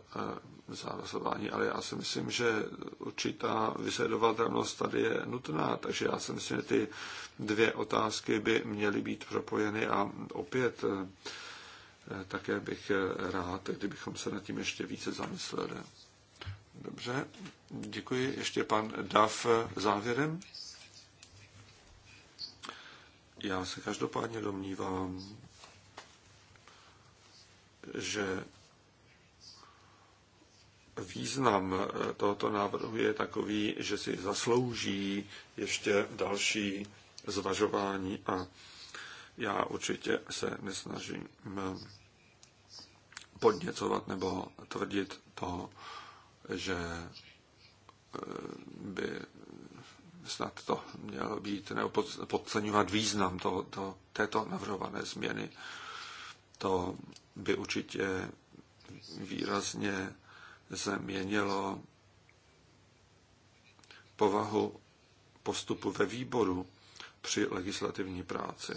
za hlasování, ale já si myslím, že určitá vysledovatelnost tady je nutná, takže já si myslím, že ty dvě otázky by měly být propojeny a opět eh, eh, také bych eh, rád, kdybychom se nad tím ještě více zamysleli. Dobře, děkuji. Ještě pan Dav závěrem. Já se každopádně domnívám, že význam tohoto návrhu je takový, že si zaslouží ještě další zvažování a já určitě se nesnažím eh, podněcovat nebo tvrdit to, že eh, by snad to mělo být, nebo podceňovat význam toho, to, této navrhované změny. To by určitě výrazně změnilo povahu postupu ve výboru při legislativní práci.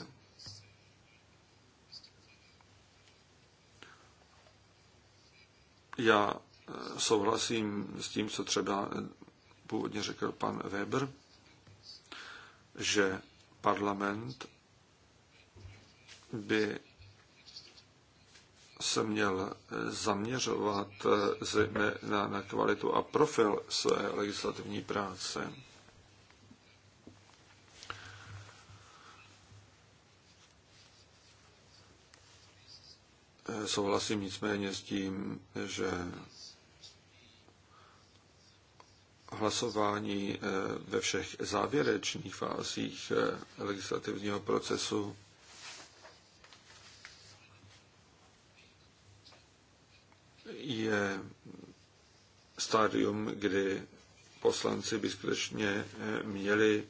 Já eh, souhlasím s tím, co třeba eh, původně řekl pan Weber, že parlament by se měl eh, zaměřovat na, na kvalitu a profil své legislativní práce. souhlasím nicméně s tím, že hlasování eh, ve všech závěrečných fázích eh, legislativního procesu je stádium, kdy poslanci by skutečně eh, měli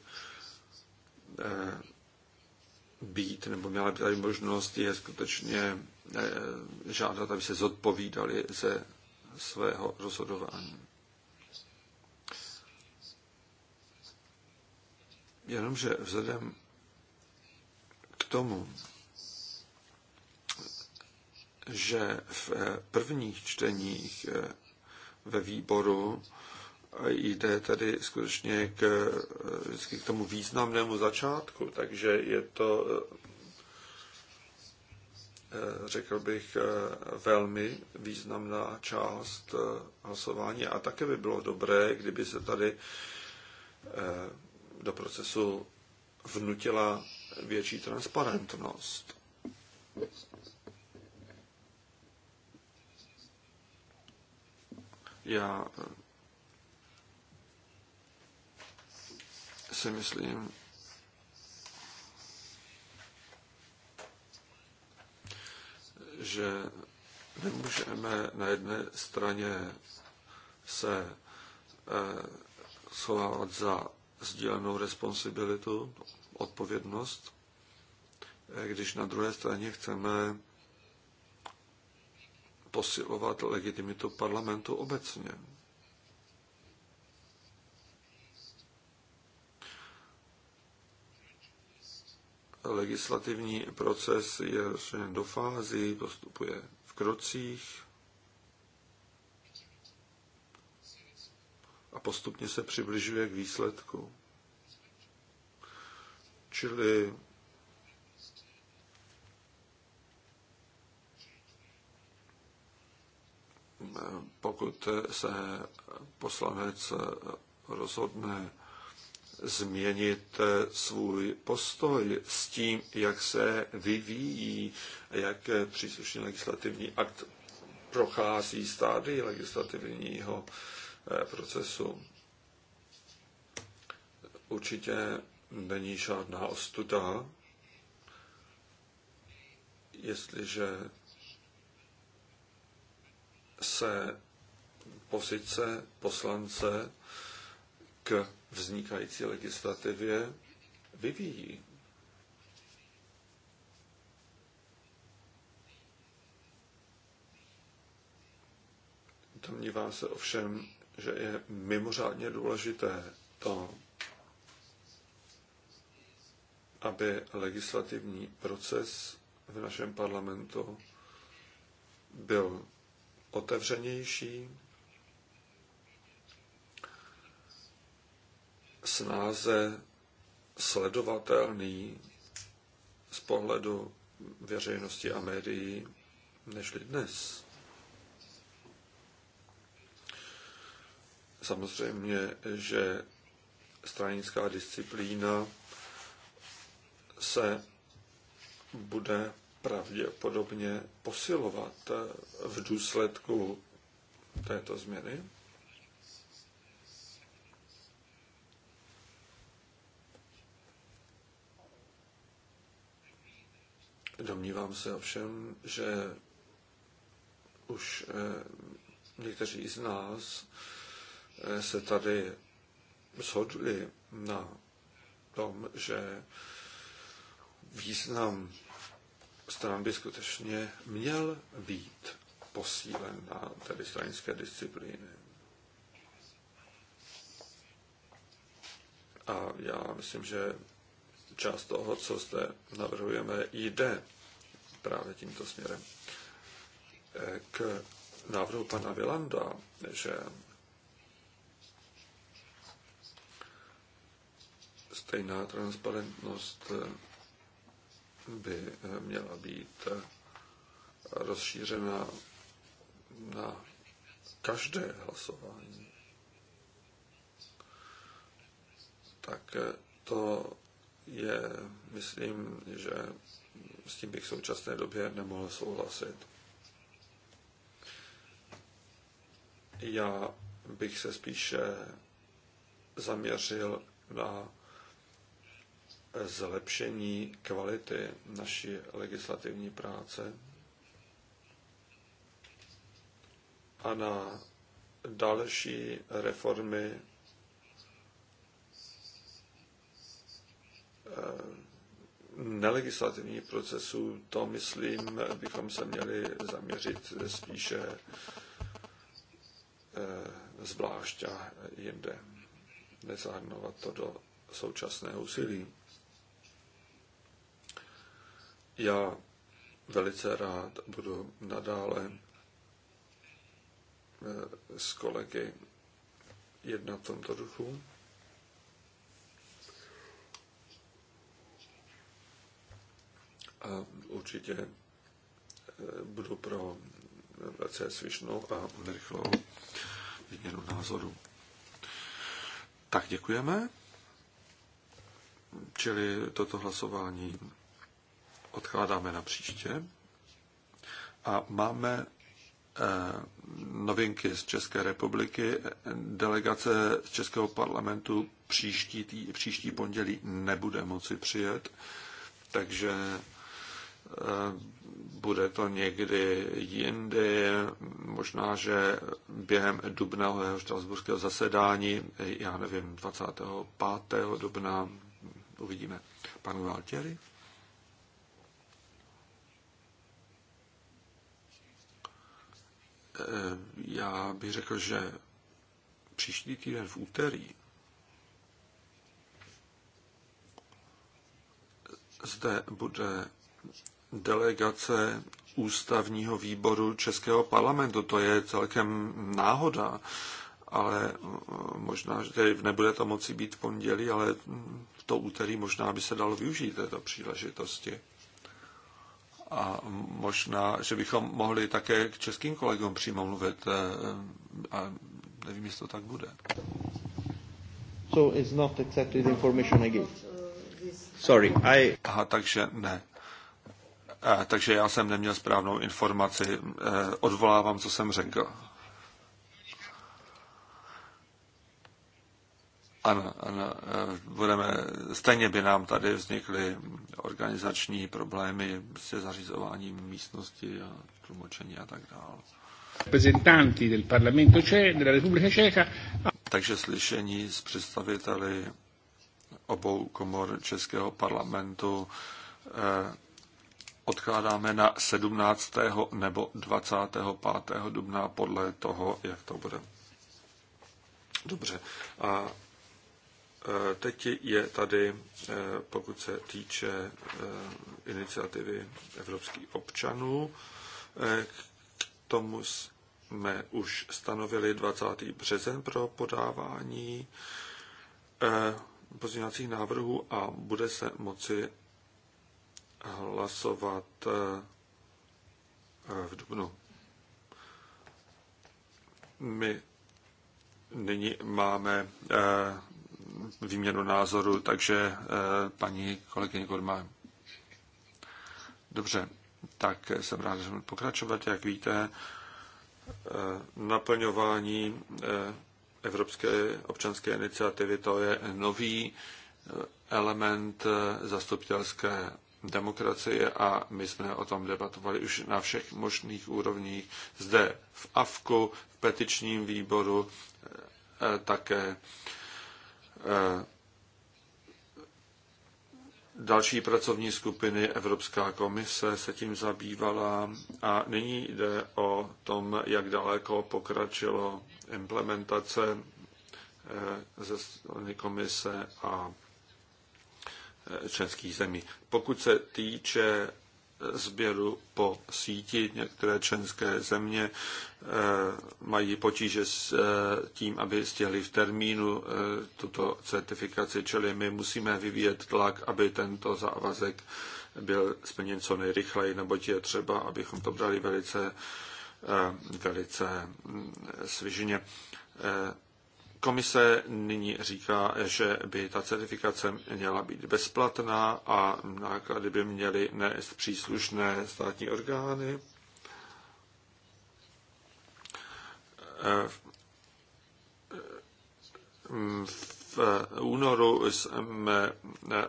být, nebo měla by tady možnost je skutečně žádat, aby se zodpovídali ze svého rozhodování. Jenomže vzhledem k tomu, že v prvních čteních eh, ve výboru eh, jde tady skutečně k, eh, k tomu významnému začátku, takže je to Eh, řekl bych, eh, velmi významná část eh, hlasování a také by bylo dobré, kdyby se tady do procesu vnutila větší transparentnost. Já si myslím, že nemůžeme na jedné straně se eh, schovávat za sdílenou responsibilitu, odpovědnost, eh, když na druhé straně chceme posilovat legitimitu parlamentu obecně. legislativní proces je rozšířen do fází, postupuje v krocích a postupně se přibližuje k výsledku. Čili pokud se poslanec rozhodne změnit eh, svůj postoj s tím, jak se vyvíjí, jak eh, příslušný legislativní akt prochází stády legislativního eh, procesu. Určitě není žádná ostuda, jestliže se pozice poslance k vznikající legislativě vyvíjí. Domnívám se ovšem, že je mimořádně důležité to, aby legislativní proces v našem parlamentu byl otevřenější, snáze sledovatelný z pohledu veřejnosti a médií než dnes. Samozřejmě, že stranická disciplína se bude pravděpodobně posilovat v důsledku této změny. Domnívám se ovšem, že už eh, někteří z nás eh, se tady shodli na tom, že význam stran by skutečně měl být posílen na tedy stranické disciplíny. A já myslím, že část toho, co zde navrhujeme, jde právě tímto směrem. K návrhu pana Vilanda, že stejná transparentnost by měla být rozšířena na každé hlasování, tak to je, myslím, že s tím bych v současné době nemohl souhlasit. Já bych se spíše zaměřil na zlepšení kvality naší legislativní práce a na další reformy nelegislativních procesů, to myslím, bychom se měli zaměřit spíše eh, zvlášť a jinde. Nezahrnovat to do současného úsilí. Já velice rád budu nadále eh, s kolegy jednat v tomto duchu. a určitě eh, budu pro velice svišnou a rychlou výměnu názoru. Tak děkujeme. Čili toto hlasování odkládáme na příště. A máme eh, novinky z České republiky. Delegace z Českého parlamentu příští, tý, příští pondělí nebude moci přijet, takže Eh, bude to někdy jindy, možná, že během dubnového štrasburského zasedání, já nevím, 25. dubna, uvidíme. Pan Valtěry? Eh, já bych řekl, že příští týden v úterý zde bude delegace ústavního výboru Českého parlamentu. To je celkem náhoda, ale eh, možná, že tady nebude to moci být v pondělí, ale mm, v to úterý možná by se dalo využít této příležitosti. A možná, že bychom mohli také k českým kolegům přímo mluvit. Eh, a nevím, jestli to tak bude. So it's not exactly the information I gave. Sorry, I... Aha, takže ne. Eh, takže já jsem neměl správnou informaci. Eh, odvolávám, co jsem řekl. Ano, ano, eh, budeme, stejně by nám tady vznikly organizační problémy se zařizováním místnosti a tlumočení a tak dále. Reprezentanti del Parlamento Čech, della Repubblica ceca. Takže slyšení s představiteli obou komor Českého parlamentu eh, odkládáme na 17. nebo 25. dubna podle toho, jak to bude. Dobře. A e, teď je tady, e, pokud se týče e, iniciativy evropských občanů, k tomu jsme už stanovili 20. březen pro podávání pozměňovacích návrhů a bude se moci hlasovat eh, v Dubnu. My nyní máme eh, výměnu názoru, takže eh, paní kolegyně Gorma. Dobře, tak jsem rád, že pokračovat. Jak víte, naplňování Evropské občanské iniciativy to je nový element zastupitelské demokracie a my jsme o tom debatovali už na všech možných úrovních, zde v AFKu, v petičním výboru, eh, také eh, další pracovní skupiny Evropská komise se tím zabývala a nyní jde o tom, jak daleko pokračilo implementace eh, ze strany komise a členských zemí. Pokud se týče eh, sběru po síti. Některé členské země eh, mají potíže s eh, tím, aby stihli v termínu tuto certifikaci, čili my musíme vyvíjet tlak, aby tento závazek byl splněn co nejrychleji, neboť je třeba, abychom to brali velice, velice mm, svižně. Komise nyní říká, že by ta certifikace měla být bezplatná a náklady by měly nést příslušné státní orgány. V únoru jsme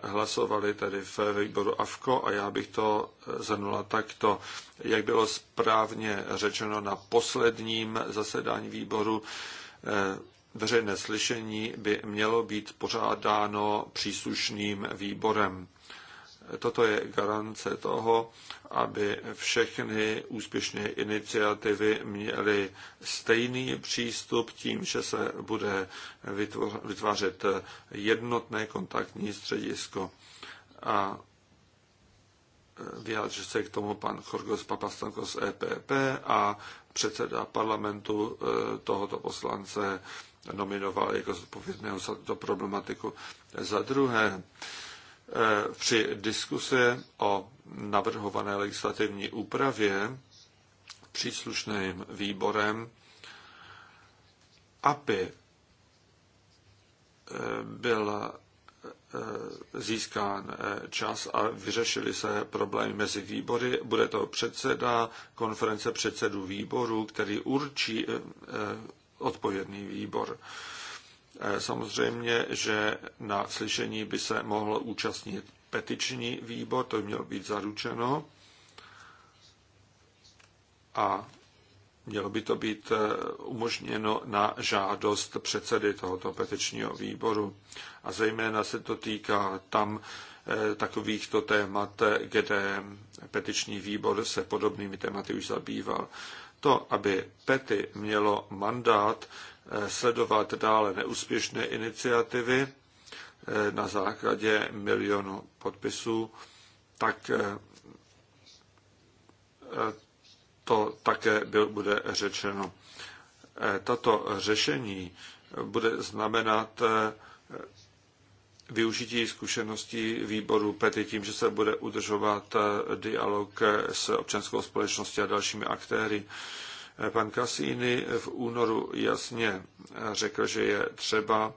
hlasovali tedy v výboru AFKO a já bych to zhrnula takto. Jak bylo správně řečeno na posledním zasedání výboru, veřejné slyšení by mělo být pořádáno příslušným výborem. Toto je garance toho, aby všechny úspěšné iniciativy měly stejný přístup tím, že se bude vytvářet jednotné kontaktní středisko. A vyjádřil se k tomu pan Chorgos Papastamkos z e EPP a předseda parlamentu e, tohoto poslance nominoval jako zodpovědného za tuto problematiku. Za druhé, e, při diskuse o navrhované legislativní úpravě příslušným výborem, aby byla Eh, získán eh, čas a vyřešili se problémy mezi výbory. Bude to předseda konference předsedů výboru, který určí eh, odpovědný výbor. Samozřejmě, že na slyšení by se mohl účastnit petiční výbor, to by mělo být zaručeno. A Mělo by to být eh, umožněno na žádost předsedy tohoto petičního výboru. A zejména se to týká tam eh, takovýchto témat, eh, kde petiční výbor se podobnými tématy už zabýval. To, aby PETI mělo mandát sledovat dále neúspěšné iniciativy na základě milionu podpisů, tak to také byl, bude řečeno. Eh, tato řešení bude znamenat eh, využití zkušeností výboru PETI tím, že se bude udržovat eh, dialog s občanskou společností a dalšími aktéry. Pan Cassini v únoru jasně řekl, že je třeba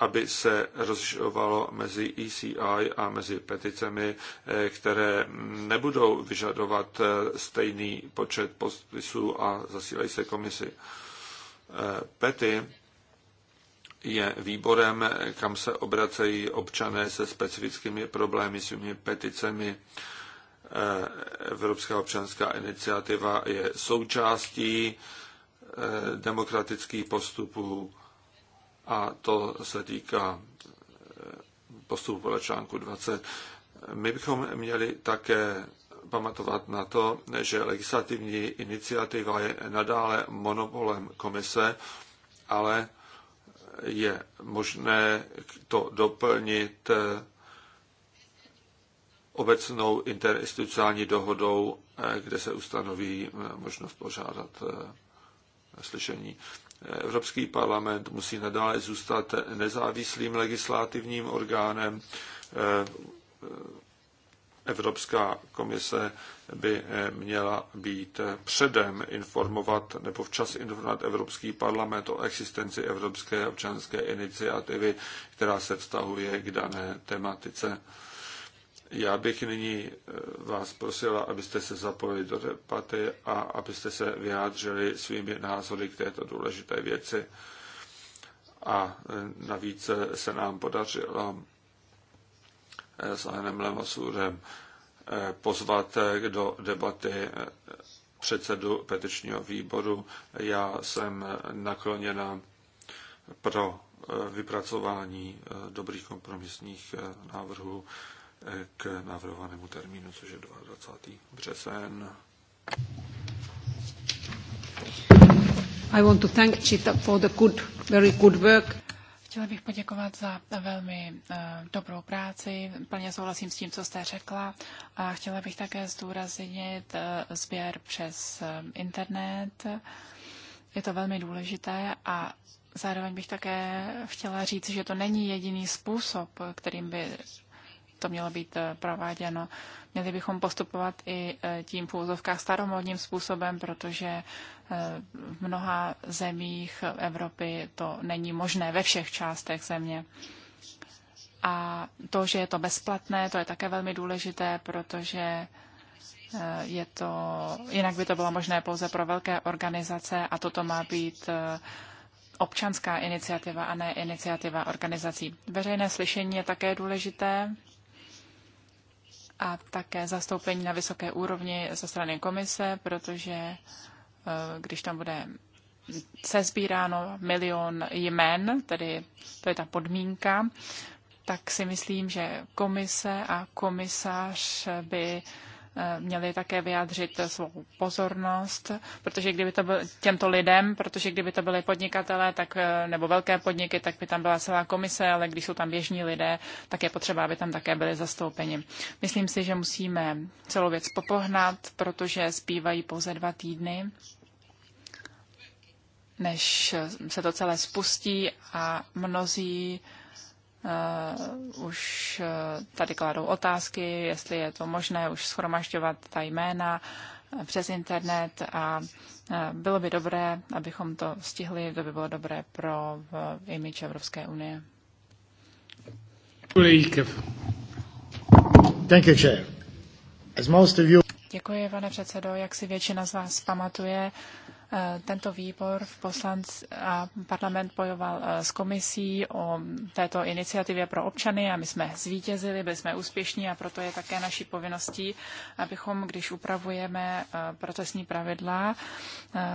aby se rozlišovalo mezi ECI a mezi peticemi, eh, které nebudou vyžadovat eh, stejný počet podpisů a zasílají se komisi. Eh, pety je výborem, kam se obracejí občané se specifickými problémy, svými peticemi. Evropská občanská iniciativa je součástí demokratických postupů a to se týká eh, postupu podle článku 20. My bychom měli také pamatovat na to, že legislativní iniciativa je nadále monopolem komise, ale je možné to doplnit eh, obecnou interinstitucionální dohodou, eh, kde se ustanoví možnost požádat slyšení. Evropský parlament musí nadále zůstat nezávislým legislativním orgánem. Eh, eh, Evropská komise by eh, měla být předem informovat nebo včas informovat Evropský parlament o existenci Evropské občanské iniciativy, která se vztahuje k dané tematice. Já bych nyní eh, vás prosila, abyste se zapojili do debaty a abyste se vyjádřili svými názory k této důležité věci. A eh, navíc eh, se nám podařilo s Anem Lemasurem pozvat do debaty předsedu petičního výboru. Já jsem nakloněna pro vypracování dobrých kompromisních návrhů k navrhovanému termínu, což je 22. březen. I want to thank Chita for the good, very good work. Chtěla bych poděkovat za velmi uh, dobrou práci. Plně souhlasím s tím, co jste řekla. A chtěla bych také zdůraznit uh, sběr přes uh, internet. Je to velmi důležité a zároveň bych také chtěla říct, že to není jediný způsob, kterým by to mělo být eh, prováděno. Měli bychom postupovat i eh, tím půzovkách staromodním způsobem, protože eh, v mnoha zemích Evropy to není možné, ve všech částech země. A to, že je to bezplatné, to je také velmi důležité, protože je to, jinak by to bylo možné pouze pro velké organizace a toto má být občanská iniciativa a ne iniciativa organizací. Veřejné slyšení je také důležité a také zastoupení na vysoké úrovni ze strany komise, protože eh, když tam bude sezbíráno milion jmen, tedy to je ta podmínka, tak si myslím, že komise a komisař by Eh, měli také vyjádřit svou pozornost, protože kdyby to byl těmto lidem, protože kdyby to byly podnikatelé tak, eh, nebo velké podniky, tak by tam byla celá komise, ale když jsou tam běžní lidé, tak je potřeba, aby tam také byli zastoupeni. Myslím si, že musíme celou věc popohnat, protože zpívají pouze dva týdny než se to celé spustí a mnozí uh, už uh, tady kladou otázky, jestli je to možné už schromažďovat ta jména eh, přes internet a bylo by dobré, abychom to stihli, to by bylo dobré pro imič Evropské unie. Děkuji, pane předsedo. Jak si většina z vás pamatuje, uh, Eh, tento výbor v poslanc a parlament bojoval eh, s komisí o této iniciativě pro občany a my jsme zvítězili, byli jsme úspěšní a proto je také naší povinností, abychom, když upravujeme eh, procesní pravidla,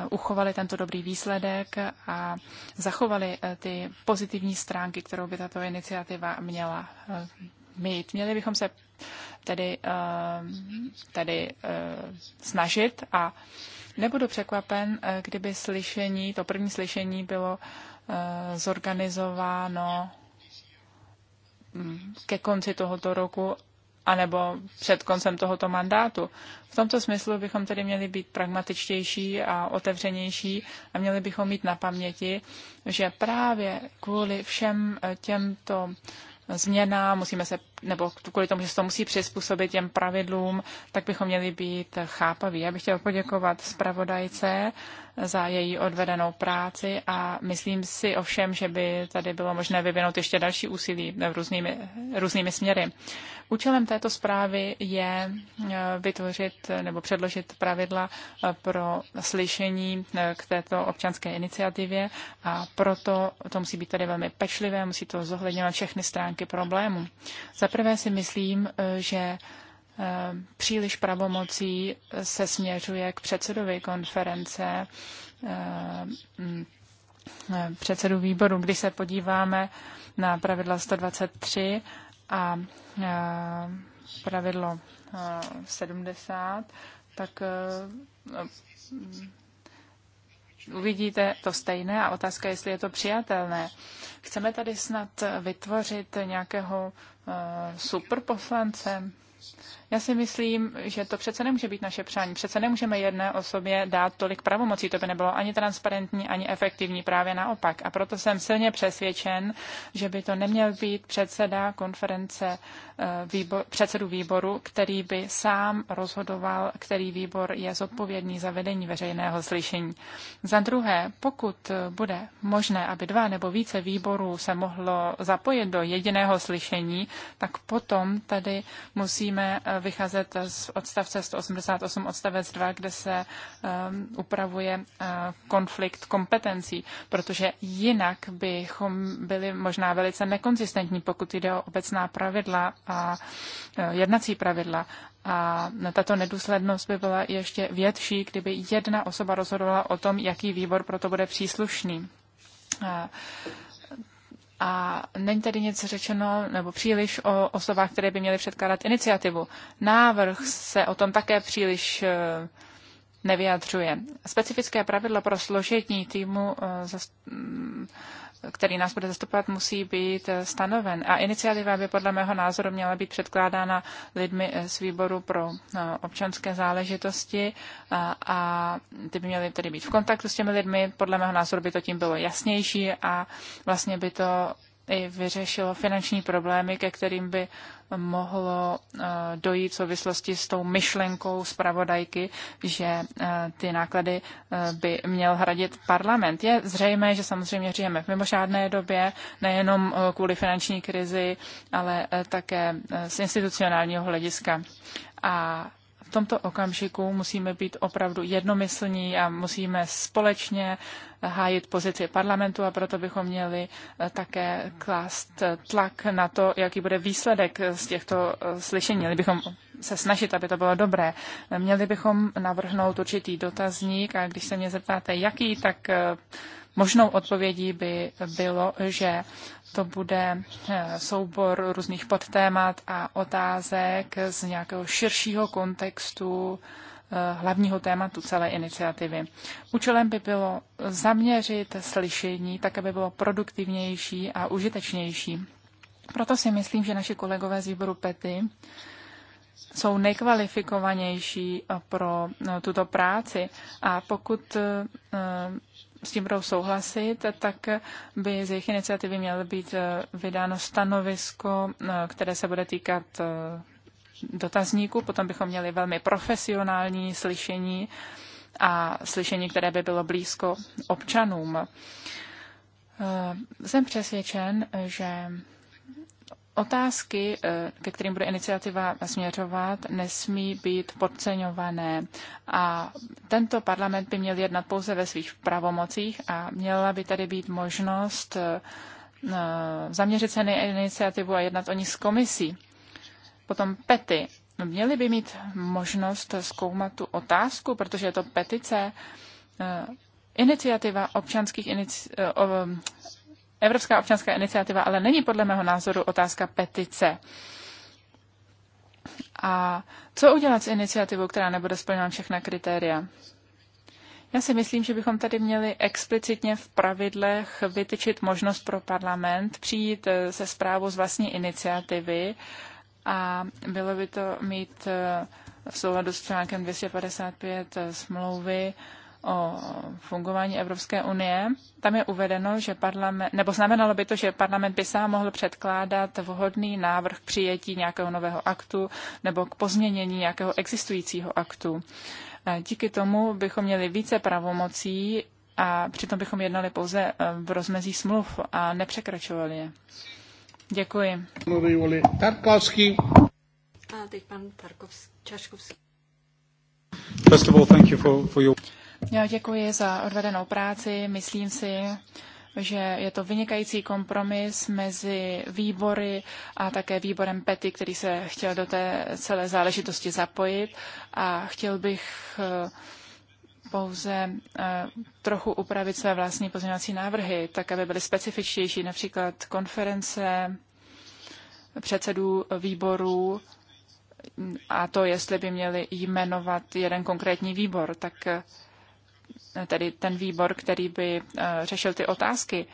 uchovali tento dobrý výsledek a zachovali ty pozitivní stránky, kterou by tato iniciativa měla mít. Měli bychom se tedy, ehm, tedy eh, snažit a nebudu překvapen, eh, kdyby slyšení, to první slyšení bylo eh, zorganizováno hm, ke konci tohoto roku anebo před koncem tohoto mandátu. V tomto smyslu bychom tedy měli být pragmatičtější a otevřenější a měli bychom mít na paměti, že právě kvůli všem těmto změna, musíme se, nebo kvůli tomu, že se to musí přizpůsobit těm pravidlům, tak bychom měli být chápaví. Já bych chtěl poděkovat zpravodajce za její odvedenou práci a myslím si ovšem, že by tady bylo možné vyvinout ještě další úsilí v různými, různými směry. Účelem této zprávy je e, vytvořit nebo předložit pravidla e, pro slyšení e, k této občanské iniciativě a proto to musí být tady velmi pečlivé, musí to zohledňovat všechny stránky problému. Za prvé si myslím, že Eh, příliš pravomocí se směřuje k předsedovi konference eh, mm, eh, předsedu výboru. Když se podíváme na pravidla 123 a pravidlo 70, tak mm, uvidíte to stejné a otázka, jestli je to přijatelné. Chceme tady snad vytvořit nějakého superposlance, já si myslím, že to přece nemůže být naše přání. Přece nemůžeme jedné osobě dát tolik pravomocí. To by nebylo ani transparentní, ani efektivní, právě naopak. A proto jsem silně přesvědčen, že by to neměl být předseda konference eh, výbor, předsedu výboru, který by sám rozhodoval, který výbor je zodpovědný za vedení veřejného slyšení. Za druhé, pokud bude možné, aby dva nebo více výborů se mohlo zapojit do jediného slyšení, tak potom tady musíme eh, vycházet z odstavce 188 odstavec 2, kde se ehm, upravuje eh, konflikt kompetencí, protože jinak bychom byli možná velice nekonzistentní, pokud jde o obecná pravidla a eh, jednací pravidla. A tato nedůslednost by byla ještě větší, kdyby jedna osoba rozhodovala o tom, jaký výbor proto bude příslušný. Eh, a není tady nic řečeno nebo příliš o osobách, které by měly předkládat iniciativu. Návrh se o tom také příliš eh, nevyjadřuje. Specifické pravidla pro složení týmu eh, který nás bude zastupovat, musí být eh, stanoven. A iniciativa by podle mého názoru měla být předkládána lidmi eh, z výboru pro eh, občanské záležitosti a, a ty by měly tedy být v kontaktu s těmi lidmi. Podle mého názoru by to tím bylo jasnější a vlastně by to i vyřešilo finanční problémy, ke kterým by mohlo eh, dojít v souvislosti s tou myšlenkou zpravodajky, že eh, ty náklady eh, by měl hradit parlament. Je zřejmé, že samozřejmě žijeme v mimořádné době, nejenom kvůli finanční krizi, ale také z institucionálního hlediska. A v tomto okamžiku musíme být opravdu jednomyslní a musíme společně hájit pozici parlamentu a proto bychom měli eh, také klást eh, tlak na to, jaký bude výsledek eh, z těchto slyšení. Měli bychom se snažit, aby to bylo dobré. Měli bychom navrhnout určitý dotazník a když se mě zeptáte, jaký, tak možnou odpovědí by bylo, že to bude eh, soubor různých podtémat a otázek z nějakého širšího kontextu eh, hlavního tématu celé iniciativy. Účelem by bylo zaměřit slyšení tak, aby bylo produktivnější a užitečnější. Proto si myslím, že naši kolegové z výboru PETY jsou nejkvalifikovanější pro eh, tuto práci. A pokud s tím budou souhlasit, tak by z jejich iniciativy mělo být eh, vydáno stanovisko, eh, které se bude týkat eh, dotazníku. Potom bychom měli velmi profesionální slyšení a slyšení, které by bylo blízko občanům. Jsem přesvědčen, že Otázky, eh, ke kterým bude iniciativa směřovat, nesmí být podceňované. A tento parlament by měl jednat pouze ve svých pravomocích a měla by tady být možnost eh, eh, zaměřit se na iniciativu a jednat o ní s komisí. Potom pety. Měli by mít možnost zkoumat tu otázku, protože je to petice. Iniciativa občanských inici- Evropská občanská iniciativa ale není podle mého názoru otázka petice. A co udělat s iniciativou, která nebude splňovat všechna kritéria? Já si myslím, že bychom tady měli explicitně v pravidlech vytyčit možnost pro parlament přijít eh, se zprávou z vlastní iniciativy a bylo by to mít eh, v souladu s článkem 255 eh, smlouvy o fungování Evropské unie, tam je uvedeno, že parlament, nebo znamenalo by to, že parlament by sám mohl předkládat vhodný návrh k přijetí nějakého nového aktu nebo k pozměnění nějakého existujícího aktu. E, díky tomu bychom měli více pravomocí a přitom bychom jednali pouze e, v rozmezí smluv a nepřekračovali je. Děkuji. Tarkovský. A teď pan Tarkovský. Čaškovský. First of all, thank you for, for your... Já děkuji za odvedenou práci. Myslím si, že je to vynikající kompromis mezi výbory a také výborem PETI, který se chtěl do té celé záležitosti zapojit. A chtěl bych eh, pouze eh, trochu upravit své vlastní pozměňovací návrhy, tak aby byly specifičtější, například konference předsedů výborů a to, jestli by měli jmenovat jeden konkrétní výbor, tak eh, tedy ten výbor, který by eh, řešil ty otázky.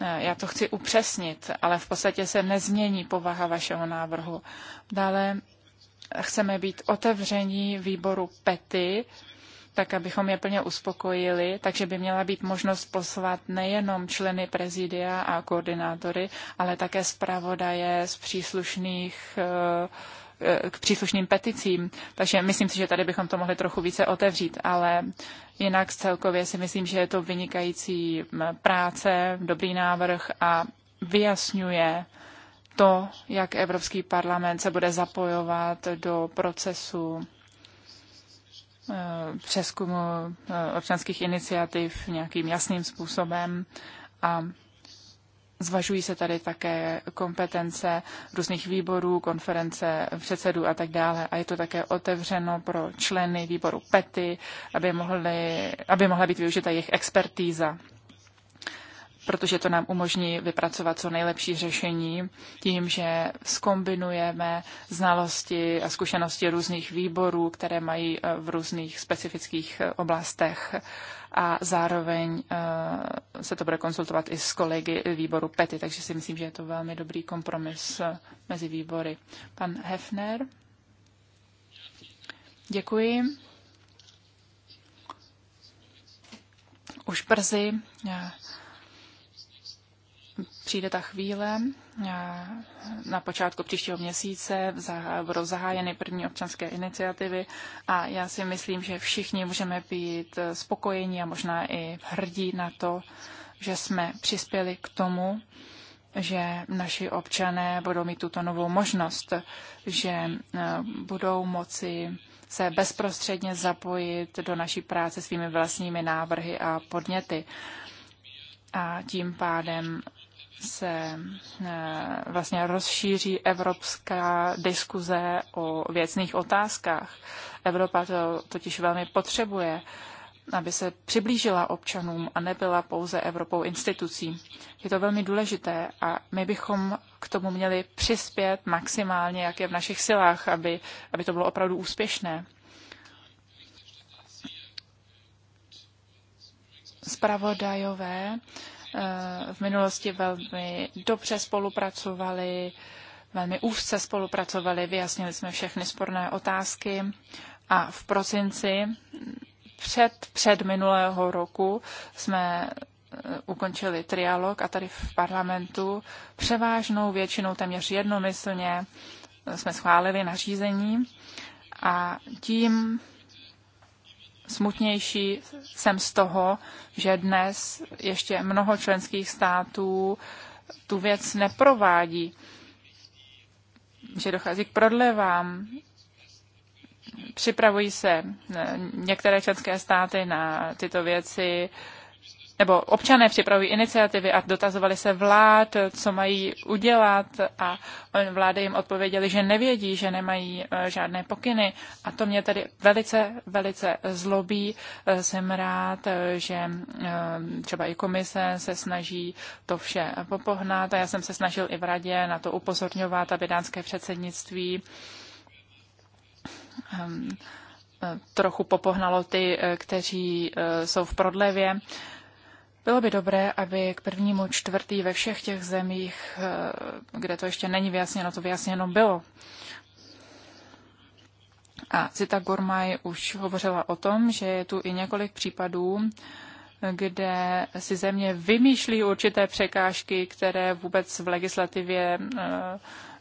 Eh, já to chci upřesnit, ale v podstatě se nezmění povaha vašeho návrhu. Dále chceme být otevření výboru PETY, tak abychom je plně uspokojili, takže by měla být možnost poslat nejenom členy prezidia a koordinátory, ale také zpravodaje z příslušných uh, Eh, k příslušným peticím. Takže myslím si, že tady bychom to mohli trochu více otevřít, ale jinak celkově si myslím, že je to vynikající mm, práce, dobrý návrh a vyjasňuje to, jak Evropský parlament se bude zapojovat do procesu eh, přeskumu eh, občanských iniciativ nějakým jasným způsobem a Zvažují se tady také kompetence různých výborů, konference předsedů a tak dále. A je to také otevřeno pro členy výboru PETY, aby, mohli, aby mohla být využita jejich expertíza protože to nám umožní vypracovat co nejlepší řešení tím, že skombinujeme znalosti a zkušenosti různých výborů, které mají eh, v různých specifických eh, oblastech a zároveň eh, se to bude konzultovat i s kolegy výboru PETY, takže si myslím, že je to velmi dobrý kompromis eh, mezi výbory. Pan Hefner. Děkuji. Už brzy eh, přijde ta chvíle, Eh, na počátku příštího měsíce budou zahájeny první občanské iniciativy a já si myslím, že všichni můžeme být spokojení a možná i hrdí na to, že jsme přispěli k tomu, že naši občané budou mít tuto novou možnost, že eh, budou moci se bezprostředně zapojit do naší práce svými vlastními návrhy a podněty. A tím pádem se eh, vlastně rozšíří evropská diskuze o věcných otázkách. Evropa to totiž velmi potřebuje, aby se přiblížila občanům a nebyla pouze Evropou institucí. Je to velmi důležité a my bychom k tomu měli přispět maximálně, jak je v našich silách, aby, aby to bylo opravdu úspěšné. Spravodajové Eh, v minulosti velmi dobře spolupracovali, velmi úzce spolupracovali, vyjasnili jsme všechny sporné otázky a v prosinci před, před minulého roku jsme eh, ukončili trialog a tady v parlamentu převážnou většinou téměř jednomyslně eh, jsme schválili nařízení a tím smutnější jsem z toho, že dnes ještě mnoho členských států tu věc neprovádí, že dochází k prodlevám. Připravují se eh, některé členské státy na tyto věci, nebo občané připravují iniciativy a dotazovali se vlád, co mají udělat a vlády jim odpověděly, že nevědí, že nemají eh, žádné pokyny a to mě tedy velice, velice zlobí. Eh, jsem rád, eh, že třeba i komise se snaží to vše popohnat a já jsem se snažil i v radě na to upozorňovat, aby dánské předsednictví ehm, trochu popohnalo ty, kteří jsou v prodlevě. Bylo by dobré, aby k prvnímu čtvrtý ve všech těch zemích, eh, kde to ještě není vyjasněno, to vyjasněno bylo. A Cita Gormaj už hovořila o tom, že je tu i několik případů, kde si země vymýšlí určité překážky, které vůbec v legislativě eh,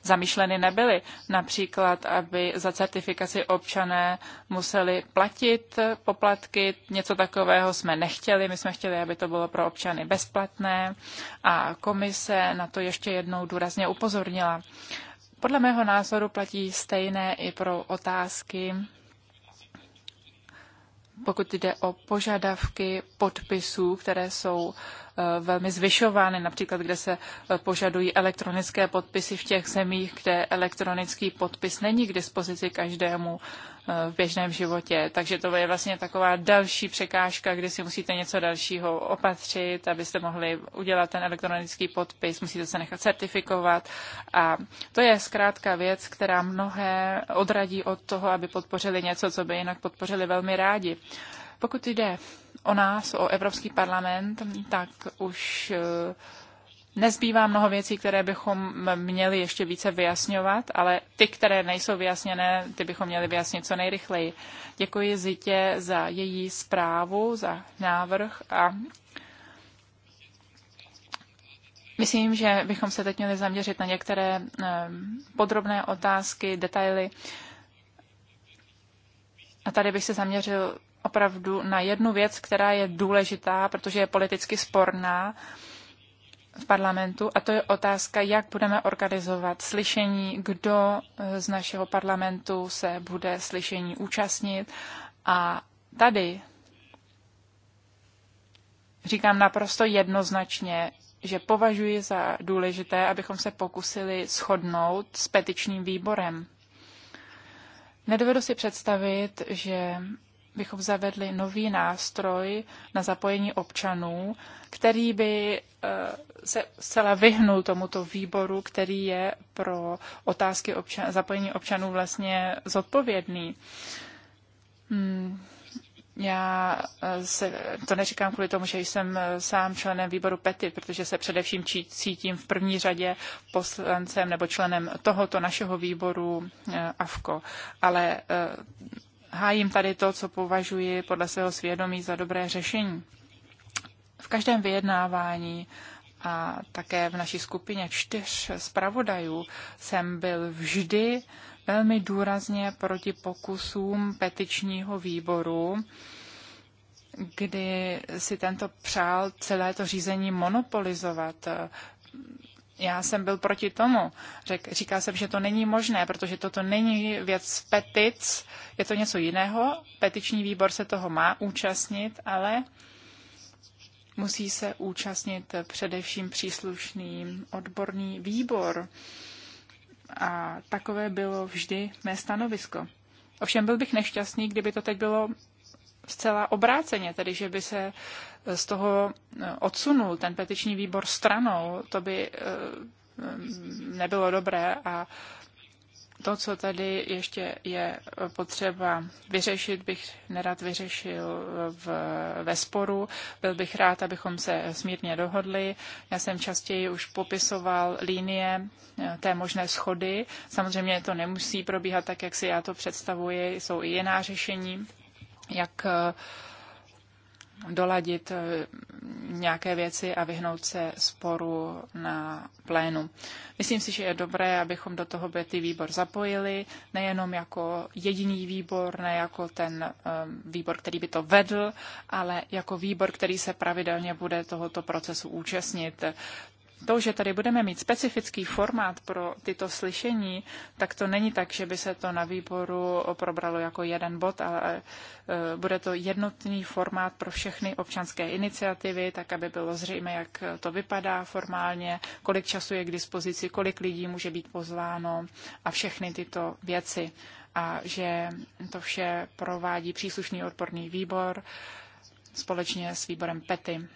zamýšleny nebyly. Například, aby za certifikaci občané museli platit poplatky, něco takového jsme nechtěli, my jsme chtěli, aby to bylo pro občany bezplatné a komise na to ještě jednou důrazně upozornila. Podle mého názoru platí stejné i pro otázky pokud jde o požadavky podpisů, které jsou Eh, velmi zvyšovány, například kde se eh, požadují elektronické podpisy v těch zemích, kde elektronický podpis není k dispozici každému eh, v běžném životě. Takže to je vlastně taková další překážka, kdy si musíte něco dalšího opatřit, abyste mohli udělat ten elektronický podpis, musíte se nechat certifikovat. A to je zkrátka věc, která mnohé odradí od toho, aby podpořili něco, co by jinak podpořili velmi rádi. Pokud jde o nás, o Evropský parlament, tak už eh, nezbývá mnoho věcí, které bychom měli ještě více vyjasňovat, ale ty, které nejsou vyjasněné, ty bychom měli vyjasnit co nejrychleji. Děkuji Zitě za její zprávu, za návrh a Myslím, že bychom se teď měli zaměřit na některé eh, podrobné otázky, detaily. A tady bych se zaměřil opravdu na jednu věc, která je důležitá, protože je politicky sporná v parlamentu, a to je otázka, jak budeme organizovat slyšení, kdo z našeho parlamentu se bude slyšení účastnit. A tady říkám naprosto jednoznačně, že považuji za důležité, abychom se pokusili shodnout s petičním výborem. Nedovedu si představit, že bychom zavedli nový nástroj na zapojení občanů, který by eh, se zcela vyhnul tomuto výboru, který je pro otázky občan, zapojení občanů vlastně zodpovědný. Hmm. Já eh, se, to neříkám kvůli tomu, že jsem eh, sám členem výboru PETY, protože se především cítím v první řadě poslancem nebo členem tohoto našeho výboru AFKO, ale hájím tady to, co považuji podle svého svědomí za dobré řešení. V každém vyjednávání a také v naší skupině čtyř zpravodajů jsem byl vždy velmi důrazně proti pokusům petičního výboru, kdy si tento přál celé to řízení monopolizovat já jsem byl proti tomu. Řek, říkal jsem, že to není možné, protože toto není věc petic, je to něco jiného. Petiční výbor se toho má účastnit, ale musí se účastnit především příslušný odborný výbor. A takové bylo vždy mé stanovisko. Ovšem byl bych nešťastný, kdyby to teď bylo zcela obráceně, tedy že by se z toho eh, odsunul ten petiční výbor stranou, to by eh, mm, nebylo dobré a to, co tady ještě je potřeba vyřešit, bych nerad vyřešil v, ve sporu. Byl bych rád, abychom se smírně dohodli. Já jsem častěji už popisoval linie eh, té možné schody. Samozřejmě to nemusí probíhat tak, jak si já to představuji. Jsou i jiná řešení, jak uh, doladit eh, nějaké věci a vyhnout se sporu na plénu. Myslím si, že je dobré, abychom do toho BT výbor zapojili, nejenom jako jediný výbor, ne jako ten eh, výbor, který by to vedl, ale jako výbor, který se pravidelně bude tohoto procesu účastnit to, že tady budeme mít specifický formát pro tyto slyšení, tak to není tak, že by se to na výboru probralo jako jeden bod, ale bude to jednotný formát pro všechny občanské iniciativy, tak aby bylo zřejmé, jak to vypadá formálně, kolik času je k dispozici, kolik lidí může být pozváno a všechny tyto věci. A že to vše provádí příslušný odporný výbor společně s výborem PETY.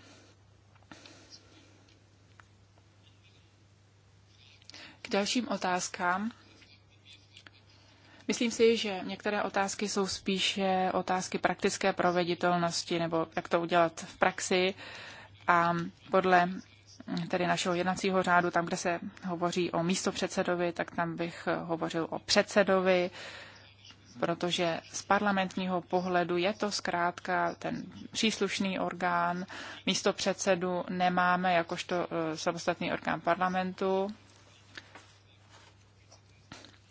dalším otázkám. Myslím si, že některé otázky jsou spíše otázky praktické proveditelnosti nebo jak to udělat v praxi. A podle tedy našeho jednacího řádu, tam, kde se hovoří o místopředsedovi, tak tam bych hovořil o předsedovi, protože z parlamentního pohledu je to zkrátka ten příslušný orgán. Místo předsedu nemáme jakožto eh, samostatný orgán parlamentu,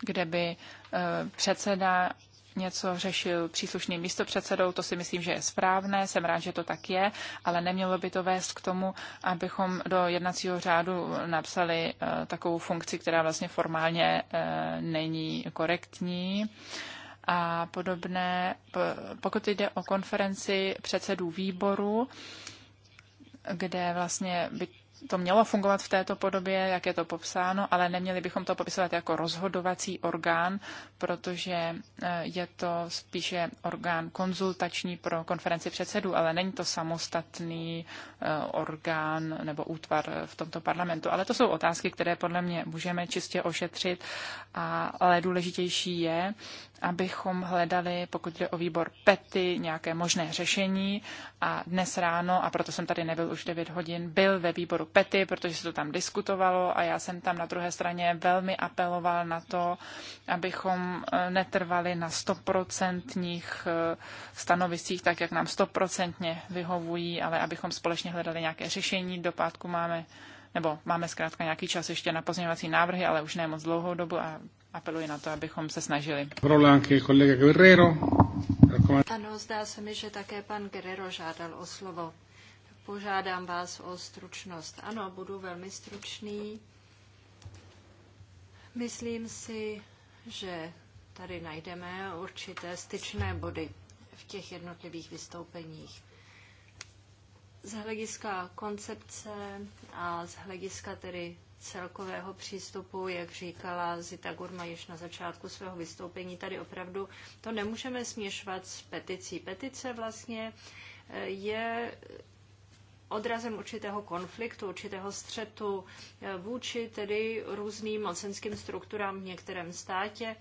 kde by eh, předseda něco řešil příslušným místopředsedou, to si myslím, že je správné, jsem rád, že to tak je, ale nemělo by to vést k tomu, abychom do jednacího řádu napsali eh, takovou funkci, která vlastně formálně eh, není korektní a podobné. Pokud jde o konferenci předsedů výboru, kde vlastně by to mělo fungovat v této podobě, jak je to popsáno, ale neměli bychom to popisovat jako rozhodovací orgán, protože e, je to spíše orgán konzultační pro konferenci předsedů, ale není to samostatný e, orgán nebo útvar v tomto parlamentu. Ale to jsou otázky, které podle mě můžeme čistě ošetřit, a, ale důležitější je, abychom hledali, pokud jde o výbor PETY, nějaké možné řešení. A dnes ráno, a proto jsem tady nebyl už 9 hodin, byl ve výboru PETY, protože se to tam diskutovalo a já jsem tam na druhé straně velmi apeloval na to, abychom eh, netrvali na stoprocentních eh, stanoviscích, tak jak nám stoprocentně vyhovují, ale abychom společně hledali nějaké řešení. Do pátku máme nebo máme zkrátka nějaký čas ještě na pozměňovací návrhy, ale už ne moc dlouhou dobu a apeluji na to, abychom se snažili. Ano, zdá se mi, že také pan Guerrero žádal o slovo. Požádám vás o stručnost. Ano, budu velmi stručný. Myslím si, že tady najdeme určité styčné body v těch jednotlivých vystoupeních. Z hlediska koncepce a z hlediska tedy celkového přístupu, jak říkala Zita Gurma již na začátku svého vystoupení, tady opravdu to nemůžeme směšovat s peticí. Petice vlastně eh, je odrazem určitého konfliktu, určitého střetu eh, vůči tedy různým mocenským strukturám v některém státě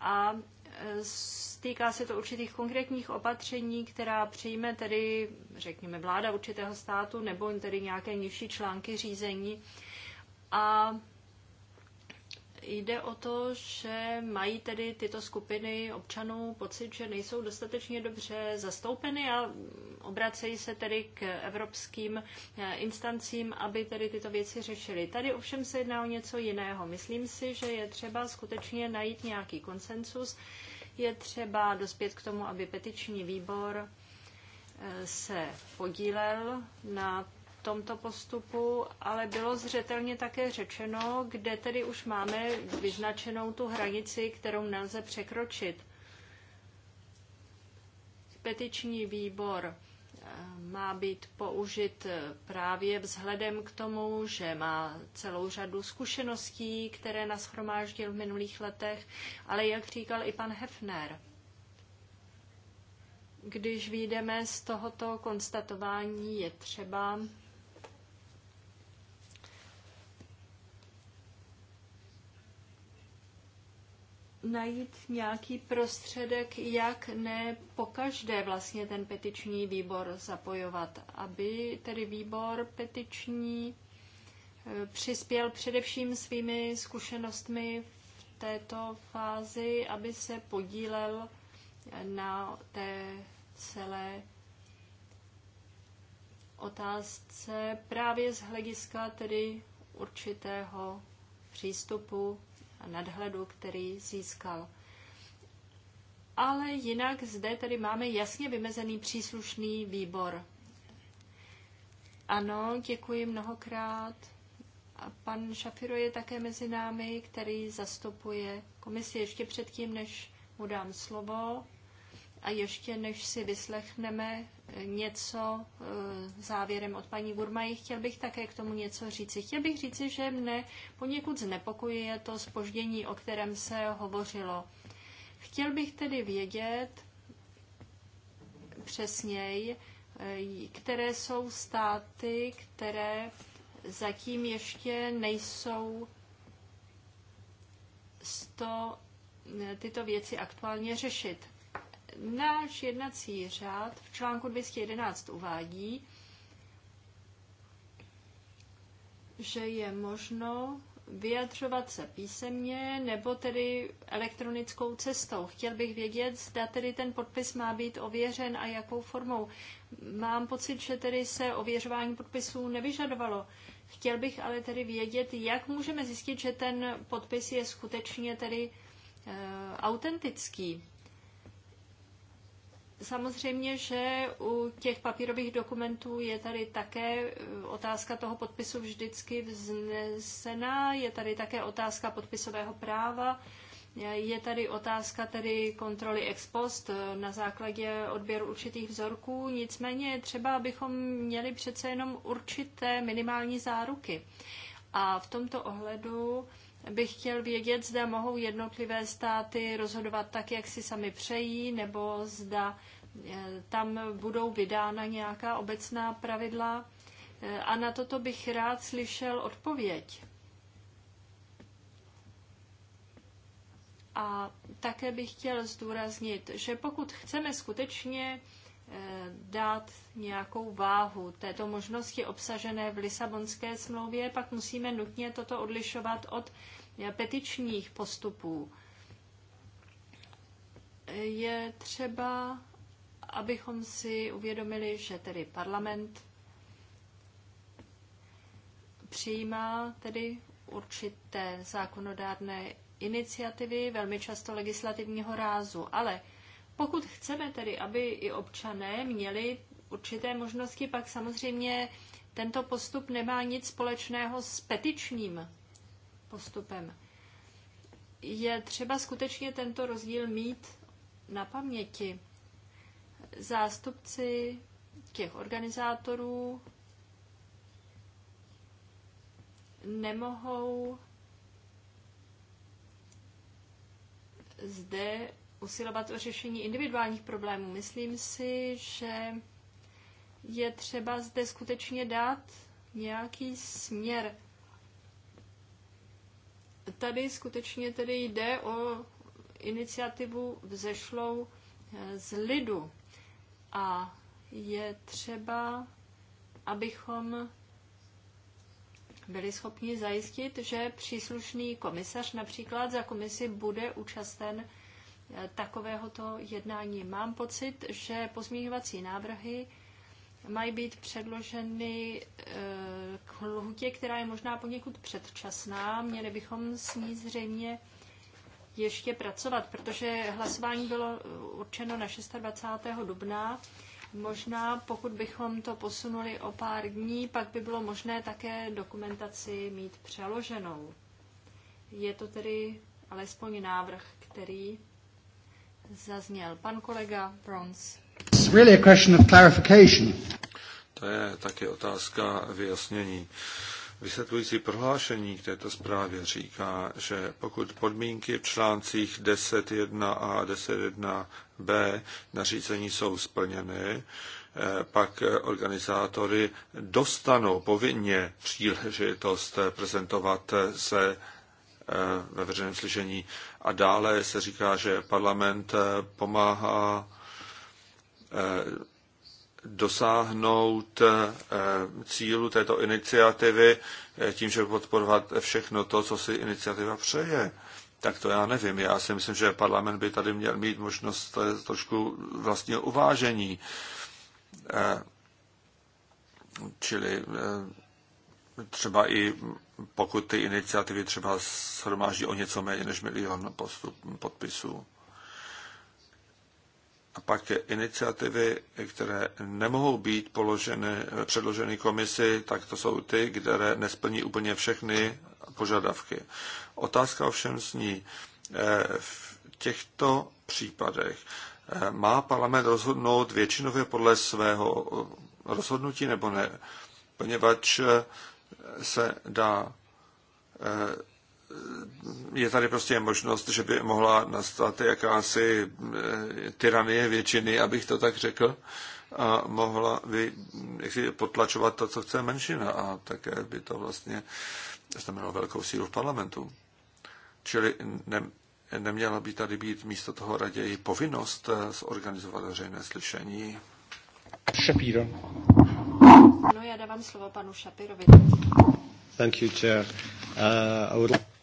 a eh, stýká se to určitých konkrétních opatření, která přijme tedy, řekněme, vláda určitého státu nebo tedy nějaké nižší články řízení a jde o to, že mají tedy tyto skupiny občanů pocit, že nejsou dostatečně dobře zastoupeny a obracejí se tedy k evropským eh, instancím, aby tedy tyto věci řešily. Tady ovšem se jedná o něco jiného. Myslím si, že je třeba skutečně najít nějaký konsensus, je třeba dospět k tomu, aby petiční výbor eh, se podílel na tomto postupu, ale bylo zřetelně také řečeno, kde tedy už máme vyznačenou tu hranici, kterou nelze překročit. Petiční výbor eh, má být použit eh, právě vzhledem k tomu, že má celou řadu zkušeností, které nashromáždil v minulých letech, ale jak říkal i pan Hefner, když výjdeme z tohoto konstatování, je třeba najít nějaký prostředek, jak ne každé vlastně ten petiční výbor zapojovat, aby tedy výbor petiční eh, přispěl především svými zkušenostmi v této fázi, aby se podílel na té celé otázce právě z hlediska tedy určitého přístupu a nadhledu, který získal. Ale jinak zde tedy máme jasně vymezený příslušný výbor. Ano, děkuji mnohokrát. A pan Šafiro je také mezi námi, který zastupuje komisi ještě předtím, než mu dám slovo. A ještě než si vyslechneme něco eh, závěrem od paní Gurmaj. Chtěl bych také k tomu něco říci. Chtěl bych říci, že mne poněkud znepokojuje to spoždění, o kterém se hovořilo. Chtěl bych tedy vědět přesněji, eh, které jsou státy, které zatím ještě nejsou sto eh, tyto věci aktuálně řešit náš jednací řád v článku 211 uvádí, že je možno vyjadřovat se písemně nebo tedy elektronickou cestou. Chtěl bych vědět, zda tedy ten podpis má být ověřen a jakou formou. Mám pocit, že tedy se ověřování podpisů nevyžadovalo. Chtěl bych ale tedy vědět, jak můžeme zjistit, že ten podpis je skutečně tedy e, autentický. Samozřejmě, že u těch papírových dokumentů je tady také eh, otázka toho podpisu vždycky vznesená, je tady také otázka podpisového práva, je tady otázka tedy kontroly ex post eh, na základě odběru určitých vzorků, nicméně třeba bychom měli přece jenom určité minimální záruky. A v tomto ohledu bych chtěl vědět, zda mohou jednotlivé státy rozhodovat tak, jak si sami přejí, nebo zda eh, tam budou vydána nějaká obecná pravidla. Eh, a na toto bych rád slyšel odpověď. A také bych chtěl zdůraznit, že pokud chceme skutečně eh, dát nějakou váhu této možnosti obsažené v Lisabonské smlouvě, pak musíme nutně toto odlišovat od petičních postupů, je třeba, abychom si uvědomili, že tedy parlament přijímá tedy určité zákonodárné iniciativy, velmi často legislativního rázu. Ale pokud chceme tedy, aby i občané měli určité možnosti, pak samozřejmě tento postup nemá nic společného s petičním postupem. Je třeba skutečně tento rozdíl mít na paměti. Zástupci těch organizátorů nemohou zde usilovat o řešení individuálních problémů. Myslím si, že je třeba zde skutečně dát nějaký směr tady skutečně tedy jde o iniciativu vzešlou eh, z lidu. A je třeba, abychom byli schopni zajistit, že příslušný komisař například za komisi bude účasten eh, takovéhoto jednání. Mám pocit, že pozměňovací návrhy mají být předloženy eh, k lhutě, která je možná poněkud předčasná. Měli bychom s ní zřejmě ještě pracovat, protože hlasování bylo eh, určeno na 26. dubna. Možná pokud bychom to posunuli o pár dní, pak by bylo možné také dokumentaci mít přeloženou. Je to tedy alespoň návrh, který zazněl pan kolega Brons really a question of clarification. To je taky otázka vyjasnění. Vysvětlující prohlášení k této zprávě říká, že pokud podmínky v článcích 10.1 a 10.1b nařízení jsou splněny, eh, pak organizátory dostanou povinně příležitost prezentovat se eh, ve veřejném slyšení. A dále se říká, že parlament eh, pomáhá Eh, dosáhnout eh, cílu této iniciativy eh, tím, že podporovat všechno to, co si iniciativa přeje. Tak to já nevím. Já si myslím, že parlament by tady měl mít možnost trošku vlastního uvážení. Čili třeba i pokud ty iniciativy třeba shromáždí o něco méně než milion podpisů a pak iniciativy, které nemohou být položeny, předloženy komisi, tak to jsou ty, které nesplní úplně všechny požadavky. Otázka ovšem zní, eh, v těchto případech eh, má parlament rozhodnout většinově podle svého eh, rozhodnutí nebo ne, poněvadž se dá je tady prostě možnost, že by mohla nastat jakási eh, tyranie většiny, abych to tak řekl, a mohla by jaksi potlačovat to, co chce menšina a také by to vlastně znamenalo velkou sílu v parlamentu. Čili ne, neměla by tady být místo toho raději povinnost eh, zorganizovat veřejné slyšení. Šapíro. No, já dávám slovo panu Šapirovi. Thank you, chair. Uh, I would...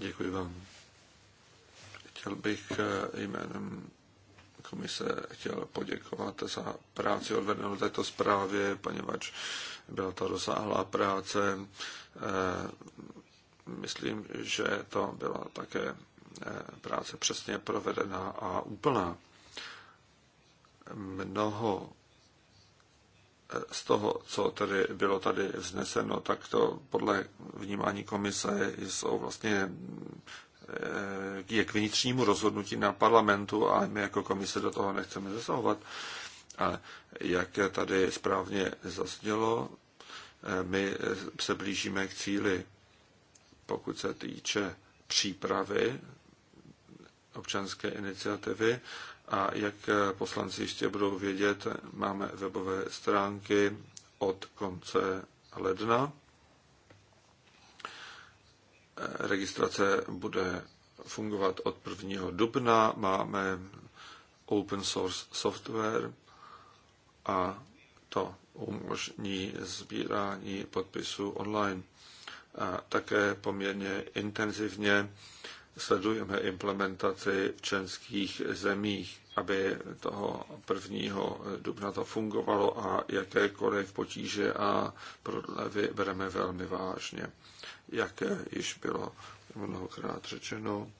Děkuji vám. Chtěl bych eh, jménem komise chtěl poděkovat za práci odvedenou této zprávě, poněvadž byla to rozsáhlá práce. Eh, myslím, že to byla také eh, práce přesně provedená a úplná. Mnoho z toho, co tedy bylo tady vzneseno, tak to podle vnímání komise jsou vlastně eh, je k vnitřnímu rozhodnutí na parlamentu a my jako komise do toho nechceme zasahovat. A jak tady správně zaznělo, eh, my se blížíme k cíli, pokud se týče přípravy občanské iniciativy a jak eh, poslanci ještě budou vědět, máme webové stránky od konce ledna. Eh, registrace bude fungovat od 1. dubna. Máme open source software a to umožní sbírání podpisů online. A také poměrně intenzivně sledujeme implementaci v členských zemích, aby toho 1. dubna to fungovalo a jakékoliv potíže a prodlevy bereme velmi vážně, jak již bylo mnohokrát řečeno.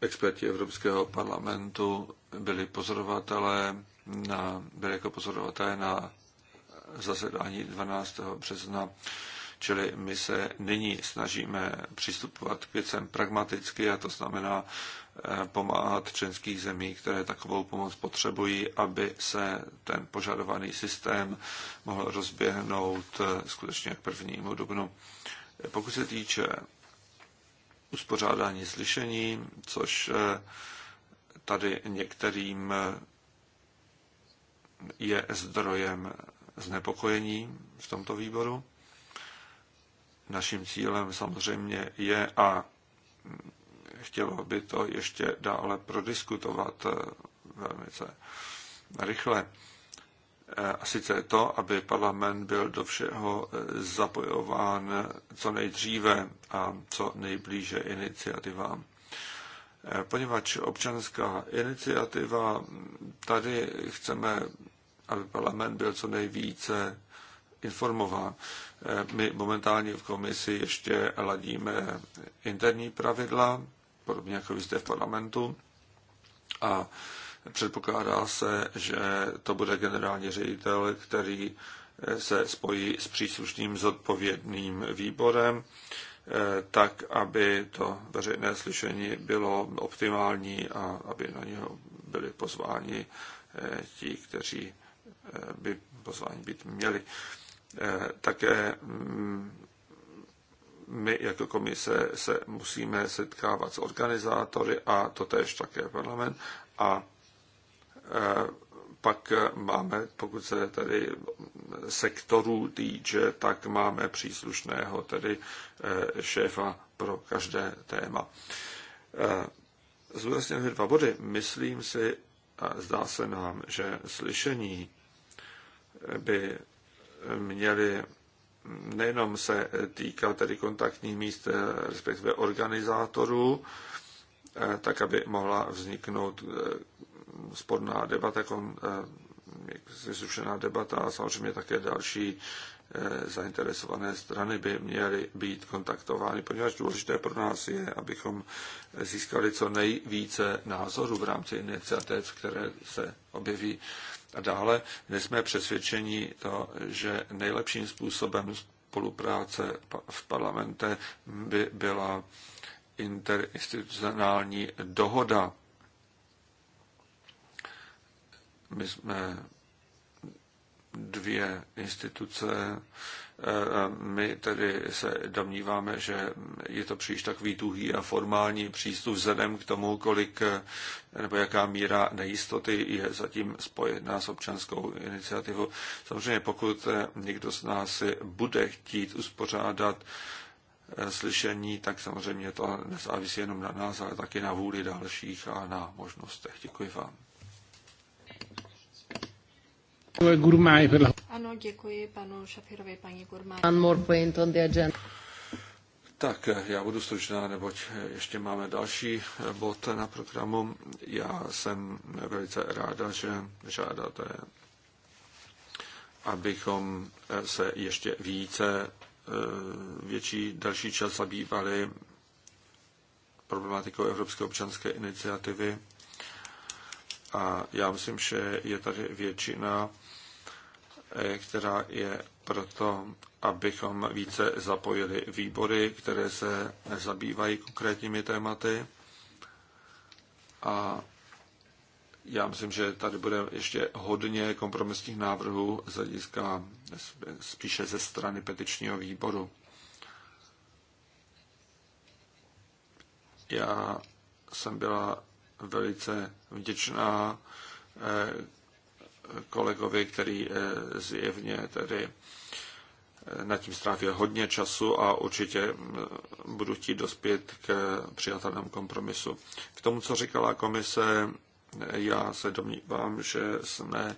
Experti Evropského parlamentu byli pozorovatelé na, byli jako pozorovatelé na zasedání 12. března Čili my se nyní snažíme přistupovat k věcem pragmaticky a to znamená eh, pomáhat členských zemí, které takovou pomoc potřebují, aby se ten požadovaný systém mohl rozběhnout eh, skutečně k prvnímu dubnu. Pokud se týče uspořádání slyšení, což eh, tady některým je zdrojem znepokojení v tomto výboru. Naším cílem samozřejmě je a chtělo by to ještě dále prodiskutovat eh, velmi rychle. Eh, a sice to, aby parlament byl do všeho eh, zapojován co nejdříve a co nejblíže iniciativám. Poněvadž občanská iniciativa, tady chceme, aby parlament byl co nejvíce informován. My momentálně v komisi ještě ladíme interní pravidla, podobně jako vy jste v parlamentu. A předpokládá se, že to bude generální ředitel, který se spojí s příslušným zodpovědným výborem, eh, tak, aby to veřejné slyšení bylo optimální a aby na něho byli pozváni eh, ti, kteří eh, by pozváni být měli. Eh, také mm, my jako komise se musíme setkávat s organizátory a to též také parlament a eh, pak máme, pokud se tedy sektorů týče, tak máme příslušného tedy eh, šéfa pro každé téma. Zúrazněme dva body. Myslím si, a zdá se nám, že slyšení by měly nejenom se týkat tedy kontaktních míst, eh, respektive organizátorů, eh, tak aby mohla vzniknout eh, sporná debata, zrušená debata a samozřejmě také další zainteresované strany by měly být kontaktovány, poněvadž důležité pro nás je, abychom získali co nejvíce názorů v rámci iniciativ, které se objeví. A dále my jsme přesvědčeni to, že nejlepším způsobem spolupráce v parlamente by byla interinstitucionální dohoda. My jsme dvě instituce, my tedy se domníváme, že je to příliš takový tuhý a formální přístup vzhledem k tomu, kolik nebo jaká míra nejistoty je zatím spojená s občanskou iniciativou. Samozřejmě pokud někdo z nás bude chtít uspořádat eh, slyšení, tak samozřejmě to nezávisí jenom na nás, ale taky na vůli dalších a na možnostech. Děkuji vám. Ano, děkuji panu Šafirovi, paní Gurmán. Tak, já budu stručná, neboť ještě máme další bod na programu. Já jsem velice ráda, že žádáte, abychom se ještě více, eh, větší další čas zabývali problematikou Evropské občanské iniciativy. A já myslím, že je tady většina která je proto, abychom více zapojili výbory, které se zabývají konkrétními tématy. A já myslím, že tady bude ještě hodně kompromisních návrhů z hlediska spíše ze strany petičního výboru. Já jsem byla velice vděčná eh, kolegovi, který eh, zjevně tedy eh, nad tím strávil hodně času a určitě mm, budu chtít dospět k přijatelnému kompromisu. K tomu, co říkala komise, já se domnívám, že jsme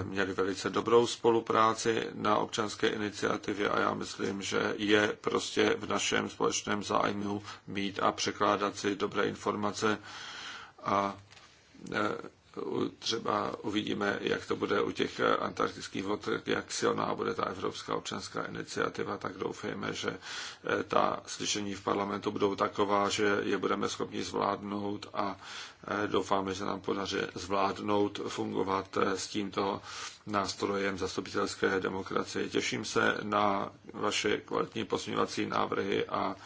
eh, měli velice dobrou spolupráci na občanské iniciativě a já myslím, že je prostě v našem společném zájmu mít a překládat si dobré informace a třeba uvidíme, jak to bude u těch antarktických vod, jak silná bude ta Evropská občanská iniciativa, tak doufejme, že eh, ta slyšení v parlamentu budou taková, že je budeme schopni zvládnout a eh, doufáme, že nám podaří zvládnout fungovat eh, s tímto nástrojem zastupitelské demokracie. Těším se na vaše kvalitní posměvací návrhy a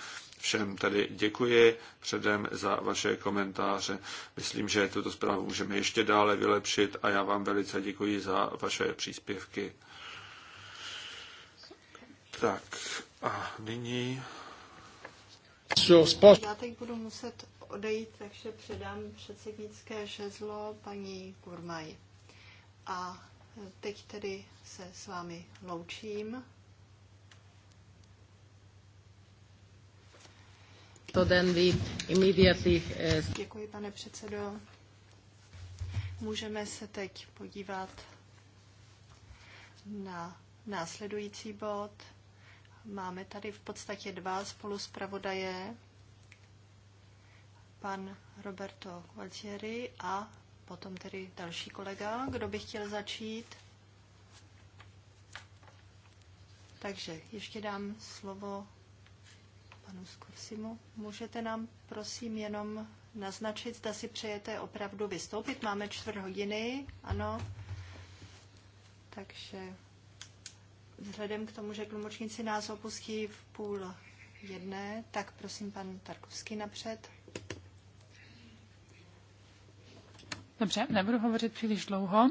Všem tedy děkuji předem za vaše komentáře. Myslím, že tuto zprávu můžeme ještě dále vylepšit a já vám velice děkuji za vaše příspěvky. Tak a nyní... Já teď budu muset odejít, takže předám předsednické žezlo paní Kurmaj. A teď tedy se s vámi loučím. Eh, Děkuji, pane předsedo. Můžeme se teď podívat na následující bod. Máme tady v podstatě dva spoluspravodaje, pan Roberto Gualtieri a potom tedy další kolega, kdo by chtěl začít. Takže ještě dám slovo panu Skursimu, Můžete nám prosím jenom naznačit, zda si přejete opravdu vystoupit. Máme čtvrt hodiny, ano. Takže vzhledem k tomu, že tlumočníci nás opustí v půl jedné, tak prosím pan Tarkovský napřed. Dobře, nebudu hovořit příliš dlouho.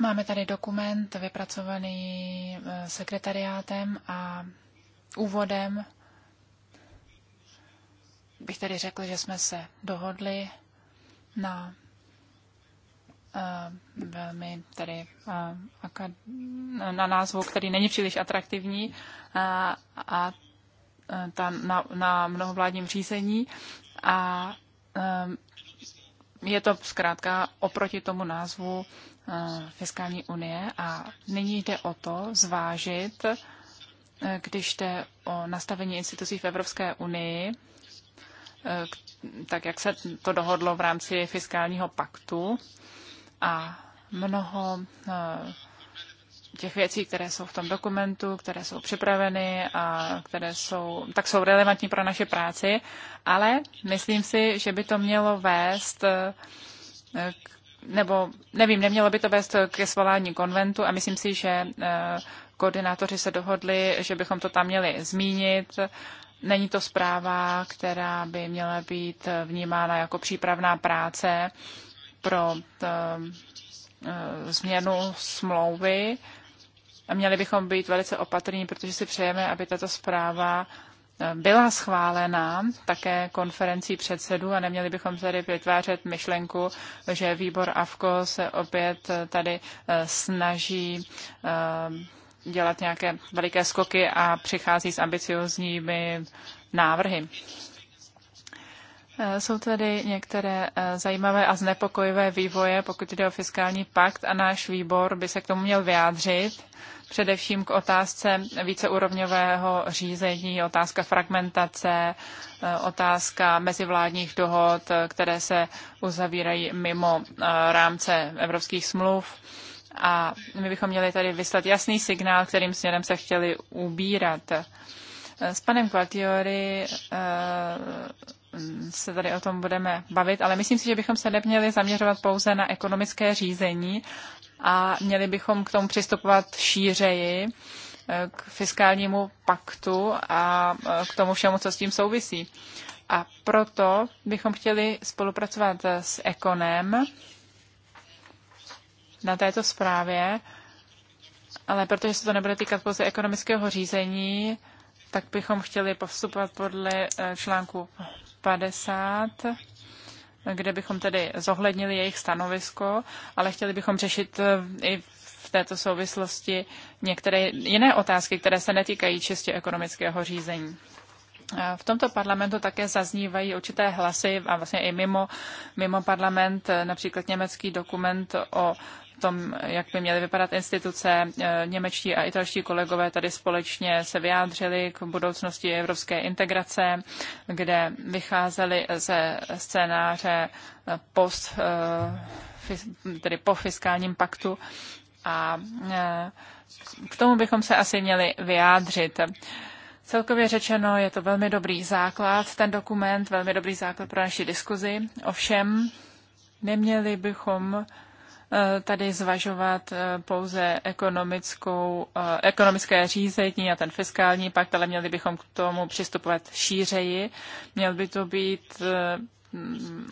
Máme tady dokument vypracovaný eh, sekretariátem a úvodem bych tedy řekl, že jsme se dohodli na eh, velmi tady eh, na názvu, který není příliš atraktivní eh, a, uh, ta, na, na mnohovládním řízení a je to zkrátka oproti tomu názvu fiskální unie a nyní jde o to zvážit, když jde o nastavení institucí v Evropské unii, eh, tak jak se to dohodlo v rámci fiskálního paktu a mnoho eh, těch věcí, které jsou v tom dokumentu, které jsou připraveny a které jsou, tak jsou relevantní pro naše práci, ale myslím si, že by to mělo vést eh, nebo nevím, nemělo by to vést ke svolání konventu a myslím si, že koordinátoři se dohodli, že bychom to tam měli zmínit. Není to zpráva, která by měla být vnímána jako přípravná práce pro ehm, eh, změnu smlouvy. A měli bychom být velice opatrní, protože si přejeme, aby tato zpráva eh, byla schválena také konferencí předsedů a neměli bychom tady vytvářet myšlenku, že výbor AFKO se opět tady eh, snaží ehm, dělat nějaké veliké skoky a přichází s ambiciozními návrhy. Eh, jsou tady některé eh, zajímavé a znepokojivé vývoje, pokud jde o fiskální pakt a náš výbor by se k tomu měl vyjádřit, především k otázce víceúrovňového řízení, otázka fragmentace, eh, otázka mezivládních dohod, které se uzavírají mimo rámce evropských smluv a my bychom měli tady vyslat jasný signál, kterým směrem se chtěli ubírat. S panem Kvaltiori eh, se tady o tom budeme bavit, ale myslím si, že bychom se neměli zaměřovat pouze na ekonomické řízení a měli bychom k tomu přistupovat šířeji eh, k fiskálnímu paktu a eh, k tomu všemu, co s tím souvisí. A proto bychom chtěli spolupracovat s Ekonem, na této zprávě, ale protože se to nebude týkat pouze ekonomického řízení, tak bychom chtěli postupovat podle eh, článku 50, kde bychom tedy zohlednili jejich stanovisko, ale chtěli bychom řešit eh, i v této souvislosti některé jiné otázky, které se netýkají čistě ekonomického řízení. V tomto parlamentu také zaznívají určité hlasy a vlastně i mimo, mimo parlament, eh, například německý dokument o tom, jak by měly vypadat instituce. Eh, Němečtí a italští kolegové tady společně se vyjádřili k budoucnosti evropské integrace, kde vycházeli ze scénáře eh, post, eh, tedy po fiskálním paktu a k tomu bychom se asi měli vyjádřit. Celkově řečeno, je to velmi dobrý základ, ten dokument, velmi dobrý základ pro naši diskuzi. Ovšem, neměli bychom Eh, tady zvažovat eh, pouze ekonomickou, eh, ekonomické řízení a ten fiskální pakt, ale měli bychom k tomu přistupovat šířeji. Měl by to být mm,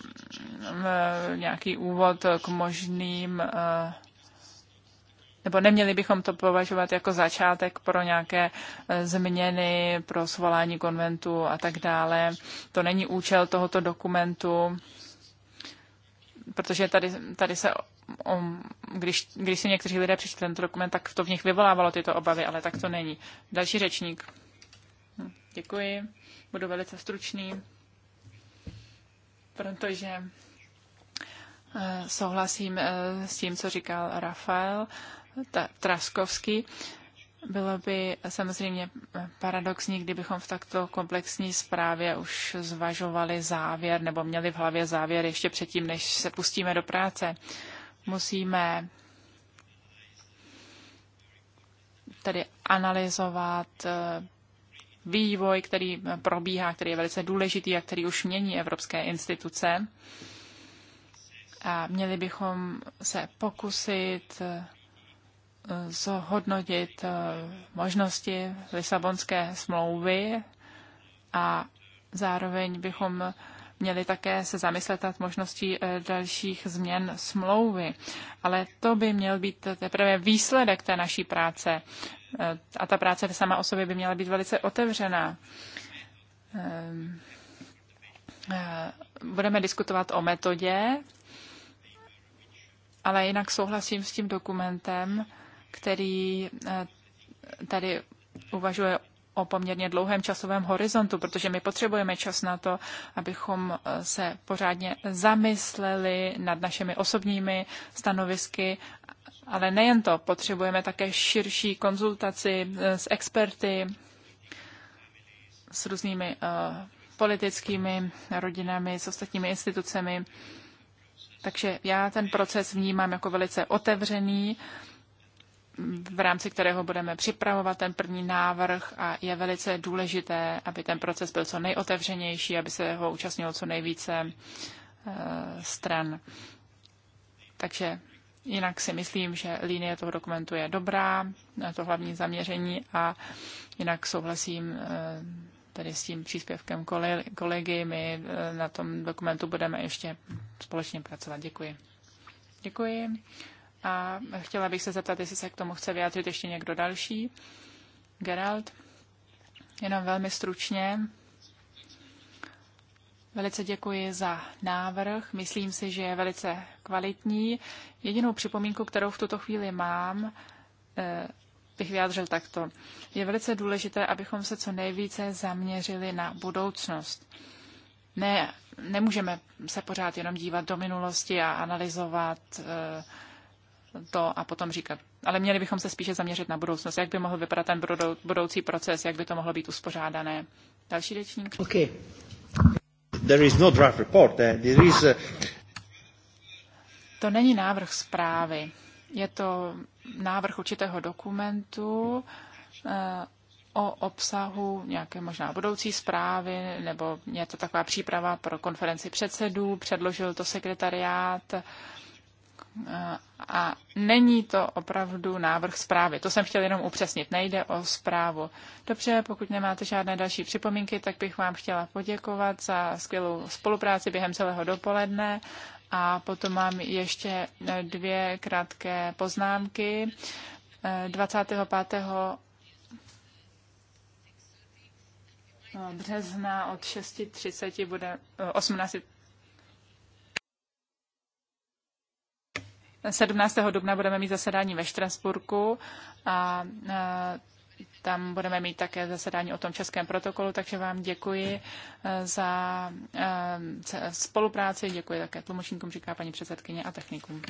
nějaký úvod k možným nebo neměli bychom to považovat jako začátek pro nějaké změny, pro svolání konventu a tak dále. To není účel tohoto dokumentu protože tady, tady se, o, když, když si někteří lidé přečtou tento dokument, tak to v nich vyvolávalo tyto obavy, ale tak to není. Další řečník. Hm, děkuji, budu velice stručný, protože eh, souhlasím eh, s tím, co říkal Rafael Traskovský. Bylo by samozřejmě paradoxní, kdybychom v takto komplexní zprávě už zvažovali závěr nebo měli v hlavě závěr ještě předtím, než se pustíme do práce. Musíme tedy analyzovat eh, vývoj, který probíhá, který je velice důležitý a který už mění evropské instituce. A měli bychom se pokusit eh, zhodnotit eh, možnosti Lisabonské smlouvy a zároveň bychom měli také se zamyslet nad možností eh, dalších změn smlouvy. Ale to by měl být teprve výsledek té naší práce. Eh, a ta práce sama o sobě by měla být velice otevřená. Ehm, budeme diskutovat o metodě, ale jinak souhlasím s tím dokumentem, který eh, tady uvažuje o poměrně dlouhém časovém horizontu, protože my potřebujeme čas na to, abychom eh, se pořádně zamysleli nad našimi osobními stanovisky, ale nejen to, potřebujeme také širší konzultaci eh, s experty, s různými politickými rodinami, s ostatními institucemi. Takže já ten proces vnímám jako velice otevřený v rámci kterého budeme připravovat ten první návrh a je velice důležité, aby ten proces byl co nejotevřenější, aby se ho účastnilo co nejvíce eh, stran. Takže jinak si myslím, že linie toho dokumentu je dobrá, to hlavní zaměření a jinak souhlasím eh, tedy s tím příspěvkem kolegy. My eh, na tom dokumentu budeme ještě společně pracovat. Děkuji. Děkuji a chtěla bych se zeptat, jestli se k tomu chce vyjádřit ještě někdo další. Gerald, jenom velmi stručně. Velice děkuji za návrh. Myslím si, že je velice kvalitní. Jedinou připomínku, kterou v tuto chvíli mám, eh, bych vyjádřil takto. Je velice důležité, abychom se co nejvíce zaměřili na budoucnost. Ne, nemůžeme se pořád jenom dívat do minulosti a analyzovat eh, to a potom říkat. Ale měli bychom se spíše zaměřit na budoucnost, jak by mohl vypadat ten budoucí proces, jak by to mohlo být uspořádané. Další řečník. Okay. There is no draft report. Eh? There is a... Eh, to není návrh zprávy. Je to návrh určitého dokumentu eh, o obsahu nějaké možná budoucí zprávy, nebo je to taková příprava pro konferenci předsedů, předložil to sekretariát Eh, a není to opravdu návrh zprávy. To jsem chtěl jenom upřesnit. Nejde o zprávu. Dobře, pokud nemáte žádné další připomínky, tak bych vám chtěla poděkovat za skvělou spolupráci během celého dopoledne a potom mám ještě eh, dvě krátké poznámky. 25. Eh, března od 6.30 bude 18. 17. dubna budeme mít zasedání ve Štrasburku a e, tam budeme mít také zasedání o tom českém protokolu, takže vám děkuji e, za e, spolupráci, děkuji také tlumočníkům, říká paní předsedkyně a technikům.